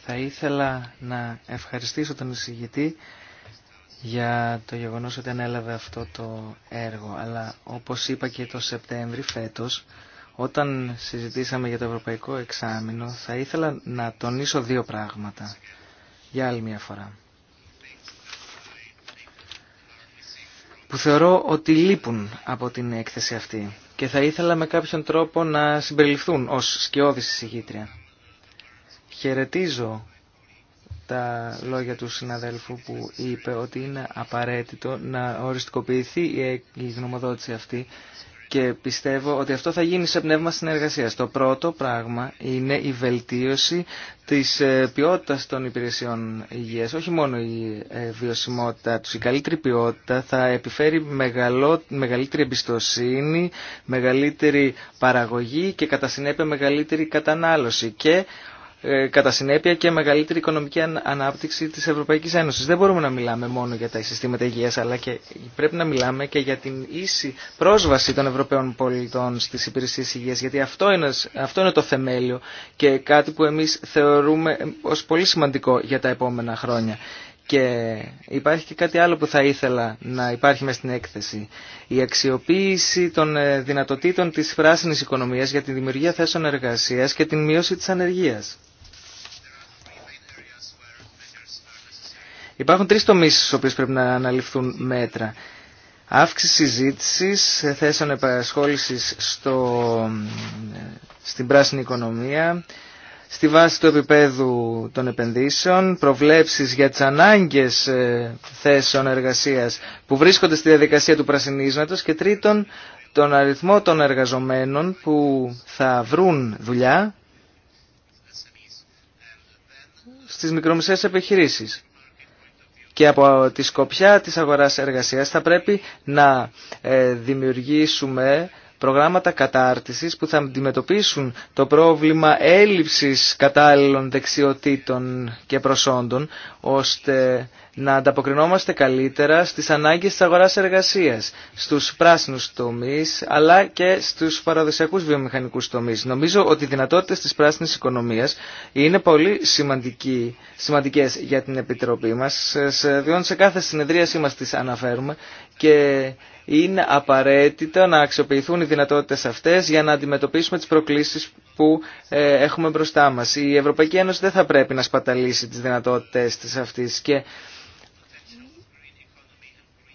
Θα ήθελα να ευχαριστήσω τον εισηγητή για το γεγονός ότι ανέλαβε αυτό το έργο. Αλλά όπως είπα και το Σεπτέμβρη φέτος, όταν συζητήσαμε για το Ευρωπαϊκό Εξάμεινο, θα ήθελα να τονίσω δύο πράγματα για άλλη μια φορά. που θεωρώ ότι λείπουν από την έκθεση αυτή και θα ήθελα με κάποιον τρόπο να συμπεριληφθούν ως σκιώδης εισηγήτρια. Χαιρετίζω τα λόγια του συναδέλφου που είπε ότι είναι απαραίτητο να οριστικοποιηθεί η γνωμοδότηση αυτή και πιστεύω ότι αυτό θα γίνει σε πνεύμα συνεργασία. Το πρώτο πράγμα είναι η βελτίωση της ε, ποιότητας των υπηρεσιών Υγεία, Όχι μόνο η ε, βιωσιμότητα τους, η καλύτερη ποιότητα θα επιφέρει μεγαλό, μεγαλύτερη εμπιστοσύνη, μεγαλύτερη παραγωγή και κατά συνέπεια μεγαλύτερη κατανάλωση. Και ε, κατά συνέπεια και μεγαλύτερη οικονομική ανάπτυξη της Ευρωπαϊκής Ένωσης. Δεν μπορούμε να μιλάμε μόνο για τα συστήματα υγείας, αλλά και πρέπει να μιλάμε και για την ίση πρόσβαση των Ευρωπαίων πολιτών στις υπηρεσίες υγείας, γιατί αυτό είναι, αυτό είναι το θεμέλιο και κάτι που εμείς θεωρούμε ε, ως πολύ σημαντικό για τα επόμενα χρόνια. Και υπάρχει και κάτι άλλο που θα ήθελα να υπάρχει μέσα στην έκθεση. Η αξιοποίηση των ε, δυνατοτήτων της πράσινης οικονομίας για τη δημιουργία θέσεων εργασίας και την μείωση της ανεργίας. Υπάρχουν τρει τομεί στου οποίου πρέπει να αναλυφθούν μέτρα. Αύξηση συζήτηση θέσεων επασχόληση στην πράσινη οικονομία, στη βάση του επίπεδου των επενδύσεων, προβλέψεις για τις ανάγκες ε, θέσεων εργασίας που βρίσκονται στη διαδικασία του πρασινίσματος και τρίτον, τον αριθμό των εργαζομένων που θα βρουν δουλειά στις μικρομεσαίες επιχειρήσεις. Και από τη σκοπιά της αγοράς εργασίας θα πρέπει να ε, δημιουργήσουμε προγράμματα κατάρτισης που θα αντιμετωπίσουν το πρόβλημα έλλειψης κατάλληλων δεξιοτήτων και προσόντων, ώστε να ανταποκρινόμαστε καλύτερα στις ανάγκες της αγοράς εργασίας, στους πράσινους τομείς, αλλά και στους παραδοσιακούς βιομηχανικούς τομείς. Νομίζω ότι οι δυνατότητες της πράσινης οικονομίας είναι πολύ σημαντικές για την Επιτροπή μας, διότι σε κάθε συνεδρίασή μας τις αναφέρουμε και είναι απαραίτητο να αξιοποιηθούν οι δυνατότητες αυτές για να αντιμετωπίσουμε τις προκλήσεις που ε, έχουμε μπροστά μας. Η Ευρωπαϊκή Ένωση δεν θα πρέπει να σπαταλήσει τις δυνατότητες της αυτής και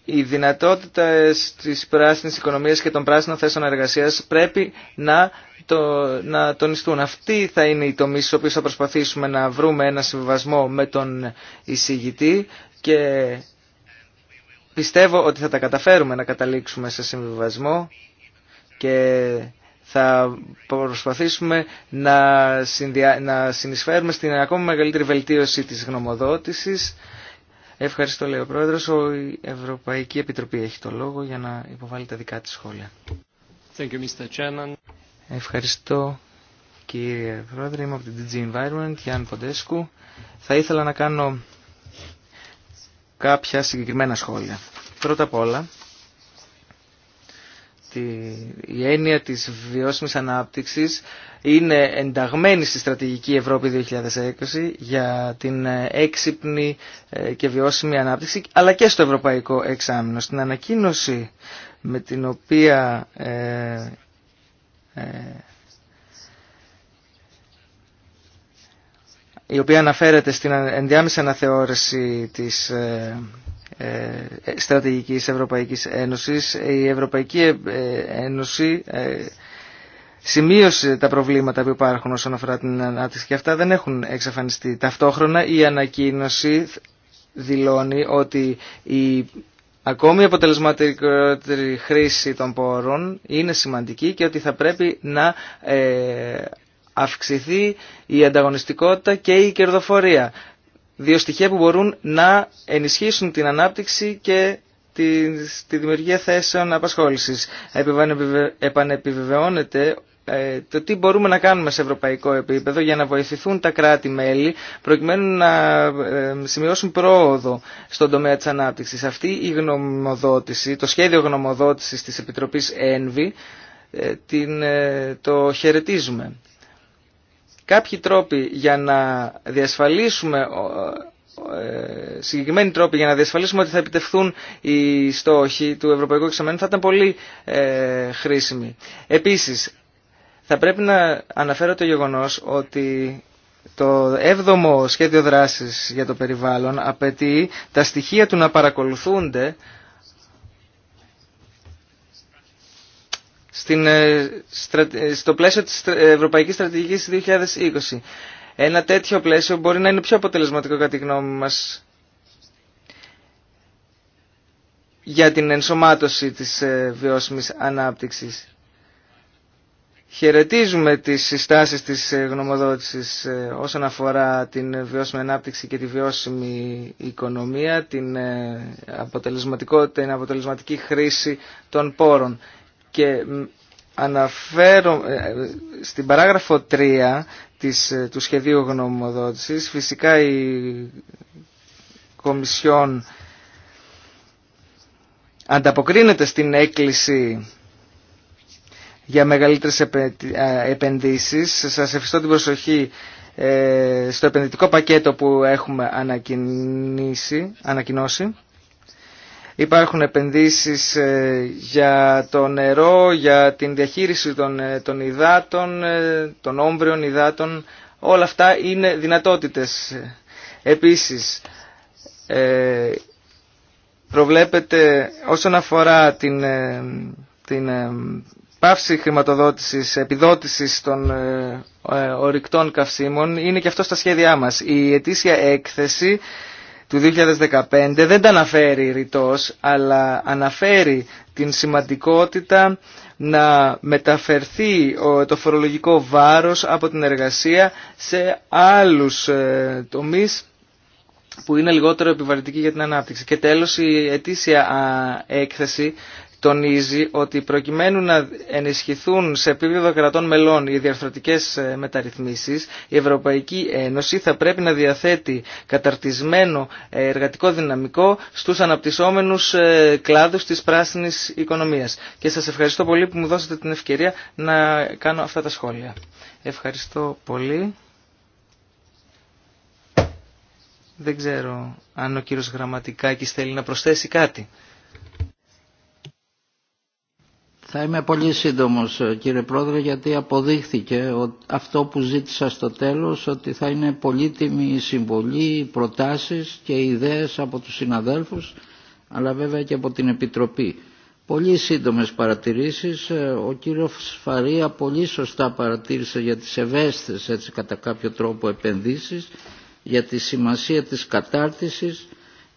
οι δυνατότητες της πράσινης οικονομίας και των πράσινων θέσεων εργασίας πρέπει να, το, να τονιστούν. Αυτή θα είναι η τομή στους θα προσπαθήσουμε να βρούμε ένα συμβιβασμό με τον εισηγητή και Πιστεύω ότι θα τα καταφέρουμε να καταλήξουμε σε συμβιβασμό και θα προσπαθήσουμε να, να συνεισφέρουμε στην ακόμα μεγαλύτερη βελτίωση της γνωμοδότησης. Ευχαριστώ, λέει ο Πρόεδρος. Ο... Η Ευρωπαϊκή Επιτροπή έχει το λόγο για να υποβάλει τα δικά της σχόλια. Thank you, Mr. Ευχαριστώ, κύριε Πρόεδρε. Είμαι από την DG Environment, Γιάννη Ποντέσκου. Θα ήθελα να κάνω κάποια συγκεκριμένα σχόλια. Πρώτα απ' όλα, η έννοια της βιώσιμης ανάπτυξης είναι ενταγμένη στη στρατηγική Ευρώπη 2020 για την έξυπνη ε, και βιώσιμη ανάπτυξη αλλά και στο ευρωπαϊκό εξάμεινο. Στην ανακοίνωση με την οποία ε, ε, η οποία αναφέρεται στην ενδιάμεση αναθεώρηση της ε, ε, ε, στρατηγικής Ευρωπαϊκής Ένωσης. Η Ευρωπαϊκή Ένωση σημείωσε τα προβλήματα που υπάρχουν όσον αφορά την ανάπτυξη και αυτά δεν έχουν εξαφανιστεί. Ταυτόχρονα η ανακοίνωση δηλώνει ότι η ακόμη αποτελεσματικότερη χρήση των πόρων είναι σημαντική και ότι θα πρέπει να αυξηθεί η ανταγωνιστικότητα και η κερδοφορία. Δύο στοιχεία που μπορούν να ενισχύσουν την ανάπτυξη και τη, δημιουργία θέσεων απασχόλησης. Επανεπιβεβαιώνεται ε, το τι μπορούμε να κάνουμε σε ευρωπαϊκό επίπεδο για να βοηθηθούν τα κράτη-μέλη προκειμένου να ε, σημειώσουν πρόοδο στον τομέα της ανάπτυξης. Αυτή η γνωμοδότηση, το σχέδιο γνωμοδότησης της Επιτροπής ΕΝΒΗ, ε, το χαιρετίζουμε κάποιοι τρόποι για να διασφαλίσουμε ε, συγκεκριμένοι τρόποι για να διασφαλίσουμε ότι θα επιτευχθούν οι στόχοι του Ευρωπαϊκού Εξαμένου θα ήταν πολύ ε, χρήσιμοι. Επίσης, θα πρέπει να αναφέρω το γεγονός ότι το 7ο σχέδιο δράσης για το περιβάλλον απαιτεί τα στοιχεία του να παρακολουθούνται στην, ε, ε, στο πλαίσιο της ε, Ευρωπαϊκής Στρατηγικής 2020. Ένα τέτοιο πλαίσιο μπορεί να είναι πιο αποτελεσματικό κατά τη γνώμη μας για την ενσωμάτωση της βιώσιμης ανάπτυξης. Χαιρετίζουμε τις συστάσεις της γνωμοδότησης όσον αφορά την βιώσιμη ανάπτυξη και τη βιώσιμη οικονομία, την, αποτελεσματικότητα, την αποτελεσματική χρήση των πόρων. Και αναφέρω ε, στην παράγραφο 3 της, ε, του σχεδίου γνωμοδότησης φυσικά η Κομισιόν ανταποκρίνεται στην έκκληση για μεγαλύτερες επενδύσεις. Σας ευχαριστώ την προσοχή ε, στο επενδυτικό πακέτο που έχουμε ανακοινώσει. Υπάρχουν επενδύσεις ε, για το νερό, για την διαχείριση των, ε, των υδάτων, ε, των όμβριων υδάτων. Όλα αυτά είναι δυνατότητες. Επίσης, προβλέπεται όσον αφορά την, την πάυση χρηματοδότησης, επιδότησης των ορυκτών καυσίμων, είναι και αυτό στα σχέδιά μας. Η ετήσια έκθεση του 2015 δεν τα αναφέρει ρητός, αλλά αναφέρει την σημαντικότητα να μεταφερθεί το φορολογικό βάρος από την εργασία σε άλλους ε, τομείς που είναι λιγότερο επιβαρυντικοί για την ανάπτυξη. Και τέλος η ετήσια έκθεση τονίζει ότι προκειμένου να ενισχυθούν σε επίπεδο κρατών μελών οι διαρθρωτικές ε, μεταρρυθμίσεις, η Ευρωπαϊκή Ένωση θα πρέπει να διαθέτει καταρτισμένο ε, εργατικό δυναμικό στους αναπτυσσόμενους ε, κλάδους της πράσινης οικονομίας. Και σας ευχαριστώ πολύ που μου δώσατε την ευκαιρία να κάνω αυτά τα σχόλια. Ευχαριστώ πολύ. Δεν ξέρω αν ο κύριος Γραμματικάκης θέλει να προσθέσει κάτι. Θα είμαι πολύ σύντομος ε, κύριε Πρόεδρε γιατί αποδείχθηκε αυτό που ζήτησα στο τέλος ότι θα είναι πολύτιμη η συμβολή, οι προτάσεις και οι ιδέες από τους συναδέλφους αλλά βέβαια και από την Επιτροπή. Πολύ σύντομες παρατηρήσεις. Ε, ο κύριος Φαρία πολύ σωστά παρατήρησε για τις ευαίσθητες έτσι κατά κάποιο τρόπο επενδύσεις, για τη σημασία της κατάρτισης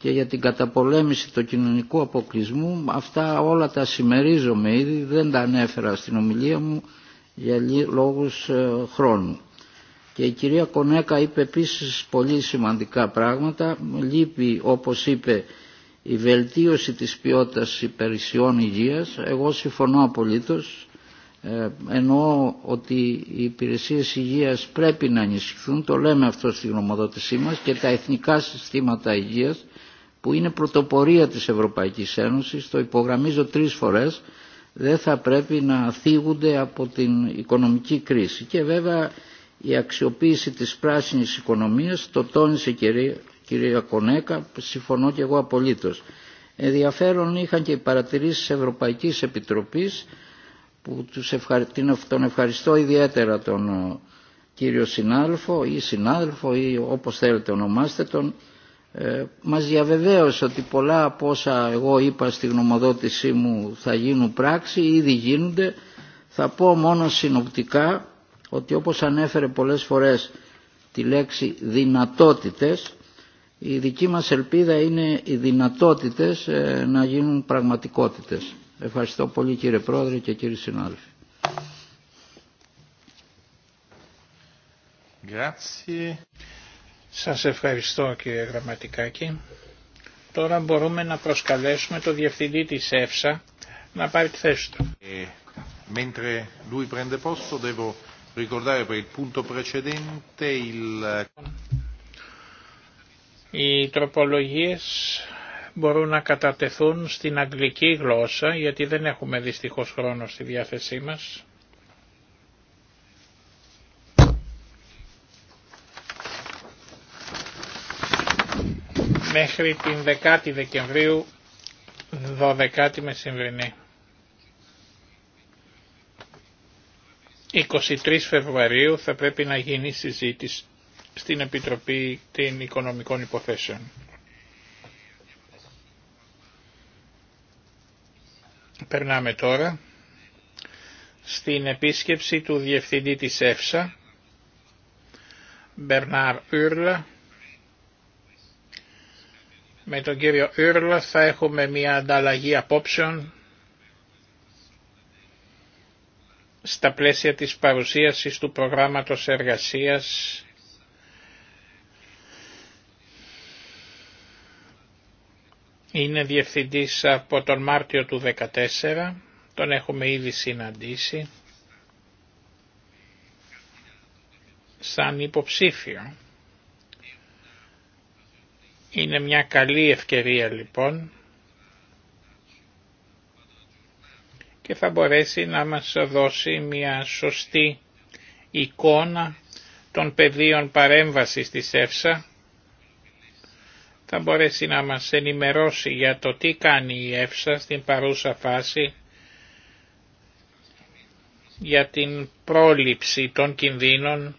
και για την καταπολέμηση του κοινωνικού αποκλεισμού. Αυτά όλα τα συμμερίζομαι ήδη, δεν τα ανέφερα στην ομιλία μου για λόγους ε, χρόνου. Και η κυρία Κονέκα είπε επίσης πολύ σημαντικά πράγματα. Λείπει, όπως είπε, η βελτίωση της ποιότητας υπηρεσιών υγείας. Εγώ συμφωνώ απολύτως. Ε, εννοώ ότι οι υπηρεσίες υγείας πρέπει να ενισχυθούν, το λέμε αυτό στη γνωμοδότησή μας, και τα εθνικά συστήματα υγείας που είναι πρωτοπορία της Ευρωπαϊκής Ένωσης, το υπογραμμίζω τρεις φορές, δεν θα πρέπει να θίγονται από την οικονομική κρίση. Και βέβαια η αξιοποίηση της πράσινης οικονομίας, το τόνισε η κυρία, κυρία Κονέκα, συμφωνώ και εγώ απολύτως. Ενδιαφέρον είχαν και οι παρατηρήσεις Ευρωπαϊκής Επιτροπής, που τους ευχαρι... τον ευχαριστώ ιδιαίτερα τον ε, κύριο συνάδελφο ή συνάδελφο ή όπως θέλετε ονομάστε τον, ε, μας διαβεβαίωσε ότι πολλά από όσα εγώ είπα στη γνωμοδότησή μου θα γίνουν πράξη ήδη γίνονται θα πω μόνο συνοπτικά ότι όπως ανέφερε πολλές φορές τη λέξη δυνατότητες η δική μας ελπίδα είναι οι δυνατότητες ε, να γίνουν πραγματικότητες. Ευχαριστώ πολύ κύριε Πρόεδρε και κύριοι συνάδελφοι. Σας ευχαριστώ κύριε Γραμματικάκη. Τώρα μπορούμε να προσκαλέσουμε το διευθυντή της ΕΦΣΑ να πάρει τη θέση του. Ε, Οι τροπολογίες μπορούν να κατατεθούν στην αγγλική γλώσσα, γιατί δεν έχουμε δυστυχώς χρόνο στη διάθεσή μας. μέχρι την 10η Δεκεμβρίου 12η μεσημβρινή. 23 Φεβρουαρίου θα πρέπει να γίνει συζήτηση στην Επιτροπή των Οικονομικών Υποθέσεων. Περνάμε τώρα στην επίσκεψη του Διευθυντή της ΕΦΣΑ, Μπερνάρ Ούρλα, με τον κύριο ήρλα θα έχουμε μια ανταλλαγή απόψεων στα πλαίσια της παρουσίασης του προγράμματος εργασίας Είναι διευθυντής από τον Μάρτιο του 2014, τον έχουμε ήδη συναντήσει σαν υποψήφιο. Είναι μια καλή ευκαιρία λοιπόν και θα μπορέσει να μας δώσει μια σωστή εικόνα των πεδίων παρέμβασης της ΕΦΣΑ θα μπορέσει να μας ενημερώσει για το τι κάνει η ΕΦΣΑ στην παρούσα φάση για την πρόληψη των κινδύνων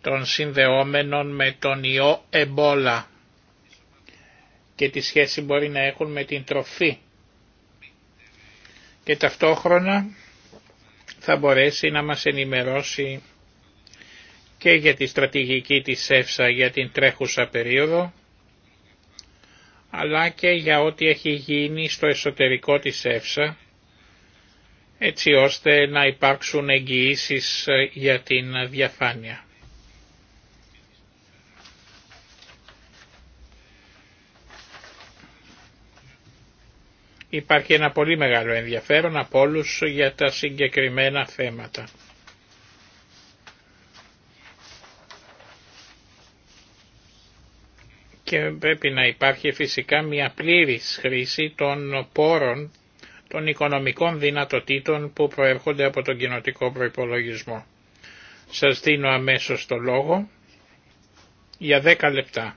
των συνδεόμενων με τον ιό εμπόλα και τη σχέση μπορεί να έχουν με την τροφή. Και ταυτόχρονα θα μπορέσει να μας ενημερώσει και για τη στρατηγική της ΕΦΣΑ για την τρέχουσα περίοδο, αλλά και για ό,τι έχει γίνει στο εσωτερικό της ΕΦΣΑ, έτσι ώστε να υπάρξουν εγγυήσεις ε, για την διαφάνεια. Υπάρχει ένα πολύ μεγάλο ενδιαφέρον από όλου για τα συγκεκριμένα θέματα. και πρέπει να υπάρχει φυσικά μια πλήρης χρήση των πόρων των οικονομικών δυνατοτήτων που προέρχονται από τον κοινοτικό προϋπολογισμό. Σας δίνω αμέσως το λόγο για 10 λεπτά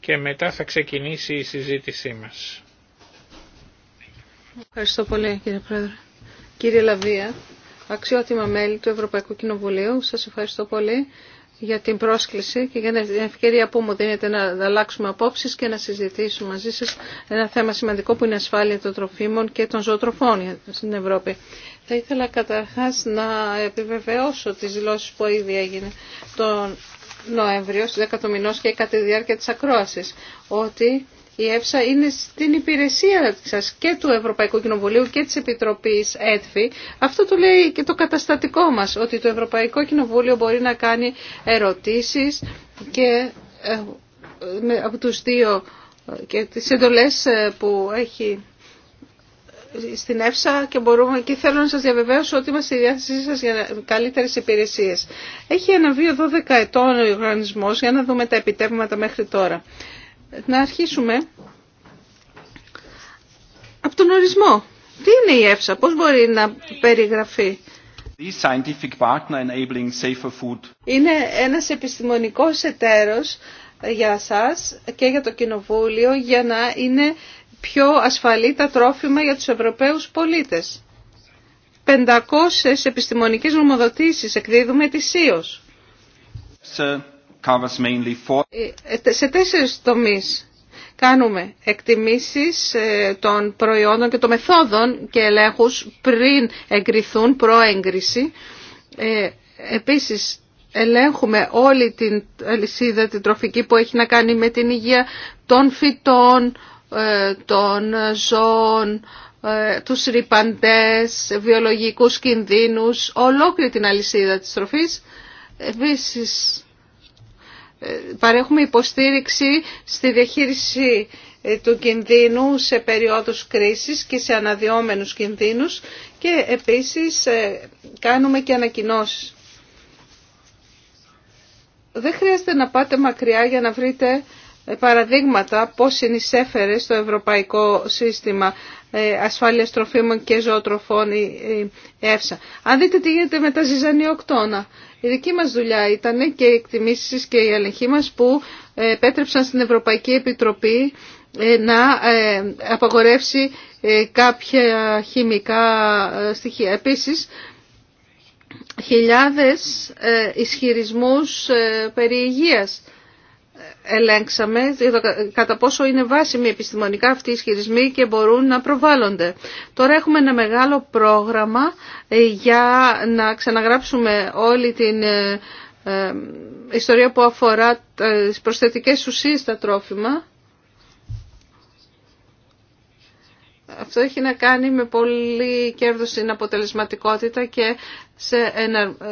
και μετά θα ξεκινήσει η συζήτησή μας. Ευχαριστώ πολύ κύριε Πρόεδρε. Κύριε Λαβία, αξιότιμα μέλη του Ευρωπαϊκού Κοινοβουλίου, σας ευχαριστώ πολύ για την πρόσκληση και για την ευκαιρία που μου δίνετε να αλλάξουμε απόψεις και να συζητήσουμε μαζί σας ένα θέμα σημαντικό που είναι η ασφάλεια των τροφίμων και των ζωοτροφών στην Ευρώπη. Θα ήθελα καταρχάς να επιβεβαιώσω τις δηλώσει που ήδη έγινε τον Νοέμβριο, στις 10 και κατά τη διάρκεια της ακρόασης, ότι η ΕΦΣΑ είναι στην υπηρεσία σας και του Ευρωπαϊκού Κοινοβουλίου και της Επιτροπής ΕΤΦΗ. Αυτό το λέει και το καταστατικό μας, ότι το Ευρωπαϊκό Κοινοβούλιο μπορεί να κάνει ερωτήσεις και ε, από τους δύο ε, και τις εντολές ε, που έχει στην ΕΦΣΑ και μπορούμε και θέλω να σας διαβεβαίωσω ότι είμαστε στη διάθεσή σας για καλύτερες υπηρεσίες. Έχει ένα βίο 12 ετών ο οργανισμός για να δούμε τα επιτεύγματα μέχρι τώρα να αρχίσουμε από τον ορισμό. Τι είναι η ΕΦΣΑ, πώς μπορεί να περιγραφεί. Είναι ένας επιστημονικός εταίρος για σας και για το Κοινοβούλιο για να είναι πιο ασφαλή τα τρόφιμα για τους Ευρωπαίους πολίτες. 500 επιστημονικές νομοδοτήσεις εκδίδουμε ετησίως mainly ε, ε, Σε τέσσερις τομείς κάνουμε εκτιμήσεις ε, των προϊόντων και των μεθόδων και ελέγχους πριν εγκριθούν, προέγκριση. Ε, επίσης, ελέγχουμε όλη την αλυσίδα την τροφική που έχει να κάνει με την υγεία των φυτών, των ζώων, τους ρηπαντές, βιολογικούς κινδύνους, ολόκληρη την αλυσίδα της τροφής. Επίσης, παρέχουμε υποστήριξη στη διαχείριση ε, του κινδύνου σε περίοδους κρίσης και σε αναδιόμενους κινδύνους και επίσης ε, κάνουμε και ανακοινώσεις. Δεν χρειάζεται να πάτε μακριά για να βρείτε ε, παραδείγματα πώς συνεισέφερε στο ευρωπαϊκό σύστημα ε, ασφάλειας τροφίμων και ζωοτροφών η ΕΦΣΑ. Αν δείτε τι γίνεται με τα ζυζανιοκτώνα. Η δική μας δουλειά ήταν και οι εκτιμήσεις και η ελεγχή μας που ε, επέτρεψαν στην Ευρωπαϊκή Επιτροπή να απαγορεύσει κάποια χημικά στοιχεία. Επίσης, χιλιάδες ισχυρισμούς περί υγείας ελέγξαμε κατά πόσο είναι βάσιμοι επιστημονικά αυτοί οι ισχυρισμοί και μπορούν να προβάλλονται. Τώρα έχουμε ένα μεγάλο πρόγραμμα ε, για να ξαναγράψουμε όλη την ε, ε, ιστορία που αφορά τις προσθετικές ουσίες στα τρόφιμα. Αυτό έχει να κάνει με πολύ κέρδος στην αποτελεσματικότητα και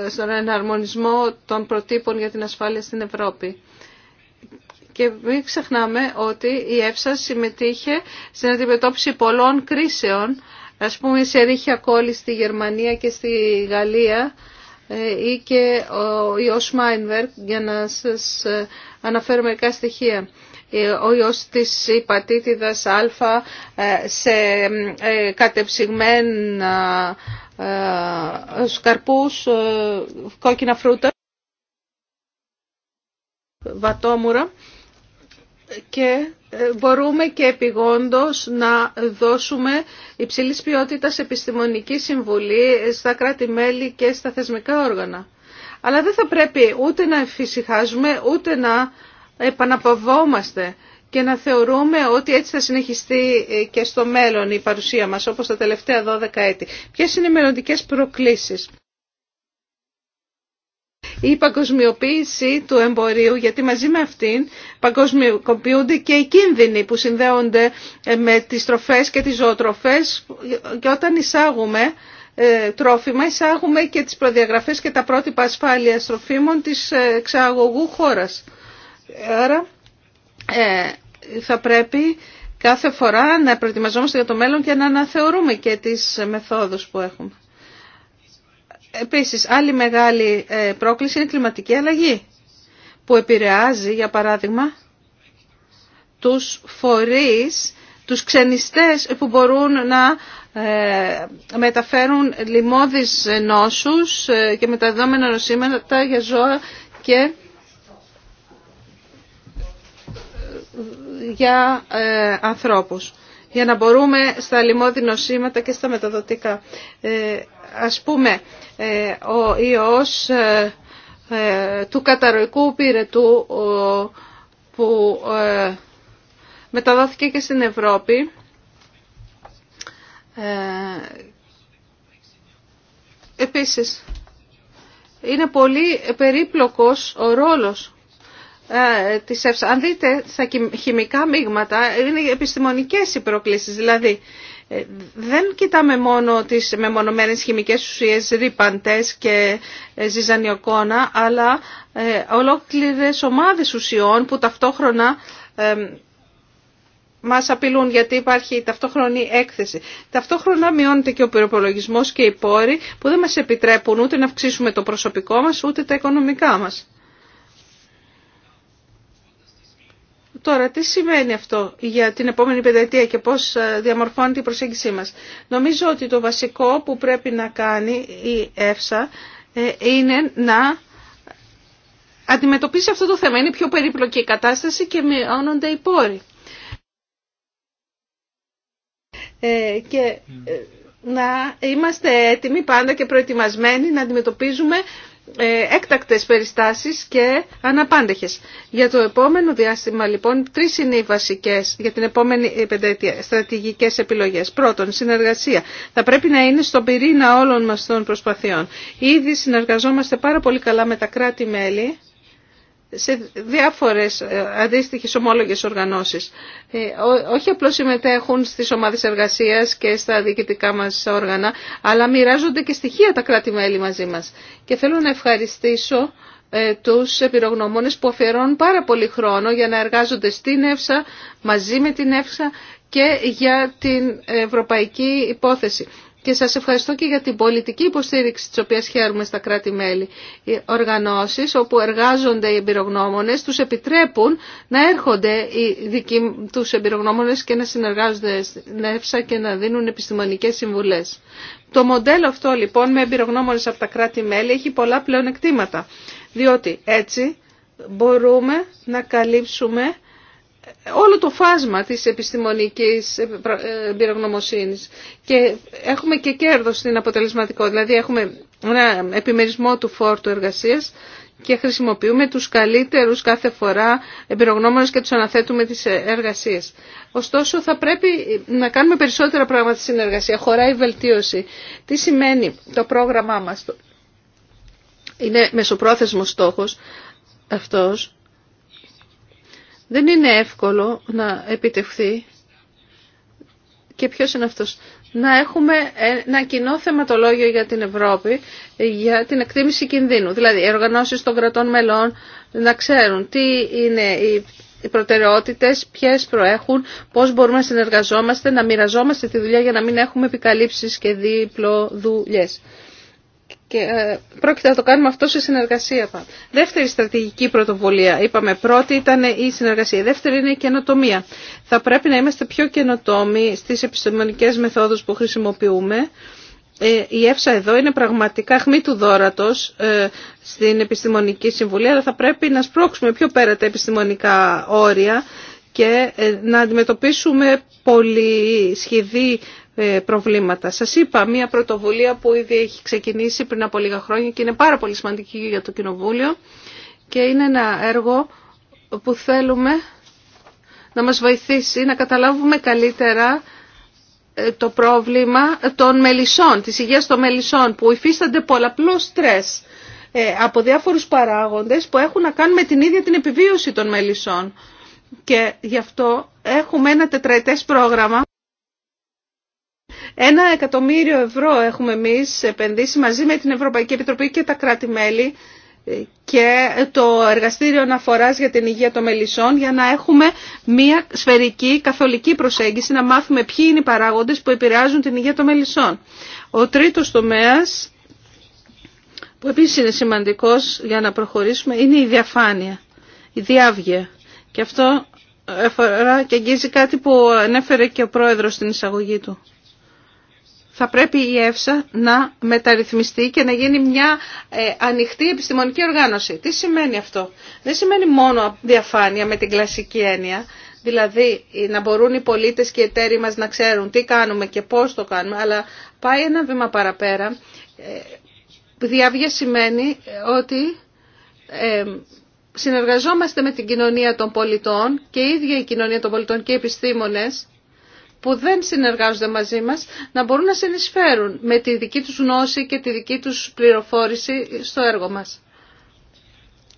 στον εναρμονισμό των προτύπων για την ασφάλεια στην Ευρώπη. Και μην ξεχνάμε ότι η ΕΦΣΑ συμμετείχε στην αντιμετώπιση πολλών κρίσεων, ας πούμε σε ρίχια κόλλη στη Γερμανία και στη Γαλλία ε, ή και ο ιός Μάινβερ για να σας ε, αναφέρω μερικά στοιχεία. Ε, ο ιός της υπατήτηδας α σε κατεψυγμένα σκαρπούς, κόκκινα φρούτα, βατόμουρα και ε, μπορούμε και επιγόντως να δώσουμε υψηλής ποιότητας επιστημονική συμβουλή ε, στα κράτη-μέλη και στα θεσμικά όργανα. Αλλά δεν θα πρέπει ούτε να εφησυχάζουμε ούτε να επαναπαυόμαστε και να θεωρούμε ότι έτσι θα συνεχιστεί ε, και στο μέλλον η παρουσία μας όπως τα τελευταία 12 έτη. Ποιες είναι οι μελλοντικέ προκλήσεις η παγκοσμιοποίηση του εμπορίου, γιατί μαζί με αυτήν παγκοσμιοποιούνται και οι κίνδυνοι που συνδέονται ε, με τις τροφές και τις ζωοτροφές και όταν εισάγουμε ε, τρόφιμα, εισάγουμε και τις προδιαγραφές και τα πρότυπα ασφάλειας τροφίμων της ε, εξαγωγού χώρας. Άρα θα πρέπει κάθε φορά να προετοιμαζόμαστε για το μέλλον και να αναθεωρούμε και τις μεθόδους που έχουμε. Επίσης, άλλη μεγάλη ε, πρόκληση είναι η κλιματική αλλαγή, που επηρεάζει, για παράδειγμα, τους φορείς, τους ξενιστές που μπορούν να ε, μεταφέρουν λιμώδεις νόσους ε, και μεταδόμενα νοσήματα για ζώα και για ανθρώπους για να μπορούμε στα λιμώδη νοσήματα και στα μεταδοτικά. ας πούμε, ε, ο ιός ε, ε, του καταρροϊκού πυρετού που μεταδόθηκε και στην Ευρώπη Επίσης, είναι πολύ περίπλοκος ο ρόλος της ΕΦΣΑ. Αν δείτε στα χημικά μείγματα, είναι επιστημονικές οι προκλήσεις. Δηλαδή, ε, δεν κοιτάμε μόνο τις μεμονωμένες χημικές ουσίες, ρήπαντες και ε, ζυζανιοκόνα, αλλά ε, ολόκληρες ομάδες ουσιών που ταυτόχρονα μας απειλούν γιατί υπάρχει ταυτόχρονη έκθεση. Ταυτόχρονα μειώνεται και ο πυροπολογισμός και οι πόροι που δεν μας επιτρέπουν ούτε να αυξήσουμε το προσωπικό μας ούτε τα οικονομικά μας. Τώρα, τι σημαίνει αυτό για την επόμενη πενταετία και πώς ε, διαμορφώνεται η προσέγγισή μας. Νομίζω ότι το βασικό που πρέπει να κάνει η ΕΦΣΑ ε, είναι να αντιμετωπίσει αυτό το θέμα. Είναι πιο περίπλοκη η κατάσταση και μειώνονται οι πόροι. Ε, και να είμαστε έτοιμοι πάντα και προετοιμασμένοι να αντιμετωπίζουμε ε, έκτακτες περιστάσεις και αναπάντεχες. Για το επόμενο διάστημα λοιπόν τρεις είναι οι βασικές για την επόμενη πενταετία στρατηγικές επιλογές. Πρώτον, συνεργασία. Θα πρέπει να είναι στον πυρήνα όλων μας των προσπαθειών. Ήδη συνεργαζόμαστε πάρα πολύ καλά με τα κράτη-μέλη σε διάφορες ε, αντίστοιχες ομόλογες οργανώσεις. Ε, όχι απλώς συμμετέχουν στις ομάδες εργασίας και στα διοικητικά μας όργανα, αλλά μοιράζονται και στοιχεία τα κράτη-μέλη μαζί μας. Και θέλω να ευχαριστήσω ε, τους επιρρογνωμόνες που αφιερώνουν πάρα πολύ χρόνο για να εργάζονται στην ΕΦΣΑ, μαζί με την ΕΦΣΑ και για την ευρωπαϊκή υπόθεση και σας ευχαριστώ και για την πολιτική υποστήριξη της οποίας χαίρουμε στα κράτη-μέλη. Οι οργανώσεις όπου εργάζονται οι εμπειρογνώμονες τους επιτρέπουν να έρχονται οι δικοί τους εμπειρογνώμονες και να συνεργάζονται στην ΕΦΣΑ και να δίνουν επιστημονικές συμβουλές. Το μοντέλο αυτό λοιπόν με εμπειρογνώμονες από τα κράτη-μέλη έχει πολλά πλεονεκτήματα, διότι έτσι μπορούμε να καλύψουμε όλο το φάσμα της επιστημονικής εμπειρογνωμοσύνης και έχουμε και κέρδος στην αποτελεσματικότητα, δηλαδή έχουμε ένα επιμερισμό του φόρτου εργασίας και χρησιμοποιούμε τους καλύτερους κάθε φορά εμπειρογνώμονες και τους αναθέτουμε τις εργασίες. Ωστόσο θα πρέπει να κάνουμε περισσότερα πράγματα στη συνεργασία, χωράει βελτίωση. Τι σημαίνει το πρόγραμμά μας, είναι μεσοπρόθεσμος στόχος αυτός, δεν είναι εύκολο να επιτευχθεί. Και ποιος είναι αυτός. Να έχουμε ένα κοινό θεματολόγιο για την Ευρώπη, για την εκτίμηση κινδύνου. Δηλαδή, οι οργανώσεις των κρατών μελών να ξέρουν τι είναι οι προτεραιότητες, ποιες προέχουν, πώς μπορούμε να συνεργαζόμαστε, να μοιραζόμαστε τη δουλειά για να μην έχουμε επικαλύψεις και δίπλο δουλειές. Και ε, πρόκειται να το κάνουμε αυτό σε συνεργασία. Δεύτερη στρατηγική πρωτοβουλία. Είπαμε πρώτη ήταν η συνεργασία. δεύτερη είναι η καινοτομία. Θα πρέπει να είμαστε πιο καινοτόμοι στις επιστημονικές μεθόδους που χρησιμοποιούμε. Ε, η ΕΦΣΑ εδώ είναι πραγματικά χμή του δόρατος ε, στην επιστημονική συμβουλή, αλλά θα πρέπει να σπρώξουμε πιο πέρα τα επιστημονικά όρια και να αντιμετωπίσουμε πολύ σχηδή... Ε, προβλήματα. Σας είπα μια πρωτοβουλία που ήδη έχει ξεκινήσει πριν από λίγα χρόνια και είναι πάρα πολύ σημαντική για το Κοινοβούλιο και είναι ένα έργο που θέλουμε να μας βοηθήσει να καταλάβουμε καλύτερα ε, το πρόβλημα των μελισσών, της υγείας των μελισσών που υφίστανται πολλαπλό στρες ε, από διάφορους παράγοντες που έχουν να κάνουν με την ίδια την επιβίωση των μελισσών. Και γι' αυτό έχουμε ένα τετραετές πρόγραμμα ένα εκατομμύριο ευρώ έχουμε εμείς επενδύσει μαζί με την Ευρωπαϊκή Επιτροπή και τα κράτη-μέλη και το εργαστήριο αναφοράς για την υγεία των μελισσών για να έχουμε μια σφαιρική καθολική προσέγγιση, να μάθουμε ποιοι είναι οι παράγοντες που επηρεάζουν την υγεία των μελισσών. Ο τρίτος τομέας που επίσης είναι σημαντικός για να προχωρήσουμε είναι η διαφάνεια, η διάβγεια. Και αυτό αφορά και αγγίζει κάτι που ανέφερε και ο πρόεδρος στην εισαγωγή του θα πρέπει η ΕΦΣΑ να μεταρρυθμιστεί και να γίνει μια ε, ανοιχτή επιστημονική οργάνωση. Τι σημαίνει αυτό. Δεν σημαίνει μόνο διαφάνεια με την κλασική έννοια, δηλαδή να μπορούν οι πολίτες και οι εταίροι μας να ξέρουν τι κάνουμε και πώς το κάνουμε, αλλά πάει ένα βήμα παραπέρα. Ε, διάβια σημαίνει ε, ότι συνεργαζόμαστε με την κοινωνία των πολιτών και η ίδια η κοινωνία των πολιτών και οι επιστήμονες που δεν συνεργάζονται μαζί μας να μπορούν να συνεισφέρουν με τη δική τους γνώση και τη δική τους πληροφόρηση στο έργο μας.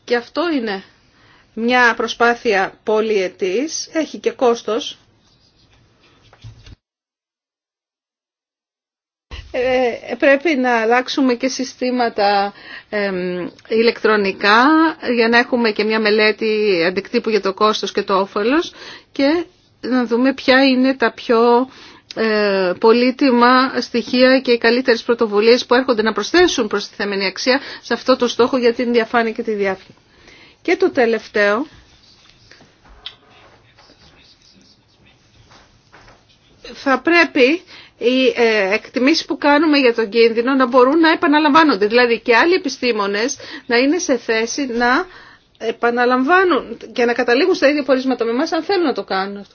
Και αυτό είναι μια προσπάθεια πολυετής, έχει και κόστος. Ε, πρέπει να αλλάξουμε και συστήματα ηλεκτρονικά για να έχουμε και μια μελέτη αντικτύπου για το κόστος και το όφελος και να δούμε ποια είναι τα πιο ε, πολύτιμα στοιχεία και οι καλύτερες πρωτοβουλίες που έρχονται να προσθέσουν προς τη θεμενή αξία σε αυτό το στόχο για την διαφάνεια και τη διάφυση. Και το τελευταίο, θα πρέπει οι ε, εκτιμήσεις που κάνουμε για τον κίνδυνο να μπορούν να επαναλαμβάνονται. Δηλαδή και άλλοι επιστήμονες να είναι σε θέση να επαναλαμβάνουν και να καταλήγουν στα ίδια πορίσματα με εμάς αν θέλουν να το κάνουν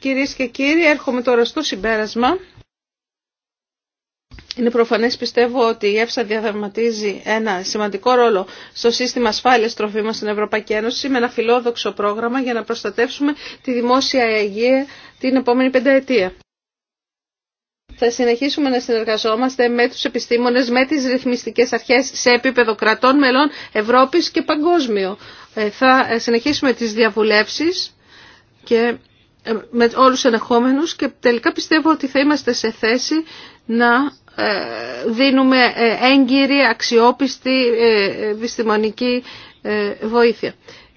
Κυρίες και κύριοι, έρχομαι τώρα στο συμπέρασμα. Είναι προφανέ, πιστεύω ότι η ΕΦΣΑ διαδραματίζει ένα σημαντικό ρόλο στο σύστημα ασφάλεια τροφίμων στην Ευρωπαϊκή Ένωση με ένα φιλόδοξο πρόγραμμα για να προστατεύσουμε τη δημόσια υγεία την επόμενη πενταετία. Θα συνεχίσουμε να συνεργαζόμαστε με τους επιστήμονες, με τις ρυθμιστικές αρχές σε επίπεδο κρατών, μελών, Ευρώπης και παγκόσμιο. Ε, θα συνεχίσουμε τις διαβουλεύσεις και ε, με όλους ενεχόμενους και τελικά πιστεύω ότι θα είμαστε σε θέση να ε, δίνουμε ε, έγκυρη, αξιόπιστη επιστημονική βοήθεια.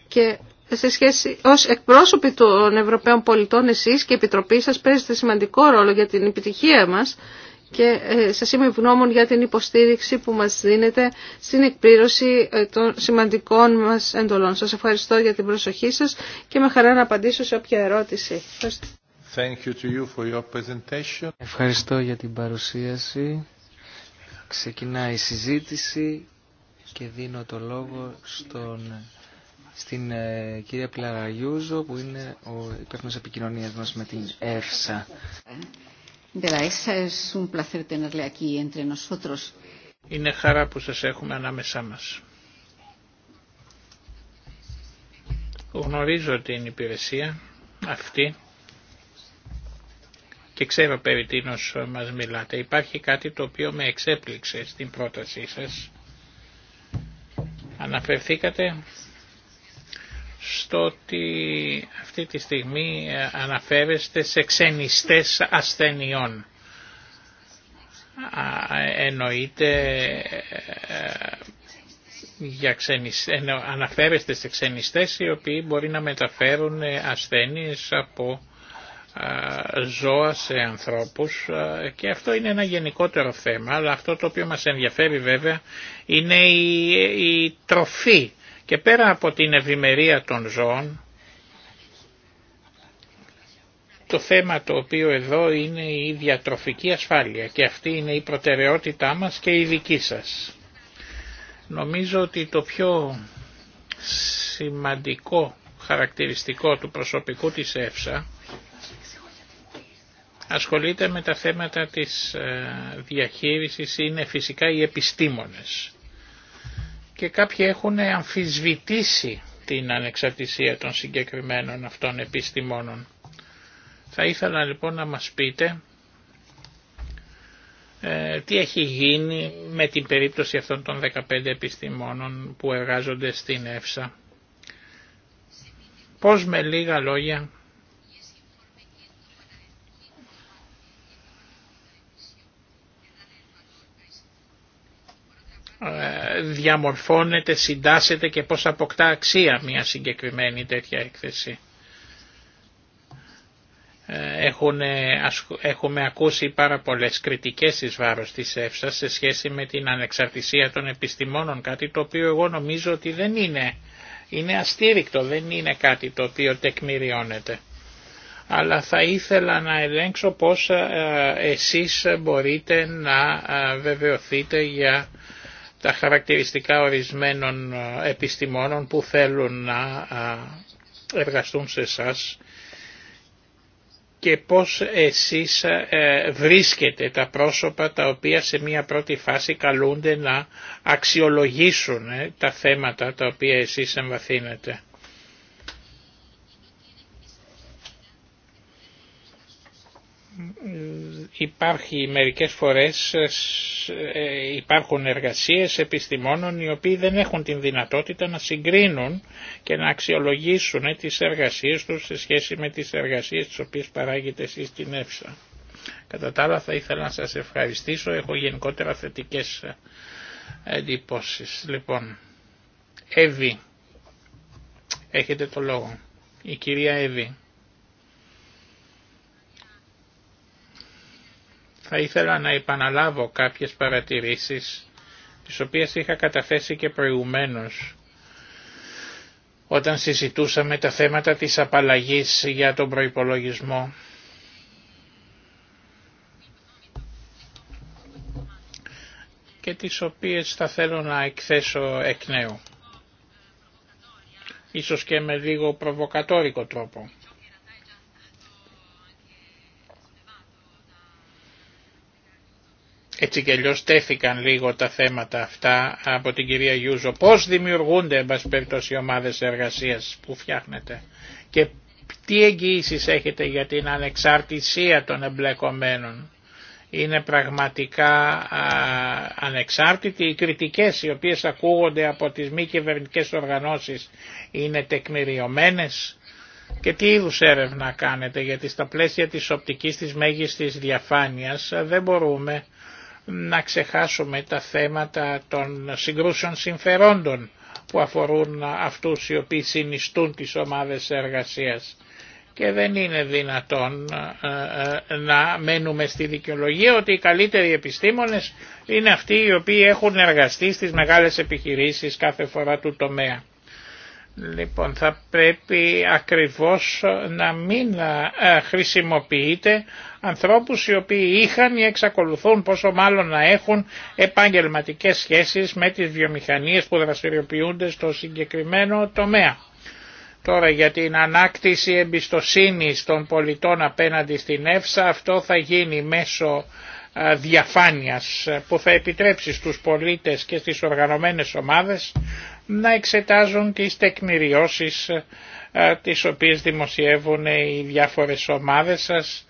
Και σε σχέση ως εκπρόσωποι των Ευρωπαίων πολιτών εσείς και η Επιτροπή σας παίζετε σημαντικό ρόλο για την επιτυχία μας και ε, σας είμαι ευγνώμων για την υποστήριξη που μας δίνετε στην εκπλήρωση ε, των σημαντικών μας εντολών. Σας ευχαριστώ για την προσοχή σας και με χαρά να απαντήσω σε όποια ερώτηση. Thank you to Ευχαριστώ για την παρουσίαση. Ξεκινάει η συζήτηση και δίνω το λόγο στον, στην ε, κυρία Πλαραγιούζο που είναι ο υπεύθυνος επικοινωνίας μας με την ΕΦΣΑ. Είναι χαρά που σας έχουμε ανάμεσά μας. Γνωρίζω την υπηρεσία αυτή και ξέρω περί τίνος μας μιλάτε. Υπάρχει κάτι το οποίο με εξέπληξε στην πρότασή σας. Αναφερθήκατε στο ότι αυτή τη στιγμή ε, αναφέρεστε σε ξενιστές ασθενειών. Εννοείται ε, για αναφέρεστε σε ξενιστές οι οποίοι μπορεί να μεταφέρουν ε, ασθένειες από ζώα σε ανθρώπους και αυτό είναι ένα γενικότερο θέμα αλλά αυτό το οποίο μας ενδιαφέρει βέβαια είναι η τροφή και πέρα από την ευημερία των ζώων, το θέμα το οποίο εδώ είναι η διατροφική ασφάλεια και αυτή είναι η προτεραιότητά μας και η δική σας. Νομίζω ότι το πιο σημαντικό χαρακτηριστικό του προσωπικού της ΕΦΣΑ ασχολείται με τα θέματα της ε, διαχείρισης είναι φυσικά οι επιστήμονες και κάποιοι έχουν αμφισβητήσει την ανεξαρτησία των συγκεκριμένων αυτών επιστημόνων. Θα ήθελα λοιπόν να μας πείτε ε, τι έχει γίνει με την περίπτωση αυτών των 15 επιστημόνων που εργάζονται στην ΕΦΣΑ. Πώς με λίγα λόγια Ε, διαμορφώνεται, συντάσσεται και πώς αποκτά αξία μια συγκεκριμένη τέτοια έκθεση. Ε, Έχουν, έχουμε ακούσει πάρα πολλές κριτικές εις βάρος της ΕΦΣΑ σε σχέση με την ανεξαρτησία των επιστημόνων, κάτι το οποίο εγώ νομίζω ότι δεν είναι, είναι αστήρικτο, δεν είναι κάτι το οποίο τεκμηριώνεται. Αλλά θα ήθελα να ελέγξω πώς ε, εσείς μπορείτε να βεβαιωθείτε για τα χαρακτηριστικά ορισμένων ε, επιστημόνων που θέλουν να ε, εργαστούν σε εσά και πώς εσείς ε, βρίσκετε τα πρόσωπα τα οποία σε μία πρώτη φάση καλούνται να αξιολογήσουν τα θέματα τα οποία εσείς εμβαθύνετε. Ε, υπάρχει μερικές φορές ε, ε, υπάρχουν εργασίες επιστημόνων οι οποίοι δεν έχουν την δυνατότητα να συγκρίνουν και να αξιολογήσουν τις εργασίες τους σε σχέση με τις εργασίες τις οποίες παράγεται εσείς στην ΕΦΣΑ. Κατά τα άλλα θα ήθελα να σας ευχαριστήσω, έχω γενικότερα θετικές εντυπώσεις. Λοιπόν, Εύη, έχετε το λόγο. Η κυρία Εύη. θα ήθελα να επαναλάβω κάποιες παρατηρήσεις τις οποίες είχα καταθέσει και προηγουμένως όταν συζητούσαμε τα θέματα της απαλλαγής για τον προϋπολογισμό. και τις οποίες θα θέλω να εκθέσω εκ νέου. Ίσως και με λίγο προβοκατόρικο τρόπο. έτσι και αλλιώς τέθηκαν λίγο τα θέματα αυτά από την κυρία Γιούζο. Πώς δημιουργούνται εν πάση οι ομάδες εργασίας που φτιάχνετε και τι εγγύησει έχετε για την ανεξαρτησία των εμπλεκομένων. Είναι πραγματικά α, ανεξάρτητοι οι κριτικές οι οποίες ακούγονται από τις μη κυβερνητικέ οργανώσεις είναι τεκμηριωμένες και τι είδους έρευνα κάνετε γιατί στα πλαίσια της οπτικής της μέγιστης διαφάνειας δεν μπορούμε να ξεχάσουμε τα θέματα των συγκρούσεων συμφερόντων που αφορούν αυτούς οι οποίοι συνιστούν τις ομάδες εργασίας. Και δεν είναι δυνατόν ε, ε, να μένουμε στη δικαιολογία ότι οι καλύτεροι επιστήμονες είναι αυτοί οι οποίοι έχουν εργαστεί στις μεγάλες επιχειρήσεις κάθε φορά του τομέα. Λοιπόν, θα πρέπει ακριβώς να μην ε, ε, χρησιμοποιείται ανθρώπους οι οποίοι είχαν ή εξακολουθούν πόσο μάλλον να έχουν επαγγελματικές σχέσεις με τις βιομηχανίες που δραστηριοποιούνται στο συγκεκριμένο τομέα. Τώρα για την ανάκτηση εμπιστοσύνης των πολιτών απέναντι στην ΕΦΣΑ αυτό θα γίνει μέσω ε, διαφάνειας που θα επιτρέψει στους πολίτες και στις οργανωμένες ομάδες να εξετάζουν τις τεκμηριώσεις ε, τις οποίες δημοσιεύουν οι διάφορες ομάδες σας.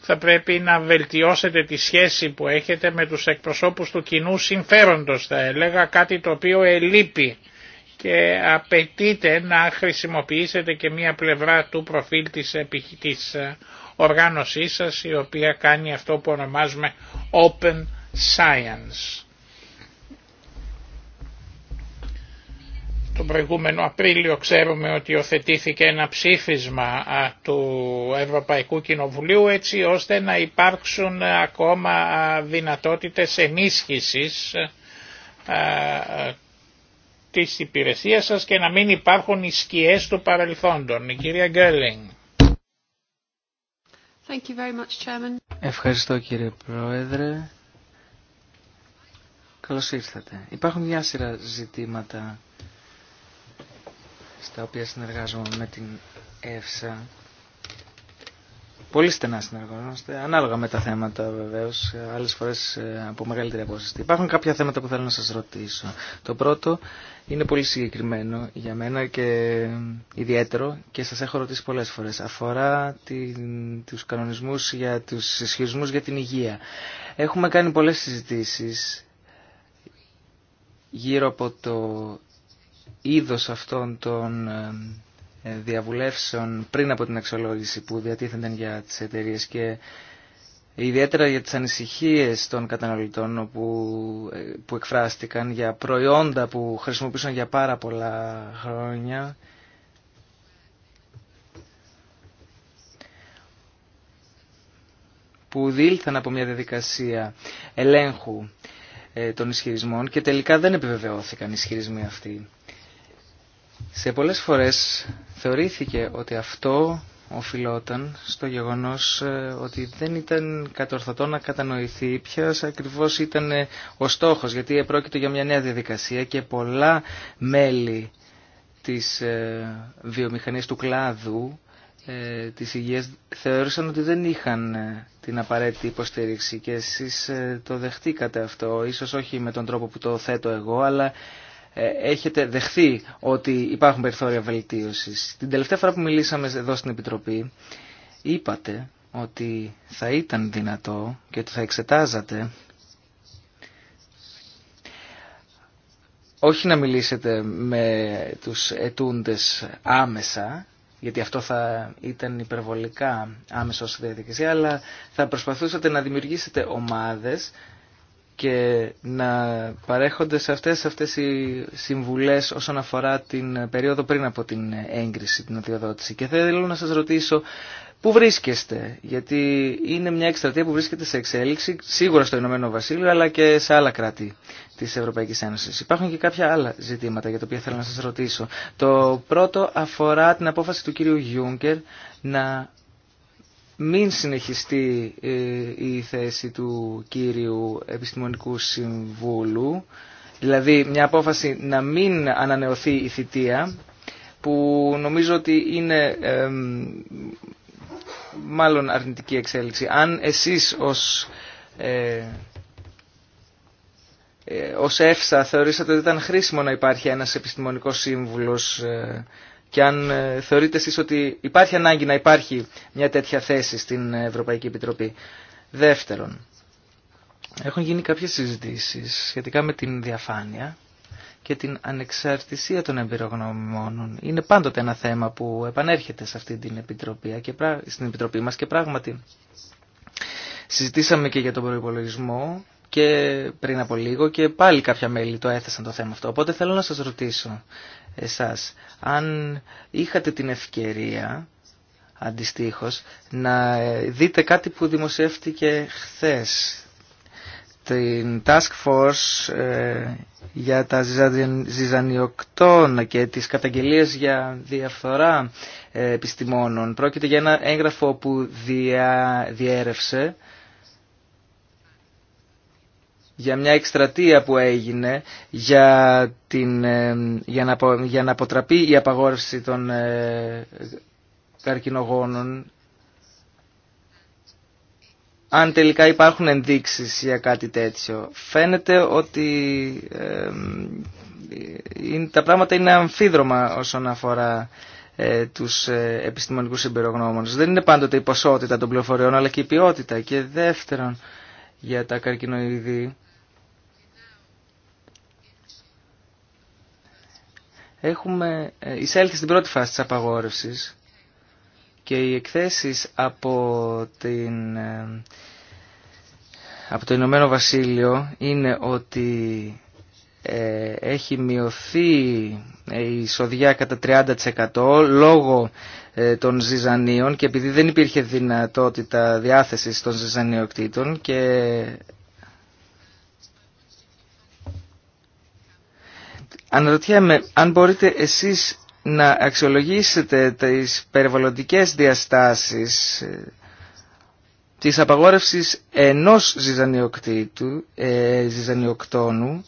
Θα πρέπει να βελτιώσετε τη σχέση που έχετε με τους εκπροσώπους του κοινού συμφέροντος θα έλεγα, κάτι το οποίο ελείπει και απαιτείται να χρησιμοποιήσετε και μία πλευρά του προφίλ της, της ε, οργάνωσής σας η οποία κάνει αυτό που ονομάζουμε Open Science. Τον προηγούμενο Απρίλιο ξέρουμε ότι οθετήθηκε ένα ψήφισμα του Ευρωπαϊκού Κοινοβουλίου έτσι ώστε να υπάρξουν ακόμα δυνατότητες ενίσχυσης της υπηρεσίας σας και να μην υπάρχουν οι σκιές του παρελθόντων. Η κυρία Γκέρλινγκ. Ευχαριστώ κύριε Πρόεδρε. Καλώς ήρθατε. Υπάρχουν μια σειρά ζητήματα στα οποία συνεργάζομαι με την ΕΦΣΑ. Πολύ στενά συνεργαζόμαστε, ανάλογα με τα θέματα βεβαίω, άλλε φορέ ε, από μεγαλύτερη απόσταση. Υπάρχουν κάποια θέματα που θέλω να σα ρωτήσω. Το πρώτο είναι πολύ συγκεκριμένο για μένα και ιδιαίτερο και σα έχω ρωτήσει πολλέ φορέ. Αφορά του κανονισμού για του ισχυρισμού για την υγεία. Έχουμε κάνει πολλέ συζητήσει γύρω από το είδος αυτών των ε, διαβουλεύσεων πριν από την αξιολόγηση που διατίθενταν για τις εταιρείες και ιδιαίτερα για τις ανησυχίες των καταναλωτών που, ε, που εκφράστηκαν για προϊόντα που χρησιμοποιούσαν για πάρα πολλά χρόνια που δήλθαν από μια διαδικασία ελέγχου ε, των ισχυρισμών και τελικά δεν επιβεβαιώθηκαν οι ισχυρισμοί αυτοί. Σε πολλές φορές θεωρήθηκε ότι αυτό οφειλόταν στο γεγονός ε, ότι δεν ήταν κατορθωτό να κατανοηθεί ποιο ακριβώς ήταν ε, ο στόχος, γιατί επρόκειτο για μια νέα διαδικασία και πολλά μέλη της ε, βιομηχανίας του κλάδου της υγείας θεώρησαν ότι δεν είχαν την απαραίτητη υποστήριξη και εσείς το δεχτήκατε αυτό, ίσως όχι με τον τρόπο που το θέτω εγώ, αλλά ε, έχετε δεχθεί ότι υπάρχουν περιθώρια βελτίωσης. Την τελευταία φορά που μιλήσαμε εδώ στην Επιτροπή είπατε ότι θα ήταν δυνατό και ότι θα εξετάζατε όχι να μιλήσετε με τους ετούντες άμεσα, γιατί αυτό θα ήταν υπερβολικά άμεσο στη διαδικασία, αλλά θα προσπαθούσατε να δημιουργήσετε ομάδες και να παρέχονται σε αυτές, αυτές οι συμβουλές όσον αφορά την περίοδο πριν από την έγκριση, την αδειοδότηση. Και θέλω να σας ρωτήσω πού βρίσκεστε, γιατί είναι μια εκστρατεία που βρίσκεται σε εξέλιξη, σίγουρα στο Ηνωμένο Βασίλειο, αλλά και σε άλλα κράτη της Ευρωπαϊκής Ένωσης. Υπάρχουν και κάποια άλλα ζητήματα για τα οποία θέλω να σας ρωτήσω. Το πρώτο αφορά την απόφαση του κύριου Γιούγκερ να μην συνεχιστεί ε, η θέση του κύριου Επιστημονικού Συμβούλου, δηλαδή μια απόφαση να μην ανανεωθεί η θητεία, που νομίζω ότι είναι μάλλον αρνητική εξέλιξη. Αν εσείς ως, ε, ε ως ΕΦΣΑ θεωρήσατε ότι ήταν χρήσιμο να υπάρχει ένας επιστημονικός σύμβουλος ε, και αν ε, θεωρείτε εσείς ότι υπάρχει ανάγκη να υπάρχει μια τέτοια θέση στην Ευρωπαϊκή Επιτροπή. Δεύτερον, έχουν γίνει κάποιες συζητήσεις σχετικά με την διαφάνεια και την ανεξαρτησία των εμπειρογνωμόνων. Είναι πάντοτε ένα θέμα που επανέρχεται σε αυτή την επιτροπή, και στην επιτροπή μας και πράγματι συζητήσαμε και για τον προϋπολογισμό και πριν από λίγο και πάλι κάποια μέλη το έθεσαν το θέμα αυτό. Οπότε θέλω να σας ρωτήσω εσάς, αν είχατε την ευκαιρία αντιστοίχως να δείτε κάτι που δημοσιεύτηκε χθες την Task Force ε, για τα ζυζανιοκτώνα και τις καταγγελίες για διαφθορά ε, επιστημόνων. Πρόκειται για ένα έγγραφο που δια, διέρευσε για μια εκστρατεία που έγινε για, την, ε, για, να, για να αποτραπεί η απαγόρευση των ε, καρκινογόνων. Αν τελικά υπάρχουν ενδείξεις για κάτι τέτοιο. Φαίνεται ότι ε, τα πράγματα είναι αμφίδρομα όσον αφορά ε, τους ε, επιστημονικούς εμπειρογνώμονες. Δεν είναι πάντοτε η ποσότητα των πληροφοριών αλλά και η ποιότητα. Και δεύτερον, για τα καρκινοειδή έχουμε ε, εισέλθει στην πρώτη φάση της απαγόρευσης και οι εκθέσεις από, την, ε, από το Ηνωμένο Βασίλειο είναι ότι ε, έχει μειωθεί η σοδιά κατά 30% λόγω των ζυζανίων και επειδή δεν υπήρχε δυνατότητα διάθεσης των ζυζανιοκτήτων και Αναρωτιέμαι αν μπορείτε εσείς να αξιολογήσετε τις περιβαλλοντικές διαστάσεις ε, της απαγόρευσης ενός ζυζανιοκτήτου, ε, ζυζανιοκτώνου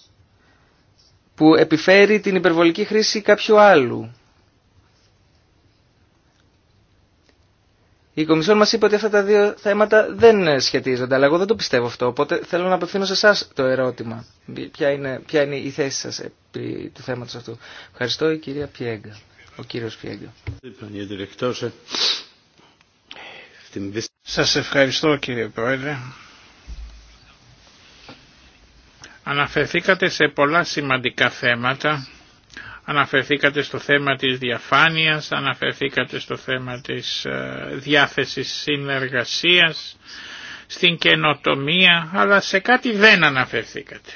που επιφέρει την υπερβολική χρήση κάποιου άλλου. Η Κομισιόν μα είπε ότι αυτά τα δύο θέματα δεν σχετίζονται, αλλά εγώ δεν το πιστεύω αυτό, οπότε θέλω να απευθύνω σε εσά το ερώτημα. Ποια είναι, η θέση σας επί του θέματος αυτού. Ευχαριστώ η κυρία Πιέγκα, ο κύριος Πιέγκα. Σας ευχαριστώ κύριε Πρόεδρε. Αναφερθήκατε σε πολλά σημαντικά θέματα Αναφερθήκατε στο θέμα της διαφάνειας, αναφερθήκατε στο θέμα της ε, διάθεσης συνεργασίας, στην καινοτομία, αλλά σε κάτι δεν αναφερθήκατε.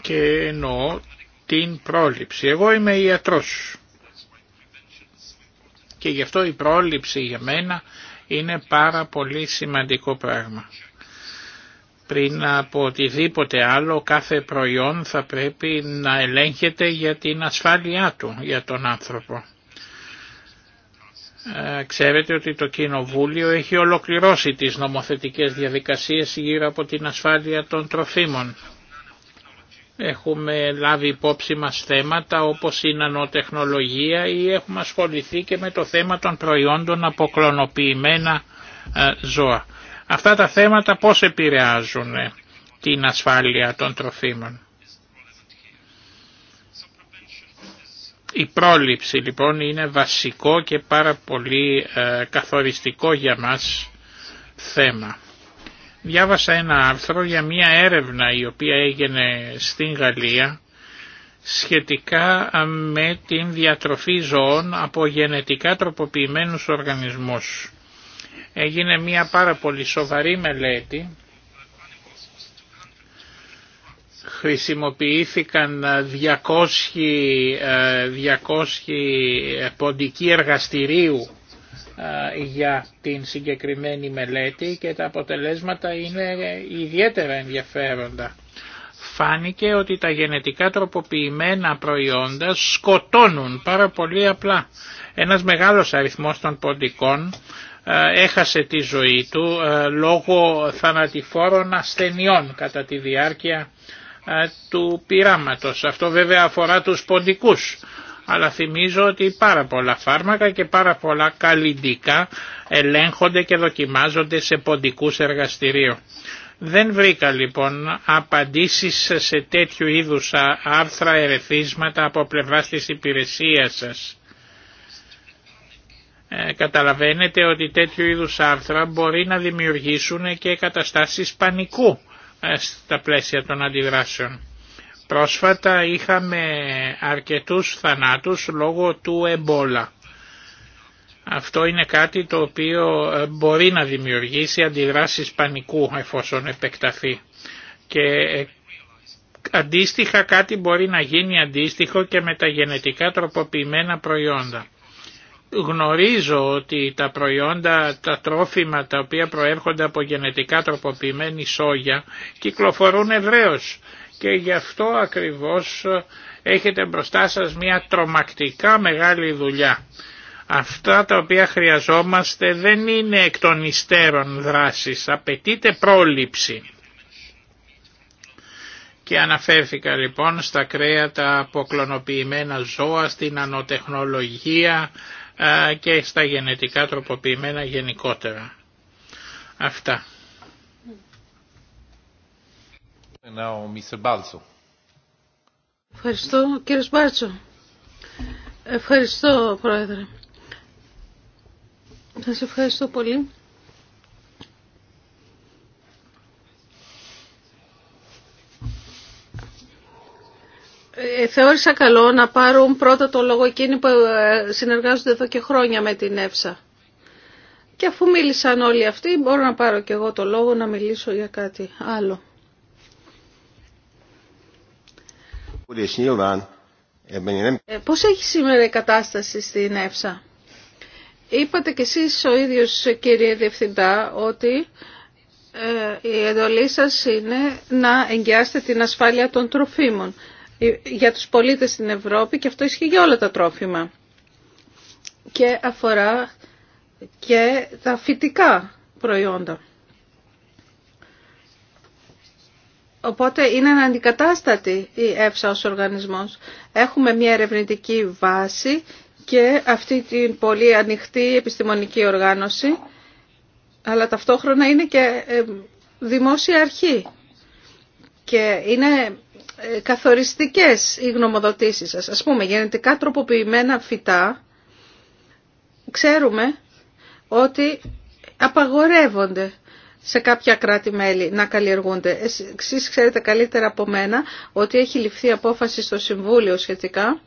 Και εννοώ την πρόληψη. Εγώ είμαι ιατρός και γι' αυτό η πρόληψη για μένα είναι πάρα πολύ σημαντικό πράγμα πριν από οτιδήποτε άλλο κάθε προϊόν θα πρέπει να ελέγχεται για την ασφάλειά του για τον άνθρωπο. Ε, ξέρετε ότι το Κοινοβούλιο έχει ολοκληρώσει τις νομοθετικές διαδικασίες γύρω από την ασφάλεια των τροφίμων. Έχουμε λάβει υπόψη μας θέματα όπως η νανοτεχνολογία ή έχουμε ασχοληθεί και με το θέμα των προϊόντων από κλωνοποιημένα ε, ζώα. Αυτά τα θέματα πώς επηρεάζουν ε, την ασφάλεια των τροφίμων. Η πρόληψη λοιπόν είναι βασικό και πάρα πολύ ε, καθοριστικό για μας θέμα. Διάβασα ένα άρθρο για μια έρευνα η οποία έγινε στην Γαλλία σχετικά ε, με την διατροφή ζώων από γενετικά τροποποιημένους οργανισμούς. Έγινε μια πάρα πολύ σοβαρή μελέτη. Χρησιμοποιήθηκαν 200, ε, 200 ε, ε, ποντικοί εργαστηρίου για την συγκεκριμένη μελέτη και τα αποτελέσματα είναι ιδιαίτερα ενδιαφέροντα. Φάνηκε ότι τα γενετικά τροποποιημένα προϊόντα σκοτώνουν πάρα πολύ απλά. Ένας μεγάλος αριθμός των ποντικών ε, έχασε τη ζωή του ε, λόγω θανατηφόρων ασθενειών κατά τη διάρκεια ε, του πειράματος. Αυτό βέβαια αφορά τους ποντικούς, αλλά θυμίζω ότι πάρα πολλά φάρμακα και πάρα πολλά καλλιντικά ελέγχονται και δοκιμάζονται σε ποντικούς εργαστηρίο. Δεν βρήκα λοιπόν απαντήσεις σε τέτοιου είδους άρθρα ερεθίσματα από πλευράς της υπηρεσίας σας. Ε, καταλαβαίνετε ότι τέτοιου είδους άρθρα μπορεί να δημιουργήσουν και καταστάσεις πανικού ε, στα πλαίσια των αντιδράσεων. Πρόσφατα είχαμε αρκετούς θανάτους λόγω του εμπόλα. Αυτό είναι κάτι το οποίο ε, μπορεί να δημιουργήσει αντιδράσεις πανικού εφόσον επεκταθεί. Και αντίστοιχα κάτι μπορεί να γίνει αντίστοιχο και με τα γενετικά τροποποιημένα προϊόντα. Γνωρίζω ότι τα προϊόντα, τα τρόφιμα τα οποία προέρχονται από γενετικά τροποποιημένη σόγια κυκλοφορούν ευρέως και γι' αυτό ακριβώς ε, έχετε μπροστά σας μια τρομακτικά μεγάλη δουλειά. Αυτά τα οποία χρειαζόμαστε δεν είναι εκ των υστέρων δράσεις, απαιτείται πρόληψη. Και αναφέρθηκα λοιπόν στα κρέατα αποκλωνοποιημένα ζώα, στην ανοτεχνολογία, και στα γενετικά τροποποιημένα γενικότερα. Αυτά. Ευχαριστώ κύριε Μπάρτσο. Ευχαριστώ πρόεδρε. Σας ευχαριστώ πολύ. Ε, θεώρησα καλό να πάρουν πρώτα το λόγο εκείνοι που ε, συνεργάζονται εδώ και χρόνια με την ΕΦΣΑ. Και αφού μίλησαν όλοι αυτοί, μπορώ να πάρω και εγώ το λόγο να μιλήσω για κάτι άλλο. Ε, πώς έχει σήμερα η κατάσταση στην ΕΦΣΑ. Είπατε κι εσείς ο ίδιος κύριε Διευθυντά ότι η εντολή σας είναι να εγγυάστε την ασφάλεια των τροφίμων. Ε, για τους πολίτες στην Ευρώπη και αυτό ισχύει για όλα τα τρόφιμα. Και αφορά και τα φυτικά προϊόντα. Οπότε είναι αναντικατάστατη η ΕΦΣΑ ως οργανισμός. Έχουμε μια ερευνητική βάση και αυτή την πολύ ανοιχτή επιστημονική οργάνωση, αλλά ταυτόχρονα είναι και ε, δημόσια αρχή. Και είναι ε, καθοριστικές οι γνωμοδοτήσεις σας. Ας πούμε, γενετικά τροποποιημένα φυτά ξέρουμε ότι απαγορεύονται σε κάποια κράτη-μέλη να καλλιεργούνται. Εσείς ξέρετε καλύτερα από μένα ότι έχει ληφθεί απόφαση στο Συμβούλιο σχετικά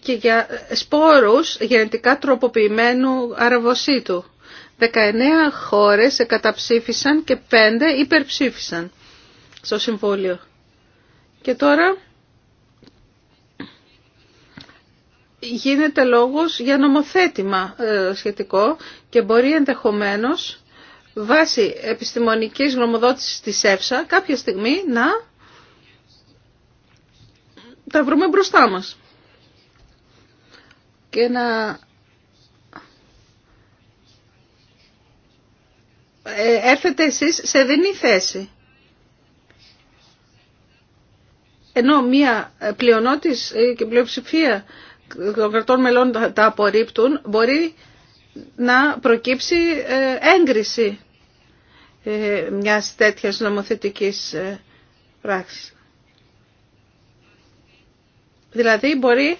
και για σπόρους γενετικά τροποποιημένου αραβοσίτου. 19 χώρες εκαταψήφισαν και 5 υπερψήφισαν στο Και τώρα γίνεται λόγος για νομοθέτημα ε, σχετικό και μπορεί ενδεχομένως βάσει επιστημονικής γνωμοδότησης της ΕΦΣΑ κάποια στιγμή να τα βρούμε μπροστά μας και να ε, έρθετε εσείς σε δινή θέση. ενώ μία πλειονότης και πλειοψηφία των κρατών μελών τα απορρίπτουν, μπορεί να προκύψει ε, έγκριση ε, μιας τέτοιας νομοθετικής ε, πράξης. Δηλαδή μπορεί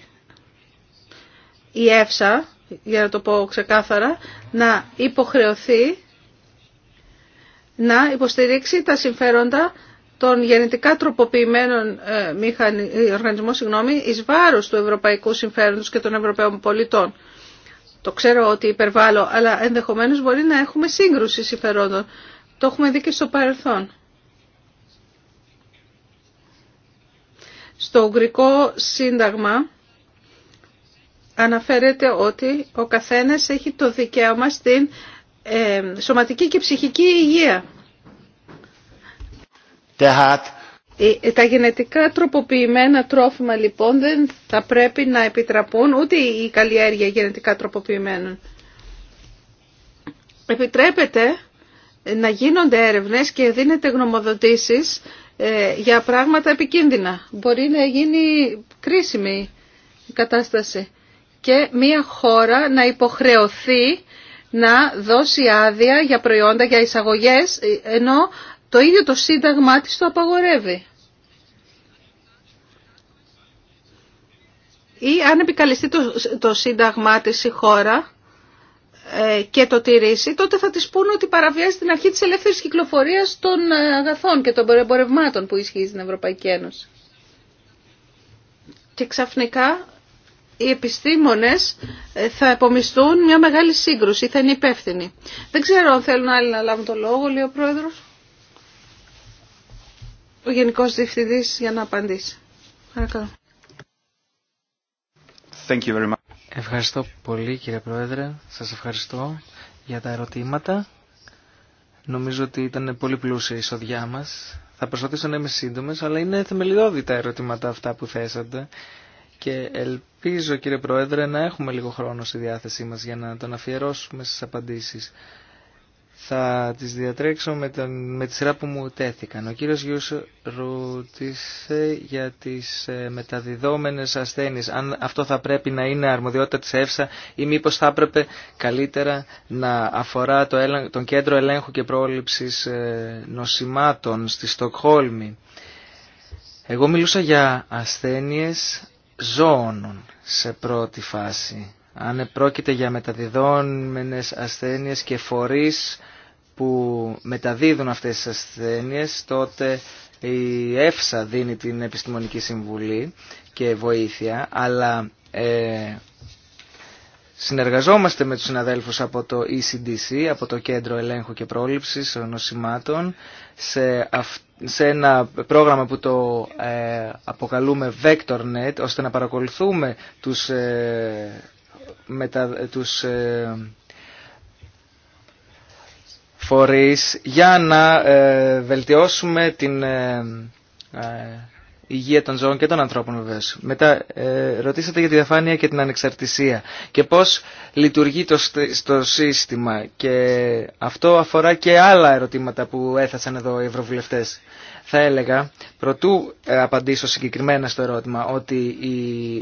η ΕΦΣΑ, για να το πω ξεκάθαρα, να υποχρεωθεί να υποστηρίξει τα συμφέροντα των γενετικά τροποποιημένων ε, ε, οργανισμών συγγνώμη, εις βάρος του ευρωπαϊκού συμφέροντος και των ευρωπαίων πολιτών. Το ξέρω ότι υπερβάλλω, αλλά ενδεχομένως μπορεί να έχουμε σύγκρουση συμφερόντων. Το έχουμε δει και στο παρελθόν. Στο Ουγγρικό Σύνταγμα αναφέρεται ότι ο καθένας έχει το δικαίωμα στην ε, σωματική και ψυχική υγεία τα γενετικά τροποποιημένα τρόφιμα λοιπόν δεν θα πρέπει να επιτραπούν ούτε η καλλιέργεια γενετικά τροποποιημένων. Επιτρέπεται να γίνονται έρευνες και δίνεται γνωμοδοτήσεις ε, για πράγματα επικίνδυνα. Μπορεί να γίνει κρίσιμη η κατάσταση και μια χώρα να υποχρεωθεί να δώσει άδεια για προϊόντα, για εισαγωγές, ε, ενώ το ίδιο το Σύνταγμά της το απαγορεύει. Ή αν επικαλεστεί το, Σύνταγμά της η χώρα ε, και το τηρήσει, τότε θα της πούνε ότι παραβιάζει την αρχή της ελεύθερης κυκλοφορίας των ε, αγαθών και των εμπορευμάτων που ισχύει στην Ευρωπαϊκή Ένωση. Και ξαφνικά οι επιστήμονες ε, θα επομιστούν μια μεγάλη σύγκρουση, θα είναι υπεύθυνοι. Δεν ξέρω αν θέλουν άλλοι να λάβουν το λόγο, λέει ο ο Γενικός Διευθυντής για να απαντήσει. Παρακαλώ. Ευχαριστώ πολύ κύριε Πρόεδρε. Σας ευχαριστώ για τα ερωτήματα. Νομίζω ότι ήταν πολύ πλούσια η εισοδιά μας. Θα προσπαθήσω να είμαι σύντομες, αλλά είναι θεμελιώδη τα ερωτήματα αυτά που θέσατε. Και ελπίζω κύριε Πρόεδρε να έχουμε λίγο χρόνο στη διάθεσή μας για να τον αφιερώσουμε στις απαντήσεις θα τις διατρέξω με, με τη σειρά που μου τέθηκαν. Ο κύριος Γιούς ρωτήσε για τις ε, μεταδιδόμενες ασθένειες, αν αυτό θα πρέπει να είναι αρμοδιότητα της ΕΦΣΑ ή μήπως θα έπρεπε καλύτερα να αφορά το, τον Κέντρο Ελέγχου και Πρόληψης ε, Νοσημάτων στη Στοκχόλμη. Εγώ μιλούσα για ασθένειες ζώων σε πρώτη φάση αν πρόκειται για μεταδιδόμενες ασθένειες και φορείς που μεταδίδουν αυτές τις ασθένειες, τότε η ΕΦΣΑ δίνει την επιστημονική συμβουλή και βοήθεια, αλλά ε, συνεργαζόμαστε με τους συναδέλφους από το ECDC, από το Κέντρο Ελέγχου και Πρόληψης Νοσημάτων, σε, σε ένα πρόγραμμα που το ε, αποκαλούμε VectorNet, ώστε να παρακολουθούμε τους, ε, τους φορείς για να ε, βελτιώσουμε την ε, ε, υγεία των ζώων και των ανθρώπων βεβαίως. Μετά ρωτήσατε για τη διαφάνεια και την ανεξαρτησία και πώς λειτουργεί το, σύστημα και αυτό αφορά και άλλα ερωτήματα που έθασαν εδώ οι ευρωβουλευτές θα έλεγα, προτού ε, απαντήσω συγκεκριμένα στο ερώτημα, ότι η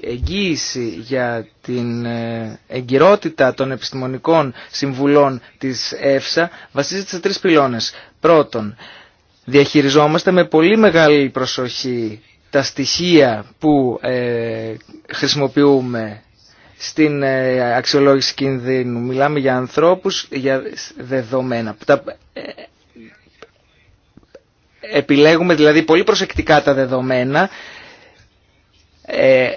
εγγύηση για την ε, εγκυρότητα των επιστημονικών συμβουλών της ΕΦΣΑ βασίζεται σε τρεις πυλώνες. Πρώτον, διαχειριζόμαστε με πολύ μεγάλη προσοχή τα στοιχεία που ε, χρησιμοποιούμε στην αξιολόγηση κινδύνου. Μιλάμε για ανθρώπους, για δεδομένα επιλέγουμε δηλαδή πολύ προσεκτικά τα δεδομένα, ε,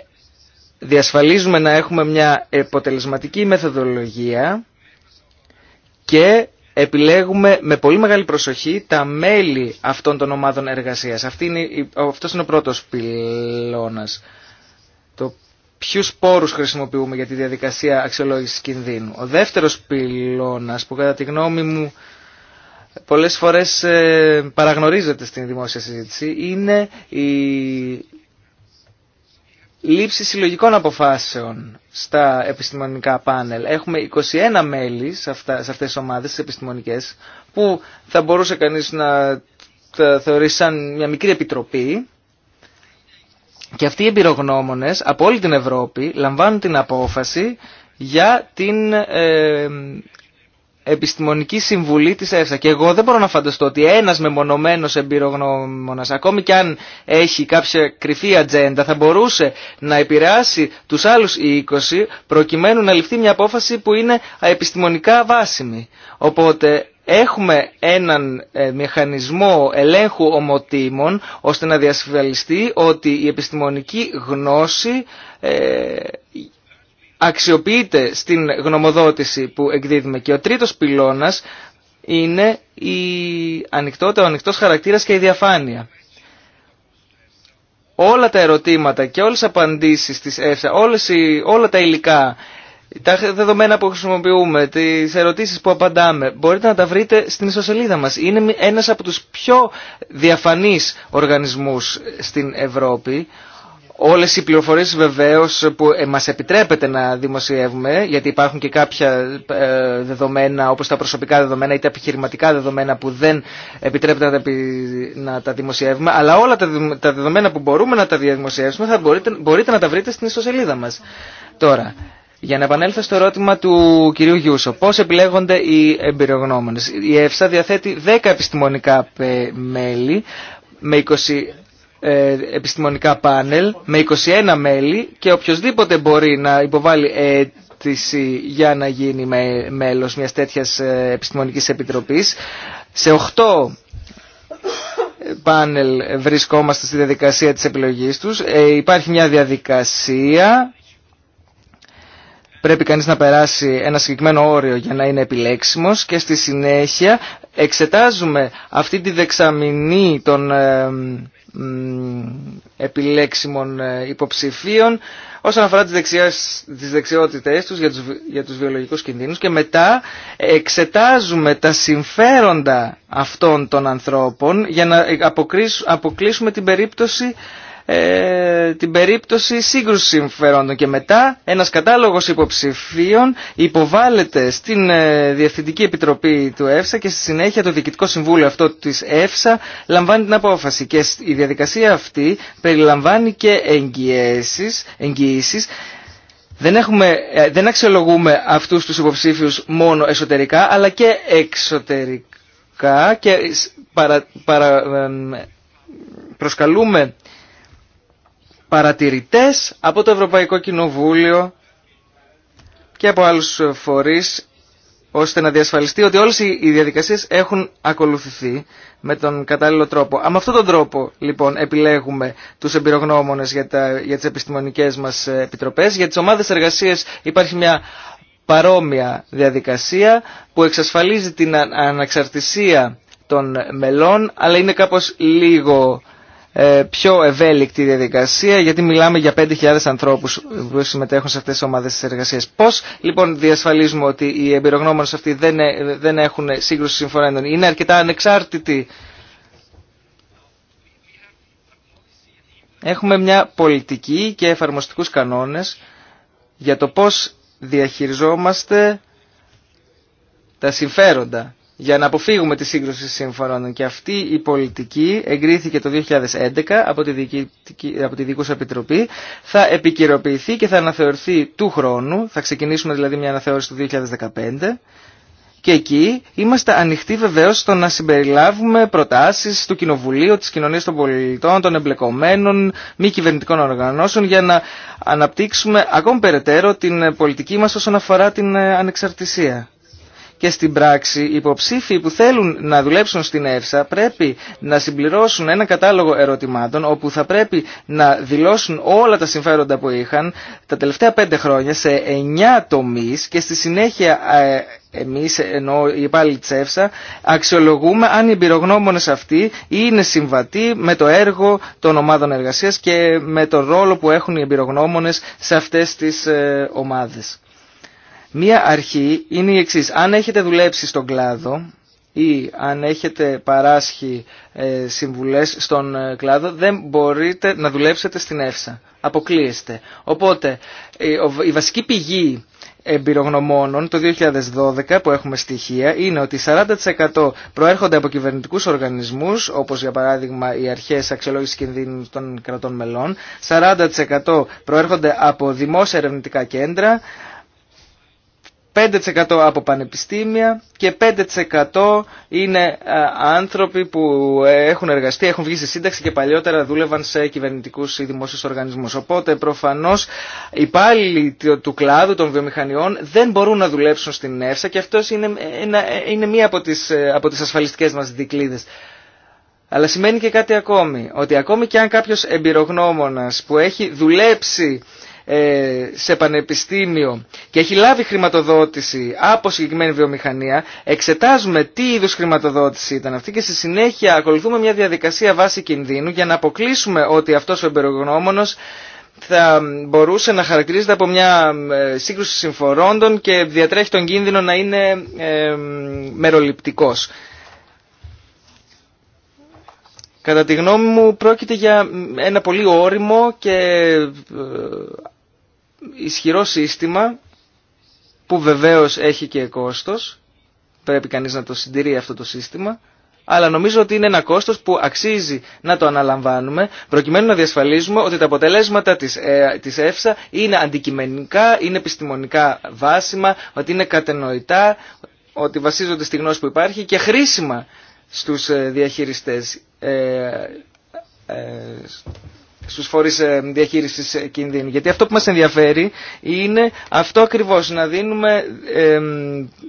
διασφαλίζουμε να έχουμε μια αποτελεσματική μεθοδολογία και επιλέγουμε με πολύ μεγάλη προσοχή τα μέλη αυτών των ομάδων εργασίας. Αυτή είναι, αυτός είναι ο πρώτος πυλώνας. Το ποιους πόρους χρησιμοποιούμε για τη διαδικασία αξιολόγησης κινδύνου. Ο δεύτερος πυλώνας που κατά τη γνώμη μου πολλές φορές ε, παραγνωρίζεται στην δημόσια συζήτηση είναι η λήψη συλλογικών αποφάσεων στα επιστημονικά πάνελ. Έχουμε 21 μέλη σε, αυτά, σε αυτές τις ομάδες επιστημονικές που θα μπορούσε κανείς να τα θεωρήσει σαν μια μικρή επιτροπή και αυτοί οι εμπειρογνώμονες από όλη την Ευρώπη λαμβάνουν την απόφαση για την ε, επιστημονική συμβουλή της ΕΦΣΑ και εγώ δεν μπορώ να φανταστώ ότι ένας μεμονωμένος εμπειρογνώμονας ακόμη και αν έχει κάποια κρυφή ατζέντα θα μπορούσε να επηρεάσει τους άλλους 20 προκειμένου να ληφθεί μια απόφαση που είναι επιστημονικά βάσιμη. Οπότε έχουμε έναν ε, μηχανισμό ελέγχου ομοτήμων ώστε να διασφαλιστεί ότι η επιστημονική γνώση ε, αξιοποιείται στην γνωμοδότηση που εκδίδουμε. Και ο τρίτος πυλώνας είναι η ανοιχτότητα, ο ανοιχτός χαρακτήρας και η διαφάνεια. Όλα τα ερωτήματα και όλες τις απαντήσεις της ΕΦΣΑ, όλες όλα τα υλικά, τα δεδομένα που χρησιμοποιούμε, τις ερωτήσεις που απαντάμε, μπορείτε να τα βρείτε στην ισοσελίδα μας. Είναι ένας από τους πιο διαφανείς οργανισμούς στην Ευρώπη, όλες οι πληροφορίες βεβαίως που ε, μας επιτρέπεται να δημοσιεύουμε, γιατί υπάρχουν και κάποια ε, δεδομένα όπως τα προσωπικά δεδομένα ή τα επιχειρηματικά δεδομένα που δεν επιτρέπεται να τα δημοσιεύουμε, αλλά όλα τα δεδομένα που μπορούμε να τα διαδημοσιεύσουμε θα μπορείτε, μπορείτε να τα βρείτε στην ιστοσελίδα μας. Τώρα, για να επανέλθω στο ερώτημα του κυρίου Γιούσο, πώς επιλέγονται οι εμπειρογνώμονες. Η ΕΦΣΑ διαθέτει 10 επιστημονικά μέλη με 20 ε, επιστημονικά πάνελ με 21 μέλη και οποιοδήποτε μπορεί να υποβάλει αίτηση για να γίνει μέλος μιας τέτοιας ε, επιστημονικής επιτροπής. Σε 8 ε, πάνελ βρισκόμαστε στη διαδικασία της επιλογής τους. υπάρχει μια διαδικασία, πρέπει κανείς να περάσει ένα συγκεκριμένο όριο για να είναι επιλέξιμος και στη συνέχεια εξετάζουμε αυτή τη δεξαμηνή των επιλέξιμων ε, υποψηφίων όσον αφορά τις, δεξιότητες, τις δεξιότητες τους για τους, για τους βιολογικούς κινδύνους και μετά εξετάζουμε τα συμφέροντα αυτών των ανθρώπων για να αποκλείσουμε την περίπτωση ε, την περίπτωση σύγκρουση συμφερόντων και μετά ένας κατάλογος υποψηφίων υποβάλλεται στην ε, Διευθυντική Επιτροπή του ΕΦΣΑ και στη συνέχεια το Διοικητικό Συμβούλιο αυτό της ΕΦΣΑ λαμβάνει την απόφαση και η διαδικασία αυτή περιλαμβάνει και εγγυήσεις, εγγυήσεις δεν, έχουμε, ε, δεν αξιολογούμε αυτούς τους υποψήφιους μόνο εσωτερικά αλλά και εξωτερικά και προσκαλούμε παρατηρητές από το Ευρωπαϊκό Κοινοβούλιο και από άλλους φορείς ώστε να διασφαλιστεί ότι όλες οι διαδικασίες έχουν ακολουθηθεί με τον κατάλληλο τρόπο. Με αυτόν τον τρόπο λοιπόν επιλέγουμε τους εμπειρογνώμονες για, τα, για τις επιστημονικές μας επιτροπές. Για τις ομάδες εργασίας υπάρχει μια παρόμοια διαδικασία που εξασφαλίζει την αναξαρτησία των μελών αλλά είναι κάπως λίγο ε, πιο ευέλικτη διαδικασία γιατί μιλάμε για 5.000 ανθρώπους που συμμετέχουν σε αυτές τις ομάδες της εργασίας. Πώς λοιπόν διασφαλίζουμε ότι οι εμπειρογνώμονες αυτοί δεν, ε, δεν έχουν σύγκρουση συμφωνέντων. Είναι αρκετά ανεξάρτητοι. Έχουμε μια πολιτική και εφαρμοστικούς κανόνες για το πώς διαχειριζόμαστε τα συμφέροντα για να αποφύγουμε τη σύγκρουση σύμφωνων. Και αυτή η πολιτική εγκρίθηκε το 2011 από τη, Διοικη... από τη Δικούσα Επιτροπή, θα επικυρωποιηθεί και θα αναθεωρηθεί του χρόνου, θα ξεκινήσουμε δηλαδή μια αναθεώρηση του 2015, και εκεί είμαστε ανοιχτοί βεβαίως στο να συμπεριλάβουμε προτάσεις του Κοινοβουλίου, της Κοινωνίας των Πολιτών, των εμπλεκομένων, μη κυβερνητικών οργανώσεων για να αναπτύξουμε ακόμη περαιτέρω την πολιτική μας όσον αφορά την ε, ανεξαρτησία και στην πράξη οι υποψήφοι που θέλουν να δουλέψουν στην ΕΦΣΑ πρέπει να συμπληρώσουν ένα κατάλογο ερωτημάτων όπου θα πρέπει να δηλώσουν όλα τα συμφέροντα που είχαν τα τελευταία πέντε χρόνια σε εννιά τομείς και στη συνέχεια ε, εμείς ενώ οι υπάλληλοι της ΕΦΣΑ αξιολογούμε αν οι εμπειρογνώμονες αυτοί είναι συμβατοί με το έργο των ομάδων εργασίας και με τον ρόλο που έχουν οι εμπειρογνώμονες σε αυτές τις ε, ομάδες. Μία αρχή είναι η εξής. Αν έχετε δουλέψει στον κλάδο ή αν έχετε παράσχει ε, συμβουλές στον ε, κλάδο, δεν μπορείτε να δουλέψετε στην ΕΦΣΑ. Αποκλείεστε. Οπότε ε, η βασική πηγή εμπειρογνωμόνων το 2012 που έχουμε στοιχεία είναι ότι 40% προέρχονται από κυβερνητικούς οργανισμούς όπως για παράδειγμα οι αρχές αξιολόγησης κινδύνου των κρατών μελών 40% προέρχονται από δημόσια ερευνητικά κέντρα 5% από πανεπιστήμια και 5% είναι ε, άνθρωποι που ε, έχουν εργαστεί, έχουν βγει στη σύνταξη και παλιότερα δούλευαν σε κυβερνητικούς ή δημόσιους οργανισμούς. Οπότε προφανώς οι υπάλληλοι του κλάδου των βιομηχανιών δεν μπορούν να δουλέψουν στην ΕΦΣΑ και αυτό είναι, ε, είναι μία από τις, από τις ασφαλιστικές μας δικλείδες. Αλλά σημαίνει και κάτι ακόμη, ότι ακόμη και αν κάποιος εμπειρογνώμονας που έχει δουλέψει ε, σε πανεπιστήμιο και έχει λάβει χρηματοδότηση από συγκεκριμένη βιομηχανία, εξετάζουμε τι είδους χρηματοδότηση ήταν αυτή και στη συνέχεια ακολουθούμε μια διαδικασία βάση κινδύνου για να αποκλείσουμε ότι αυτός ο εμπερογνώμονος θα μπορούσε να χαρακτηρίζεται από μια ε, σύγκρουση συμφορώντων και διατρέχει τον κίνδυνο να είναι ε, μεροληπτικός. Κατά τη γνώμη μου πρόκειται για ένα πολύ όριμο και ισχυρό σύστημα που βεβαίως έχει και κόστος, πρέπει κανείς να το συντηρεί αυτό το σύστημα, αλλά νομίζω ότι είναι ένα κόστος που αξίζει να το αναλαμβάνουμε προκειμένου να διασφαλίζουμε ότι τα αποτελέσματα της, ε, της ΕΦΣΑ είναι αντικειμενικά, είναι επιστημονικά βάσιμα, ότι είναι κατενοητά, ότι βασίζονται στη γνώση που υπάρχει και χρήσιμα στους ε, διαχειριστές ε, στους φορείς ε, διαχείρισης ε, κινδύνου. Γιατί αυτό που μας ενδιαφέρει είναι αυτό ακριβώς, να δίνουμε ε,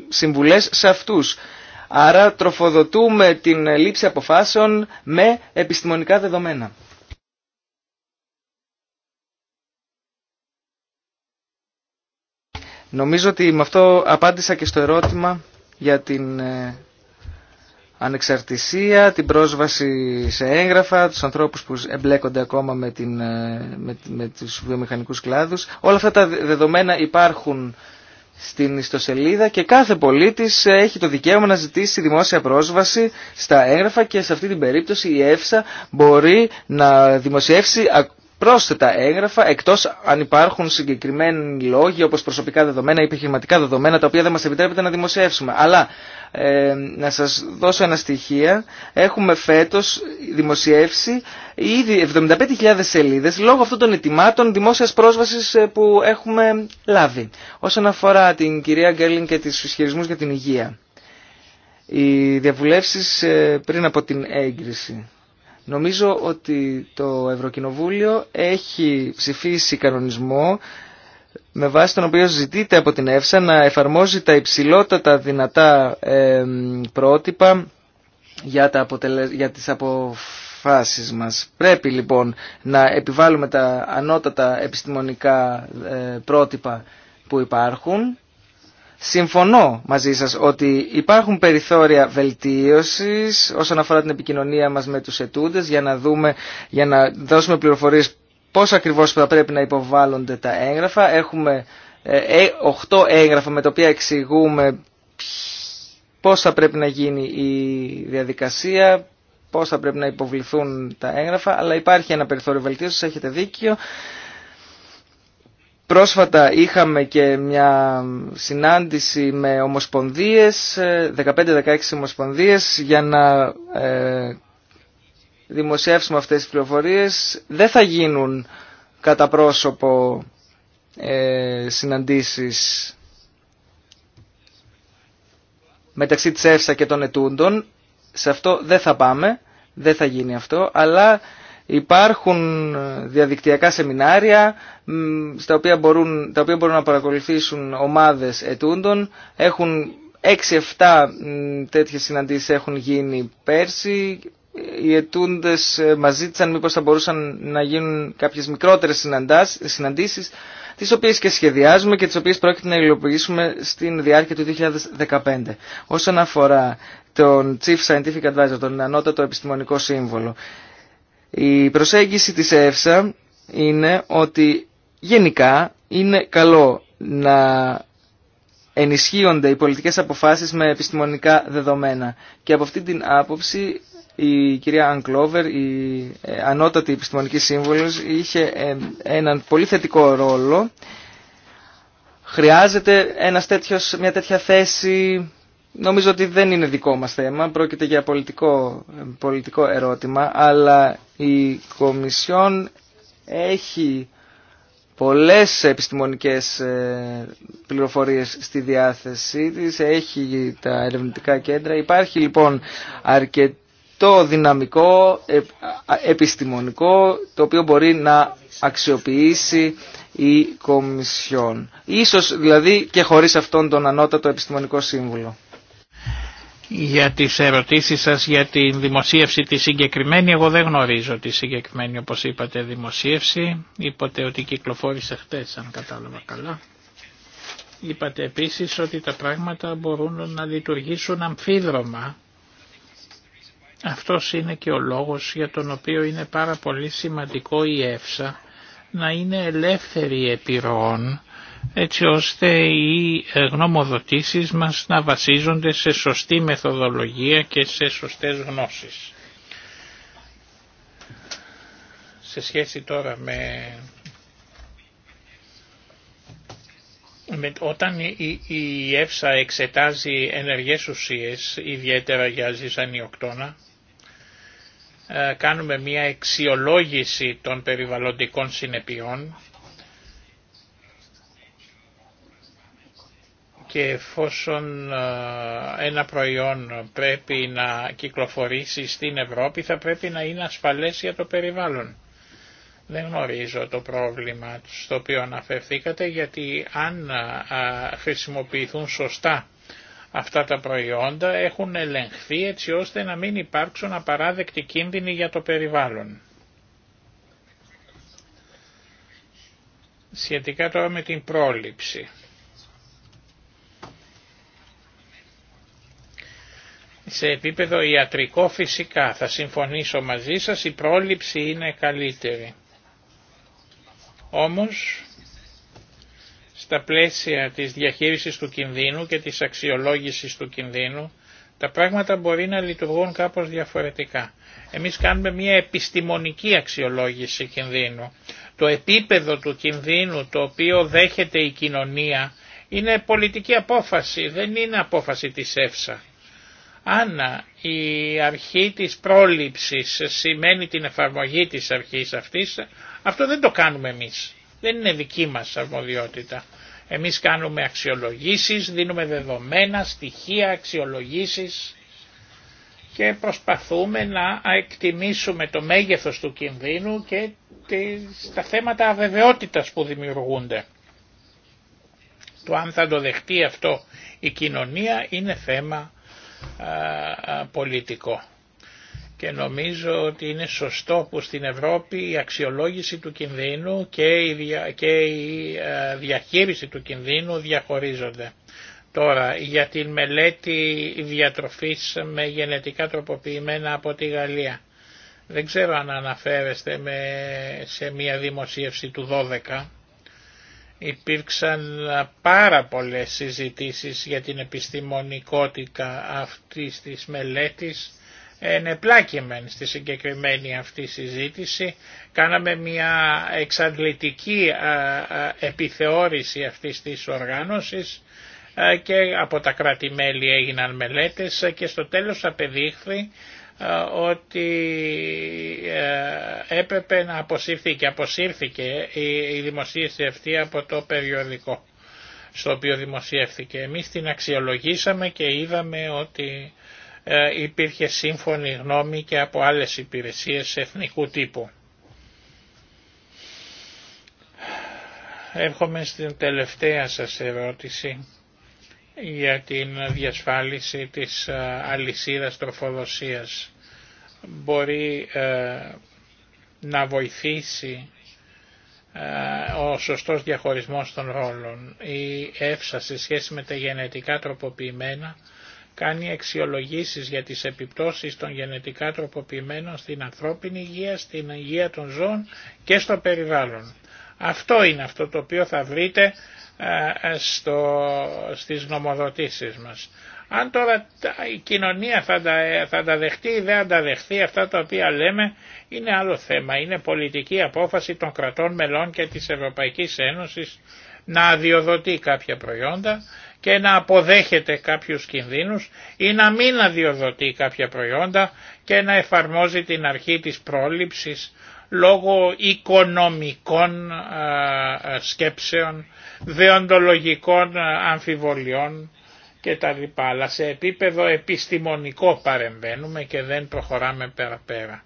συμβουλές σε αυτούς. Άρα τροφοδοτούμε την λήψη αποφάσεων με επιστημονικά δεδομένα. Νομίζω ότι με αυτό απάντησα και στο ερώτημα για την ανεξαρτησία, την πρόσβαση σε έγγραφα, τους ανθρώπους που εμπλέκονται ακόμα με, την, ε, με, με τους βιομηχανικούς κλάδους. Όλα αυτά τα δεδομένα υπάρχουν στην ιστοσελίδα και κάθε πολίτης έχει το δικαίωμα να ζητήσει δημόσια πρόσβαση στα έγγραφα και σε αυτή την περίπτωση η ΕΦΣΑ μπορεί να δημοσιεύσει πρόσθετα έγγραφα εκτός αν υπάρχουν συγκεκριμένοι λόγοι όπως προσωπικά δεδομένα ή επιχειρηματικά δεδομένα τα οποία δεν μας επιτρέπεται να δημοσιεύσουμε. Αλλά ε, να σας δώσω ένα στοιχείο. Έχουμε φέτος δημοσιεύσει ήδη 75.000 σελίδες λόγω αυτών των ετοιμάτων δημόσιας πρόσβασης ε, που έχουμε λάβει. Όσον αφορά την κυρία Γκέρλιν και του ισχυρισμού για την υγεία. Οι διαβουλεύσεις ε, πριν από την έγκριση. Νομίζω ότι το Ευρωκοινοβούλιο έχει ψηφίσει κανονισμό με βάση τον οποίο ζητείται από την ΕΦΣΑ να εφαρμόζει τα υψηλότατα δυνατά πρότυπα για, τα αποτελε... για τις αποφάσεις μας. Πρέπει λοιπόν να επιβάλλουμε τα ανώτατα επιστημονικά ε, πρότυπα που υπάρχουν Συμφωνώ μαζί σας ότι υπάρχουν περιθώρια βελτίωσης όσον αφορά την επικοινωνία μας με τους ετούντες για να, δούμε, για να δώσουμε πληροφορίες πώς ακριβώς θα πρέπει να υποβάλλονται τα έγγραφα. Έχουμε 8 ε, ε, έγγραφα με τα οποία εξηγούμε πώς θα πρέπει να γίνει η διαδικασία, πώς θα πρέπει να υποβληθούν τα έγγραφα, αλλά υπάρχει ένα περιθώριο βελτίωσης, έχετε δίκιο. Πρόσφατα είχαμε και μια συνάντηση με ομοσπονδίες, 15-16 ε, ομοσπονδίες για να ε, δημοσιεύσουμε αυτές τις πληροφορίες. Δεν θα γίνουν κατά πρόσωπο ε, συναντήσεις μεταξύ της ΕΦΣΑ και των ετούντων. Σε αυτό δεν θα πάμε, δεν θα γίνει αυτό, αλλά Υπάρχουν ε, διαδικτυακά σεμινάρια στα οποία μπορούν, τα οποία μπορούν να παρακολουθήσουν ομάδες ετούντων. Έχουν 6-7 τέτοιες συναντήσεις έχουν γίνει πέρσι. Οι ετούντες ε, μας ζήτησαν μήπως θα μπορούσαν να γίνουν κάποιες μικρότερες συναντήσεις τις οποίες και σχεδιάζουμε και τις οποίες πρόκειται να υλοποιήσουμε στην διάρκεια του 2015. Όσον αφορά τον Chief Scientific Advisor, τον ανώτατο επιστημονικό σύμβολο, η προσέγγιση της ΕΕΦΣΑ είναι ότι γενικά είναι καλό να ενισχύονται οι πολιτικές αποφάσεις με επιστημονικά δεδομένα. Και από αυτή την άποψη η κυρία Ανκλόβερ, η ε, ανώτατη επιστημονική σύμβολος, είχε ε, έναν πολύ θετικό ρόλο. Χρειάζεται ένας τέτοιος, μια τέτοια θέση, νομίζω ότι δεν είναι δικό μας θέμα, πρόκειται για πολιτικό, ε, πολιτικό ερώτημα, αλλά η Κομισιόν έχει πολλές επιστημονικές ε, πληροφορίες στη διάθεσή της, έχει τα ερευνητικά κέντρα. Υπάρχει λοιπόν αρκετό δυναμικό ε, επιστημονικό το οποίο μπορεί να αξιοποιήσει η Κομισιόν. Ίσως δηλαδή και χωρίς αυτόν τον ανώτατο επιστημονικό σύμβουλο για τις ερωτήσεις σας για τη δημοσίευση τη συγκεκριμένη. Εγώ δεν γνωρίζω τη συγκεκριμένη όπως είπατε δημοσίευση. Είπατε ότι κυκλοφόρησε χτες αν κατάλαβα καλά. Είπατε επίσης ότι τα πράγματα μπορούν να λειτουργήσουν αμφίδρομα. Αυτός είναι και ο λόγος για τον οποίο είναι πάρα πολύ σημαντικό η ΕΦΣΑ να είναι ελεύθερη επιρροών έτσι ώστε οι ε, γνωμοδοτήσεις μας να βασίζονται σε σωστή μεθοδολογία και σε σωστές γνώσεις. Σε σχέση τώρα με όταν η ΕΦΣΑ εξετάζει ενεργές ουσίες, ιδιαίτερα για ζυζανιοκτώνα, ε, κάνουμε μια αξιολόγηση των περιβαλλοντικών συνεπειών και εφόσον ένα προϊόν πρέπει να κυκλοφορήσει στην Ευρώπη θα πρέπει να είναι ασφαλές για το περιβάλλον. Δεν γνωρίζω το πρόβλημα στο οποίο αναφερθήκατε γιατί αν χρησιμοποιηθούν σωστά αυτά τα προϊόντα έχουν ελεγχθεί έτσι ώστε να μην υπάρξουν απαράδεκτοι κίνδυνοι για το περιβάλλον. Σχετικά τώρα με την πρόληψη. Σε επίπεδο ιατρικό φυσικά θα συμφωνήσω μαζί σας, η πρόληψη είναι καλύτερη. Όμως, στα πλαίσια της διαχείρισης του κινδύνου και της αξιολόγησης του κινδύνου, τα πράγματα μπορεί να λειτουργούν κάπως διαφορετικά. Εμείς κάνουμε μια επιστημονική αξιολόγηση κινδύνου. Το επίπεδο του κινδύνου το οποίο δέχεται η κοινωνία είναι πολιτική απόφαση, δεν είναι απόφαση της ΕΦΣΑ. Αν η αρχή της πρόληψης σημαίνει την εφαρμογή της αρχής αυτής, αυτό δεν το κάνουμε εμείς. Δεν είναι δική μας αρμοδιότητα. Εμείς κάνουμε αξιολογήσεις, δίνουμε δεδομένα, στοιχεία, αξιολογήσεις και προσπαθούμε να εκτιμήσουμε το μέγεθος του κινδύνου και τα θέματα αβεβαιότητας που δημιουργούνται. Το αν θα το δεχτεί αυτό η κοινωνία είναι θέμα πολιτικό. Και νομίζω ότι είναι σωστό που στην Ευρώπη η αξιολόγηση του κινδύνου και η, και η διαχείριση του κινδύνου διαχωρίζονται. Τώρα για την μελέτη διατροφής με γενετικά τροποποιημένα από τη Γαλλία. Δεν ξέρω αν αναφέρεστε με, σε μια δημοσίευση του 12 Υπήρξαν πάρα πολλές συζητήσεις για την επιστημονικότητα αυτής της μελέτης ενεπλάκημεν στη συγκεκριμένη αυτή συζήτηση. Κάναμε μια εξαντλητική επιθεώρηση αυτής της οργάνωσης και από τα κράτη-μέλη έγιναν μελέτες και στο τέλος απεδείχθη ε, ότι ε, έπρεπε να αποσύρθει και αποσύρθηκε η δημοσίευση αυτή από το περιοδικό στο οποίο δημοσιεύθηκε. Εμείς την αξιολογήσαμε και είδαμε ότι ε, υπήρχε σύμφωνη γνώμη και από άλλες υπηρεσίες εθνικού τύπου. Έρχομαι στην τελευταία σας ερώτηση για την διασφάλιση της αλυσίδας τροφοδοσίας μπορεί ε, να βοηθήσει ε, ο σωστός διαχωρισμός των ρόλων. Η ΕΦΣΑ σε σχέση με τα γενετικά τροποποιημένα κάνει αξιολογήσεις για τις επιπτώσεις των γενετικά τροποποιημένων στην ανθρώπινη υγεία, στην υγεία των ζώων και στο περιβάλλον. Αυτό είναι αυτό το οποίο θα βρείτε ε, στο, στις γνωμοδοτήσεις μας. Αν τώρα η κοινωνία θα τα, θα δεχτεί ή δεν τα δεχτεί αυτά τα οποία λέμε είναι άλλο θέμα. Είναι πολιτική απόφαση των κρατών μελών και της Ευρωπαϊκής Ένωσης να αδειοδοτεί κάποια προϊόντα και να αποδέχεται κάποιους κινδύνους ή να μην αδειοδοτεί κάποια προϊόντα και να εφαρμόζει την αρχή της πρόληψης λόγω οικονομικών σκέψεων, δεοντολογικών αμφιβολιών και τα λοιπά, αλλά σε επίπεδο επιστημονικό παρεμβαίνουμε και δεν προχωράμε πέρα πέρα.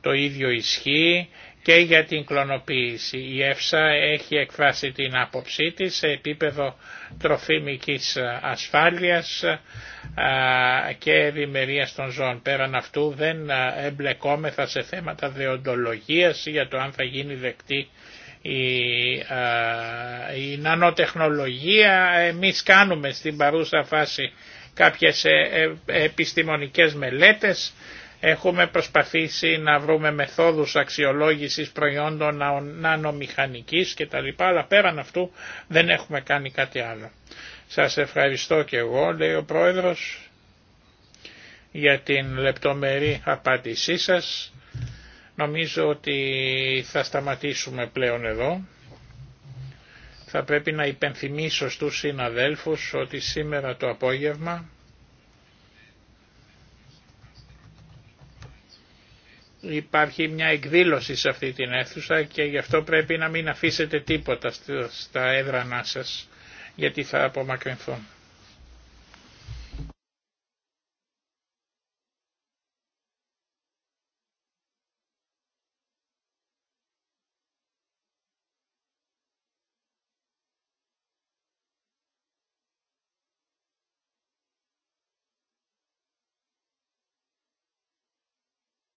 Το ίδιο ισχύει και για την κλωνοποίηση. Η ΕΦΣΑ έχει εκφράσει την άποψή της σε επίπεδο τροφίμικης ασφάλειας και ευημερίας των ζώων. Πέραν αυτού δεν εμπλεκόμεθα σε θέματα δεοντολογίας για το αν θα γίνει δεκτή η, η νανοτεχνολογία. Εμείς κάνουμε στην παρούσα φάση κάποιες ε, ε, επιστημονικές μελέτες. Έχουμε προσπαθήσει να βρούμε μεθόδους αξιολόγησης προϊόντων νανομηχανικής κτλ. Αλλά πέραν αυτού δεν έχουμε κάνει κάτι άλλο. Σας ευχαριστώ και εγώ, λέει ο Πρόεδρος, για την λεπτομερή απάντησή σας. Νομίζω ότι θα σταματήσουμε πλέον εδώ. Θα πρέπει να υπενθυμίσω στους συναδέλφους ότι σήμερα το απόγευμα υπάρχει μια εκδήλωση σε αυτή την αίθουσα και γι' αυτό πρέπει να μην αφήσετε τίποτα στα έδρανά σας γιατί θα απομακρυνθούν.